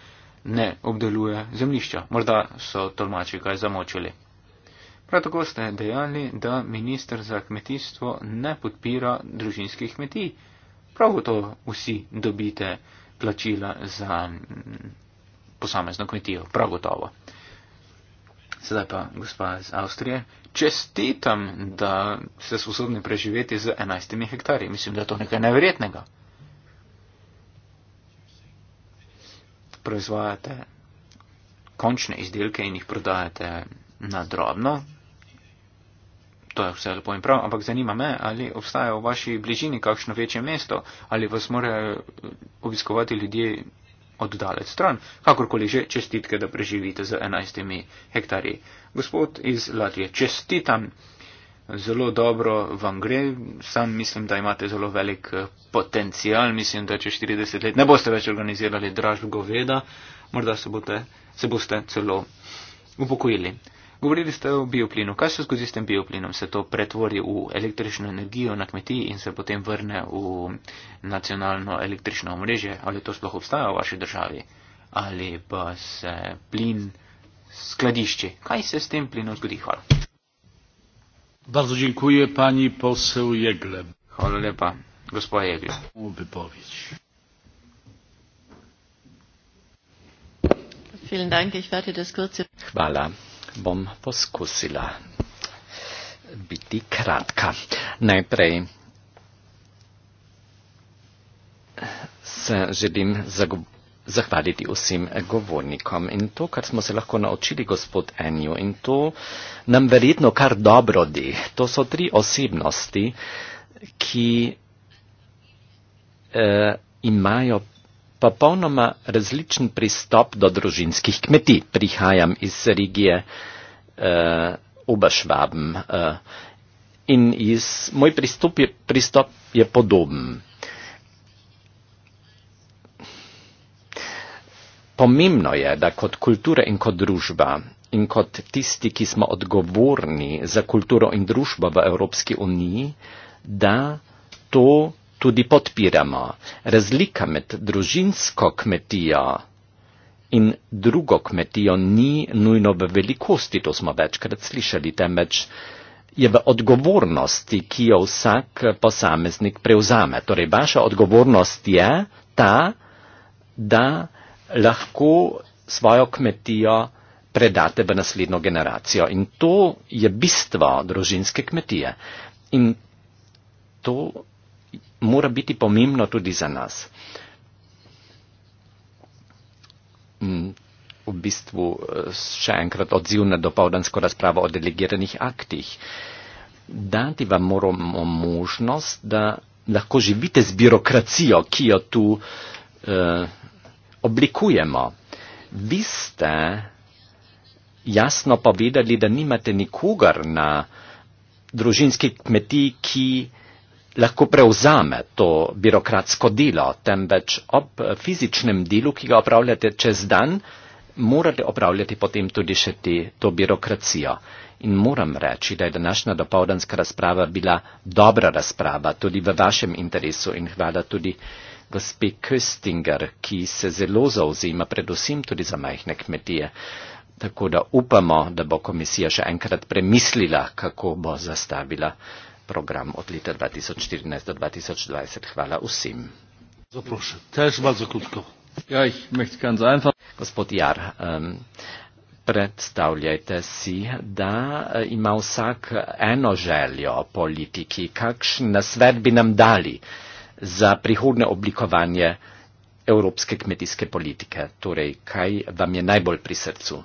ne obdeluje zemlišča. Morda so tolmači kaj zamočili. Prav tako ste dejali, da ministr za kmetijstvo ne podpira družinskih kmetij. Prav gotovo vsi dobite plačila za mm, posamezno kmetijo. Prav gotovo. Sedaj pa, gospa iz Avstrije, čestitam, da ste sposobni preživeti z 11 hektarji. Mislim, da je to nekaj nevrjetnega. Proizvajate končne izdelke in jih prodajate na drobno, To je vse lepo in prav, ampak zanima me, ali obstaja v vaši bližini kakšno večje mesto, ali vas morajo eh, obiskovati ljudje oddalec stran, kakorkoli že čestitke, da preživite z 11 hektarji. Gospod iz Latvije, čestitam, zelo dobro vam gre, sam mislim, da imate zelo velik eh, potencial, mislim, da če 40 let ne boste več organizirali dražb goveda, morda se, bote, se boste celo upokojili. Govorili ste o bioplinu. Kaj se zgodi s tem bioplinom? Se to pretvori v električno energijo na kmetiji in se potem vrne v nacionalno električno omrežje? Ali to sploh obstaja v vaši državi? Ali pa se plin skladišči? Kaj se s tem plinom zgodi? Hvala. Bardzo dziękuję pani poseł Jegle. Hvala lepa, gospod Jegle. Hvala bom poskusila biti kratka. Najprej se želim zagovoriti. Zahvaliti vsem govornikom in to, kar smo se lahko naučili gospod Enju in to nam verjetno kar dobro di. To so tri osebnosti, ki eh, imajo popolnoma različen pristop do družinskih kmetij. Prihajam iz regije uh, eh, Ubašvaben uh, in iz, moj pristop je, pristop je podoben. Pomembno je, da kot kultura in kot družba in kot tisti, ki smo odgovorni za kulturo in družbo v Evropski uniji, da to tudi podpiramo. Razlika med družinsko kmetijo in drugo kmetijo ni nujno v velikosti, to smo večkrat slišali, temveč je v odgovornosti, ki jo vsak posameznik prevzame. Torej, vaša odgovornost je ta, da lahko svojo kmetijo predate v naslednjo generacijo. In to je bistvo družinske kmetije. In to mora biti pomembno tudi za nas. Mm, v bistvu eh, še enkrat odziv na dopovdansko razpravo o delegiranih aktih. Dati vam moramo možnost, da lahko živite z birokracijo, ki jo tu eh, oblikujemo. Vi ste jasno povedali, da nimate nikogar na družinski kmetiji, ki lahko prevzame to birokratsko delo, temveč ob eh, fizičnem delu, ki ga opravljate čez dan, morate opravljati potem tudi še te, to birokracijo. In moram reči, da je današnja dopovdanska razprava bila dobra razprava tudi v vašem interesu in hvala tudi gospe Köstinger, ki se zelo zauzima predvsem tudi za majhne kmetije. Tako da upamo, da bo komisija še enkrat premislila, kako bo zastavila program od leta 2014 do 2020. Hvala vsem. Ja, Gospod Jar, um, predstavljajte si, da e, ima vsak eno željo politiki, kakšen nasvet bi nam dali za prihodne oblikovanje evropske kmetijske politike. Torej, kaj vam je najbolj pri srcu?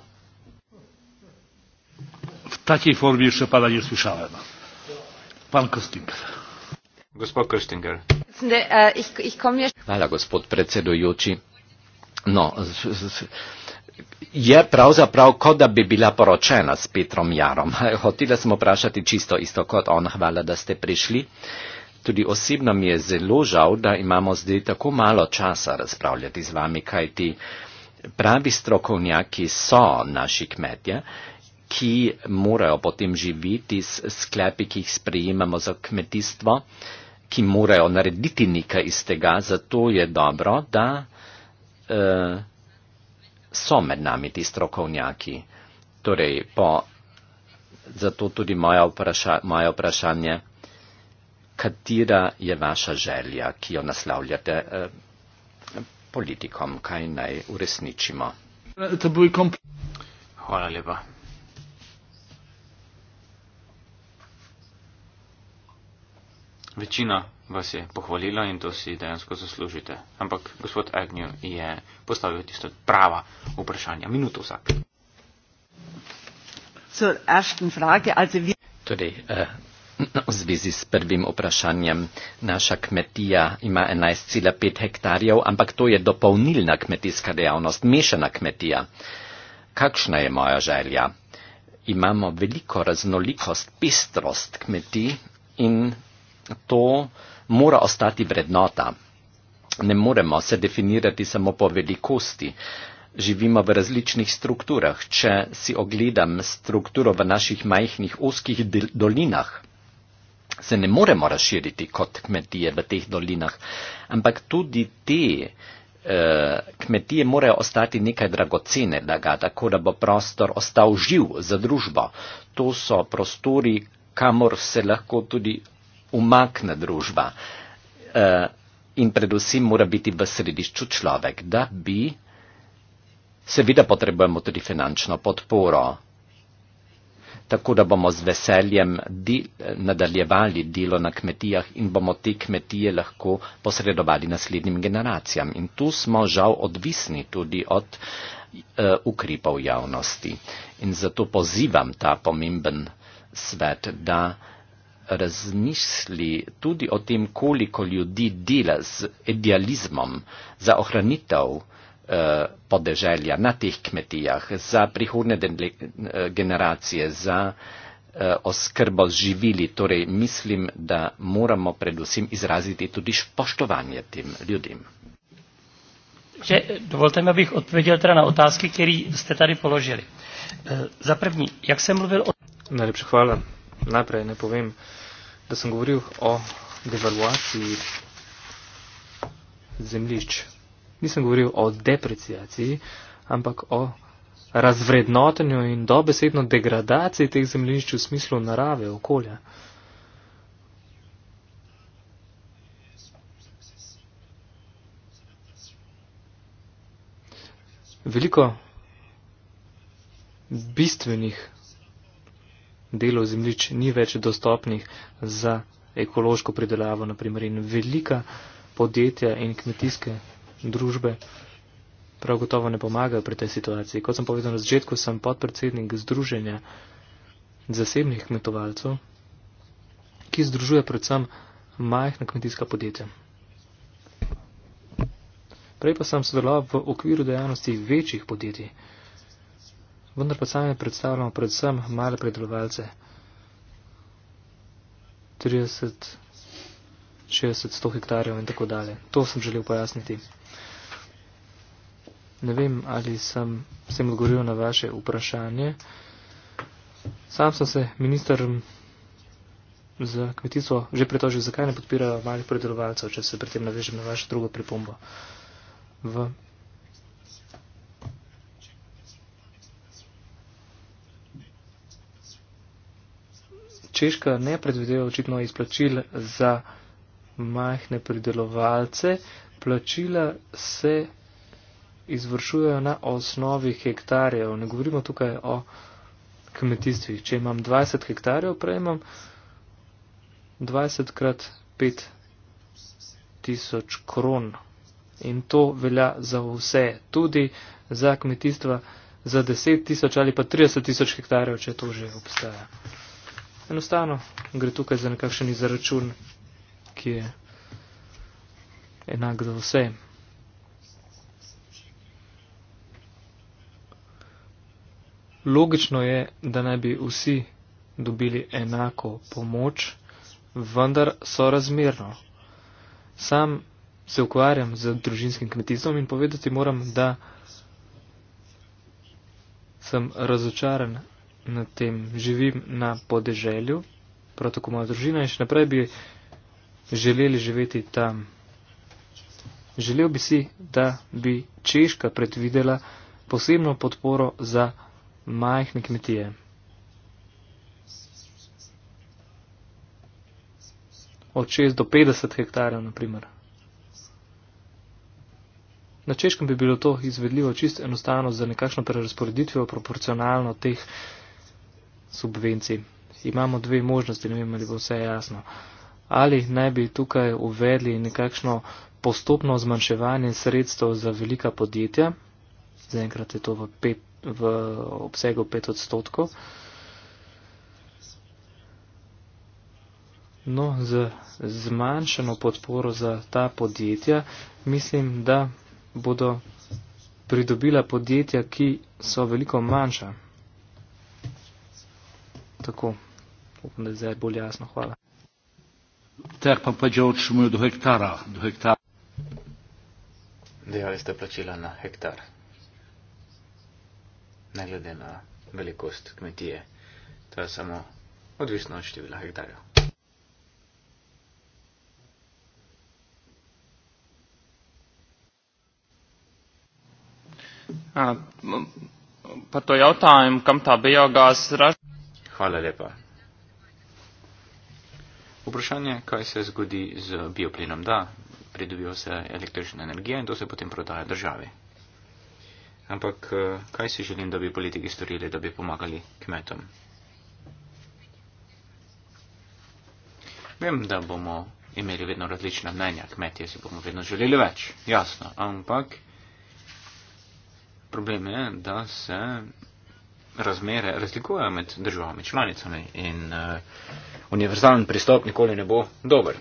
V taki formi še pa ne slišavamo. Eh, Hvala, gospod predsedujoči. No, je pravzaprav, kot da bi bila poročena s Petrom Jarom. Hotela sem vprašati čisto isto kot on. Hvala, da ste prišli. Tudi osebno mi je zelo žal, da imamo zdaj tako malo časa razpravljati z vami, kajti pravi strokovnjaki so naši kmetje ki morajo potem živeti s sklepi, ki jih sprejemamo za kmetijstvo, ki morajo narediti nekaj iz tega, zato je dobro, da uh, so med nami ti strokovnjaki. Torej, po, zato tudi moja vpraša, moje vprašanje, katera je vaša želja, ki jo naslavljate uh, politikom, kaj naj uresničimo. Hvala lepa. Večina vas je pohvalila in to si dejansko zaslužite. Ampak gospod Agnew je postavil tisto prava vprašanja. Minuto vsak. Torej, eh, v zvezi s prvim vprašanjem, naša kmetija ima 11,5 hektarjev, ampak to je dopolnilna kmetijska dejavnost, mešana kmetija. Kakšna je moja želja? Imamo veliko raznolikost, pestrost kmetij in to mora ostati vrednota. Ne moremo se definirati samo po velikosti. Živimo v različnih strukturah. Če si ogledam strukturo v naših majhnih oskih dolinah, se ne moremo razširiti kot kmetije v teh dolinah, ampak tudi te eh, kmetije morajo ostati nekaj dragocenega, tako da bo prostor ostal živ za družbo. To so prostori, kamor se lahko tudi umakne družba eh, in predvsem mora biti v središču človek, da bi seveda potrebujemo tudi finančno podporo. Tako da bomo z veseljem di, nadaljevali delo na kmetijah in bomo te kmetije lahko posredovali naslednjim generacijam. In tu smo žal odvisni tudi od uh, ukrepov javnosti. In zato pozivam ta pomemben svet, da razmisli tudi o tem, koliko ljudi dela z idealizmom za ohranitev eh, podeželja na teh kmetijah, za prihodne eh, generacije, za eh, oskrbo živili. Torej, mislim, da moramo predvsem izraziti tudi spoštovanje tem ljudem. Že dovolte mi, abih odpovedal teda na otázky, ki ste tady položili. Za první, jak sem mluvil o... Najlepša hvala najprej ne povem, da sem govoril o devaluaciji zemlišč. Nisem govoril o depreciaciji, ampak o razvrednotenju in dobesedno degradaciji teh zemljišč v smislu narave, okolja. Veliko bistvenih delov zemljič ni več dostopnih za ekološko pridelavo, naprimer, in velika podjetja in kmetijske družbe prav gotovo ne pomagajo pri tej situaciji. Kot sem povedal na začetku, sem podpredsednik Združenja zasebnih kmetovalcev, ki združuje predvsem majhna kmetijska podjetja. Prej pa sem sodeloval v okviru dejavnosti večjih podjetij vendar pa sami predstavljamo predvsem male predelovalce. 30, 60, 100 hektarjev in tako dalje. To sem želel pojasniti. Ne vem, ali sem vsem odgovoril na vaše vprašanje. Sam sem se minister za kmetijstvo že pritožil, zakaj ne podpirajo malih predelovalcev, če se pri tem navežem na vašo drugo pripombo. V Češka ne predvideva očitno izplačil za majhne pridelovalce. Plačila se izvršujejo na osnovi hektarjev. Ne govorimo tukaj o kmetijstvih. Če imam 20 hektarjev, prejemam 20 krat 5 tisoč kron. In to velja za vse, tudi za kmetijstva za 10 tisoč ali pa 30 tisoč hektarjev, če to že obstaja enostavno gre tukaj za nekakšen izračun, ki je enak za vse. Logično je, da naj bi vsi dobili enako pomoč, vendar so razmerno. Sam se ukvarjam z družinskim kmetijstvom in povedati moram, da sem razočaran na tem, živim na podeželju, prav tako moja družina in še naprej bi želeli živeti tam. Želel bi si, da bi Češka predvidela posebno podporo za majhne kmetije. Od 6 do 50 hektarjev, naprimer. Na češkem bi bilo to izvedljivo čisto enostavno za nekakšno prerasporeditvijo proporcionalno teh subvencij. Imamo dve možnosti, ne vem, ali bo vse jasno. Ali naj bi tukaj uvedli nekakšno postopno zmanjševanje sredstev za velika podjetja, zaenkrat je to v, pet, v obsegu pet odstotkov. No, z zmanjšeno podporo za ta podjetja mislim, da bodo pridobila podjetja, ki so veliko manjša. Tako, upam, da je zdaj bolj jasno. Hvala. Ter pa pa že odšumijo do hektara. Do hektara. Dejali ste plačila na hektar, ne glede na velikost kmetije. To je samo odvisno od števila hektarjev. A, pa to je avto, kam ta biogas raža. Hvala lepa. Vprašanje, kaj se zgodi z bioplinom? Da, pridobijo se električna energija in to se potem prodaja državi. Ampak eh, kaj si želim, da bi politiki storili, da bi pomagali kmetom? Vem, da bomo imeli vedno različna mnenja, kmetje si bomo vedno želeli več, jasno. Ampak problem je, da se razmere razlikujejo med državami članicami in uh, univerzalen pristop nikoli ne bo dober.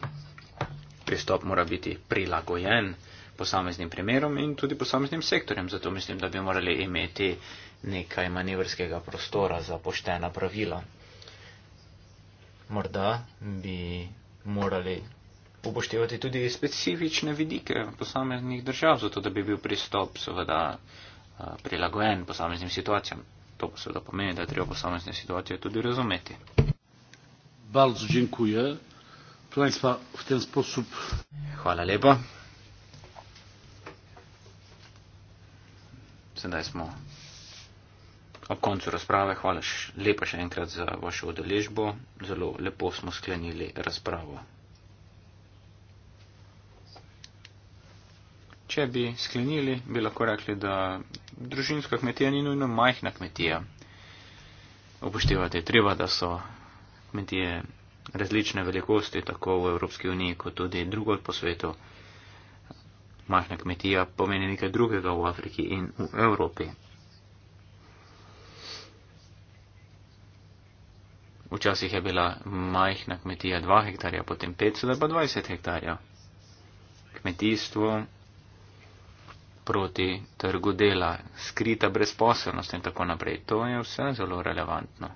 Pristop mora biti prilagojen posameznim primerom in tudi posameznim sektorjem. Zato mislim, da bi morali imeti nekaj manevrskega prostora za poštena pravila. Morda bi morali upoštevati tudi specifične vidike posameznih držav, zato da bi bil pristop seveda eh, prilagojen posameznim situacijam. To pa seveda pomeni, da je treba posamezne situacije tudi razumeti. Bardzo dziękuję. Proszę Państwa, w ten sposób. Hvala lepa. Sedaj smo ob koncu razprave. Hvala lepa še enkrat za vašo odeležbo. Zelo lepo smo sklenili razpravo. če bi sklenili, bi lahko rekli, da družinska kmetija ni nujno majhna kmetija. Upoštevati je treba, da so kmetije različne velikosti, tako v Evropski uniji, kot tudi drugod po svetu. Majhna kmetija pomeni nekaj drugega v Afriki in v Evropi. Včasih je bila majhna kmetija 2 hektarja, potem 5, sedaj pa 20 hektarja. Kmetijstvo proti trgu dela, skrita brezposelnost in tako naprej. To je vse zelo relevantno.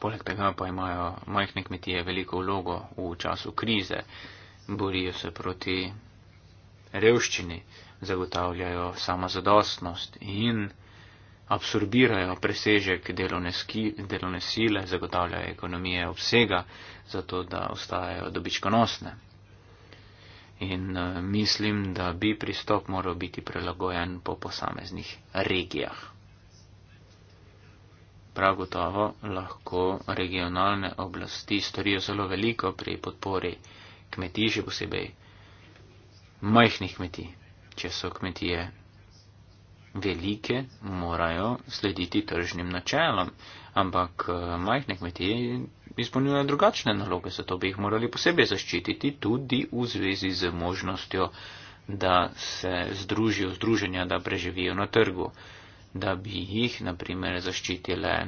Poleg tega pa imajo majhne kmetije veliko vlogo v času krize, borijo se proti revščini, zagotavljajo samozadostnost in absorbirajo presežek delovne, ski, delovne sile, zagotavljajo ekonomije obsega, zato da ostajajo dobičkonosne. In eh, mislim, da bi pristop moral biti prelagojen po posameznih regijah. Prav gotovo lahko regionalne oblasti storijo zelo veliko pri podpori kmetij, še posebej majhnih kmetij, če so kmetije velike morajo slediti tržnim načelom, ampak eh, majhne kmetije izpolnjujejo drugačne naloge, zato bi jih morali posebej zaščititi tudi v zvezi z možnostjo, da se združijo združenja, da preživijo na trgu, da bi jih, na primer, zaščitile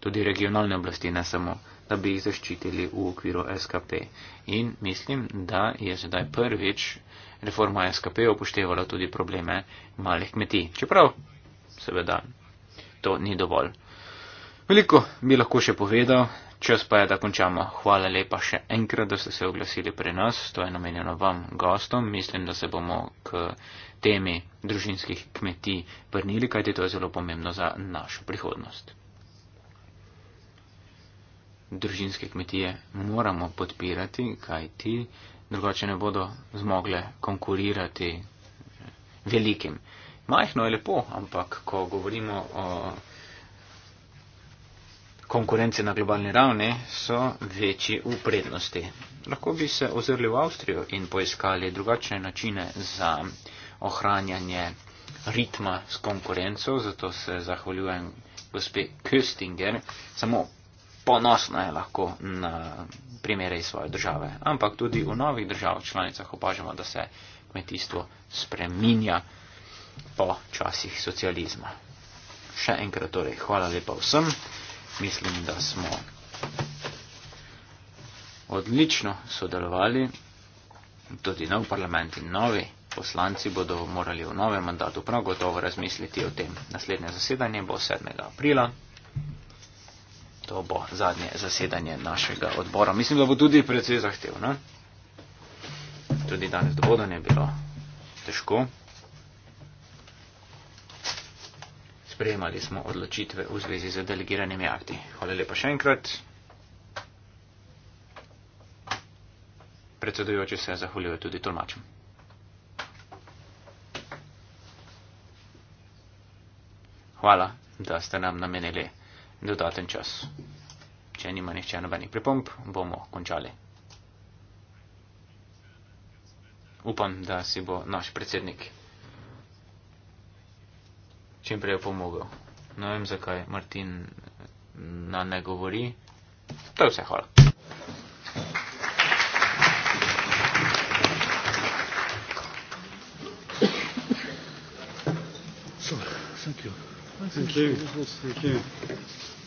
tudi regionalne oblasti, ne samo da bi jih zaščitili v okviru SKP. In mislim, da je sedaj prvič reforma SKP upoštevala tudi probleme malih kmetij. Čeprav, seveda, to ni dovolj. Veliko bi lahko še povedal, čas pa je, da končamo. Hvala lepa še enkrat, da ste se oglasili pri nas. To je namenjeno vam, gostom. Mislim, da se bomo k temi družinskih kmetij vrnili, kajti to je zelo pomembno za našo prihodnost družinske kmetije moramo podpirati, kaj ti drugače ne bodo zmogle konkurirati eh, velikim. Majhno je lepo, ampak ko govorimo o konkurenci na globalni ravni, so večji v prednosti. Lahko bi se ozirli v Avstrijo in poiskali drugačne načine za ohranjanje ritma s konkurenco, zato se zahvaljujem gospe Köstinger, samo ponosna je lahko na primere iz svoje države. Ampak tudi v novih državah članicah opažamo, da se kmetijstvo spreminja po časih socializma. Še enkrat torej, hvala lepa vsem. Mislim, da smo odlično sodelovali. Tudi nov parlament in novi poslanci bodo morali v novem mandatu prav gotovo razmisliti o tem. Naslednje zasedanje bo 7. aprila to bo zadnje zasedanje našega odbora. Mislim, da bo tudi predvsej zahtevno. Tudi danes dovodanje je bilo težko. Sprejemali smo odločitve v zvezi z delegiranimi akti. Hvala lepa še enkrat. Predsedujoči se zahvaljuje tudi tolmačem. Hvala, da ste nam namenili dodaten čas. Če nima nihče nobenih pripomb, bomo končali. Upam, da si bo naš predsednik čim prej pomogel. Ne vem, zakaj Martin na ne govori. To je vse, hvala. Thank you. Thank you. Thank you. Thank you.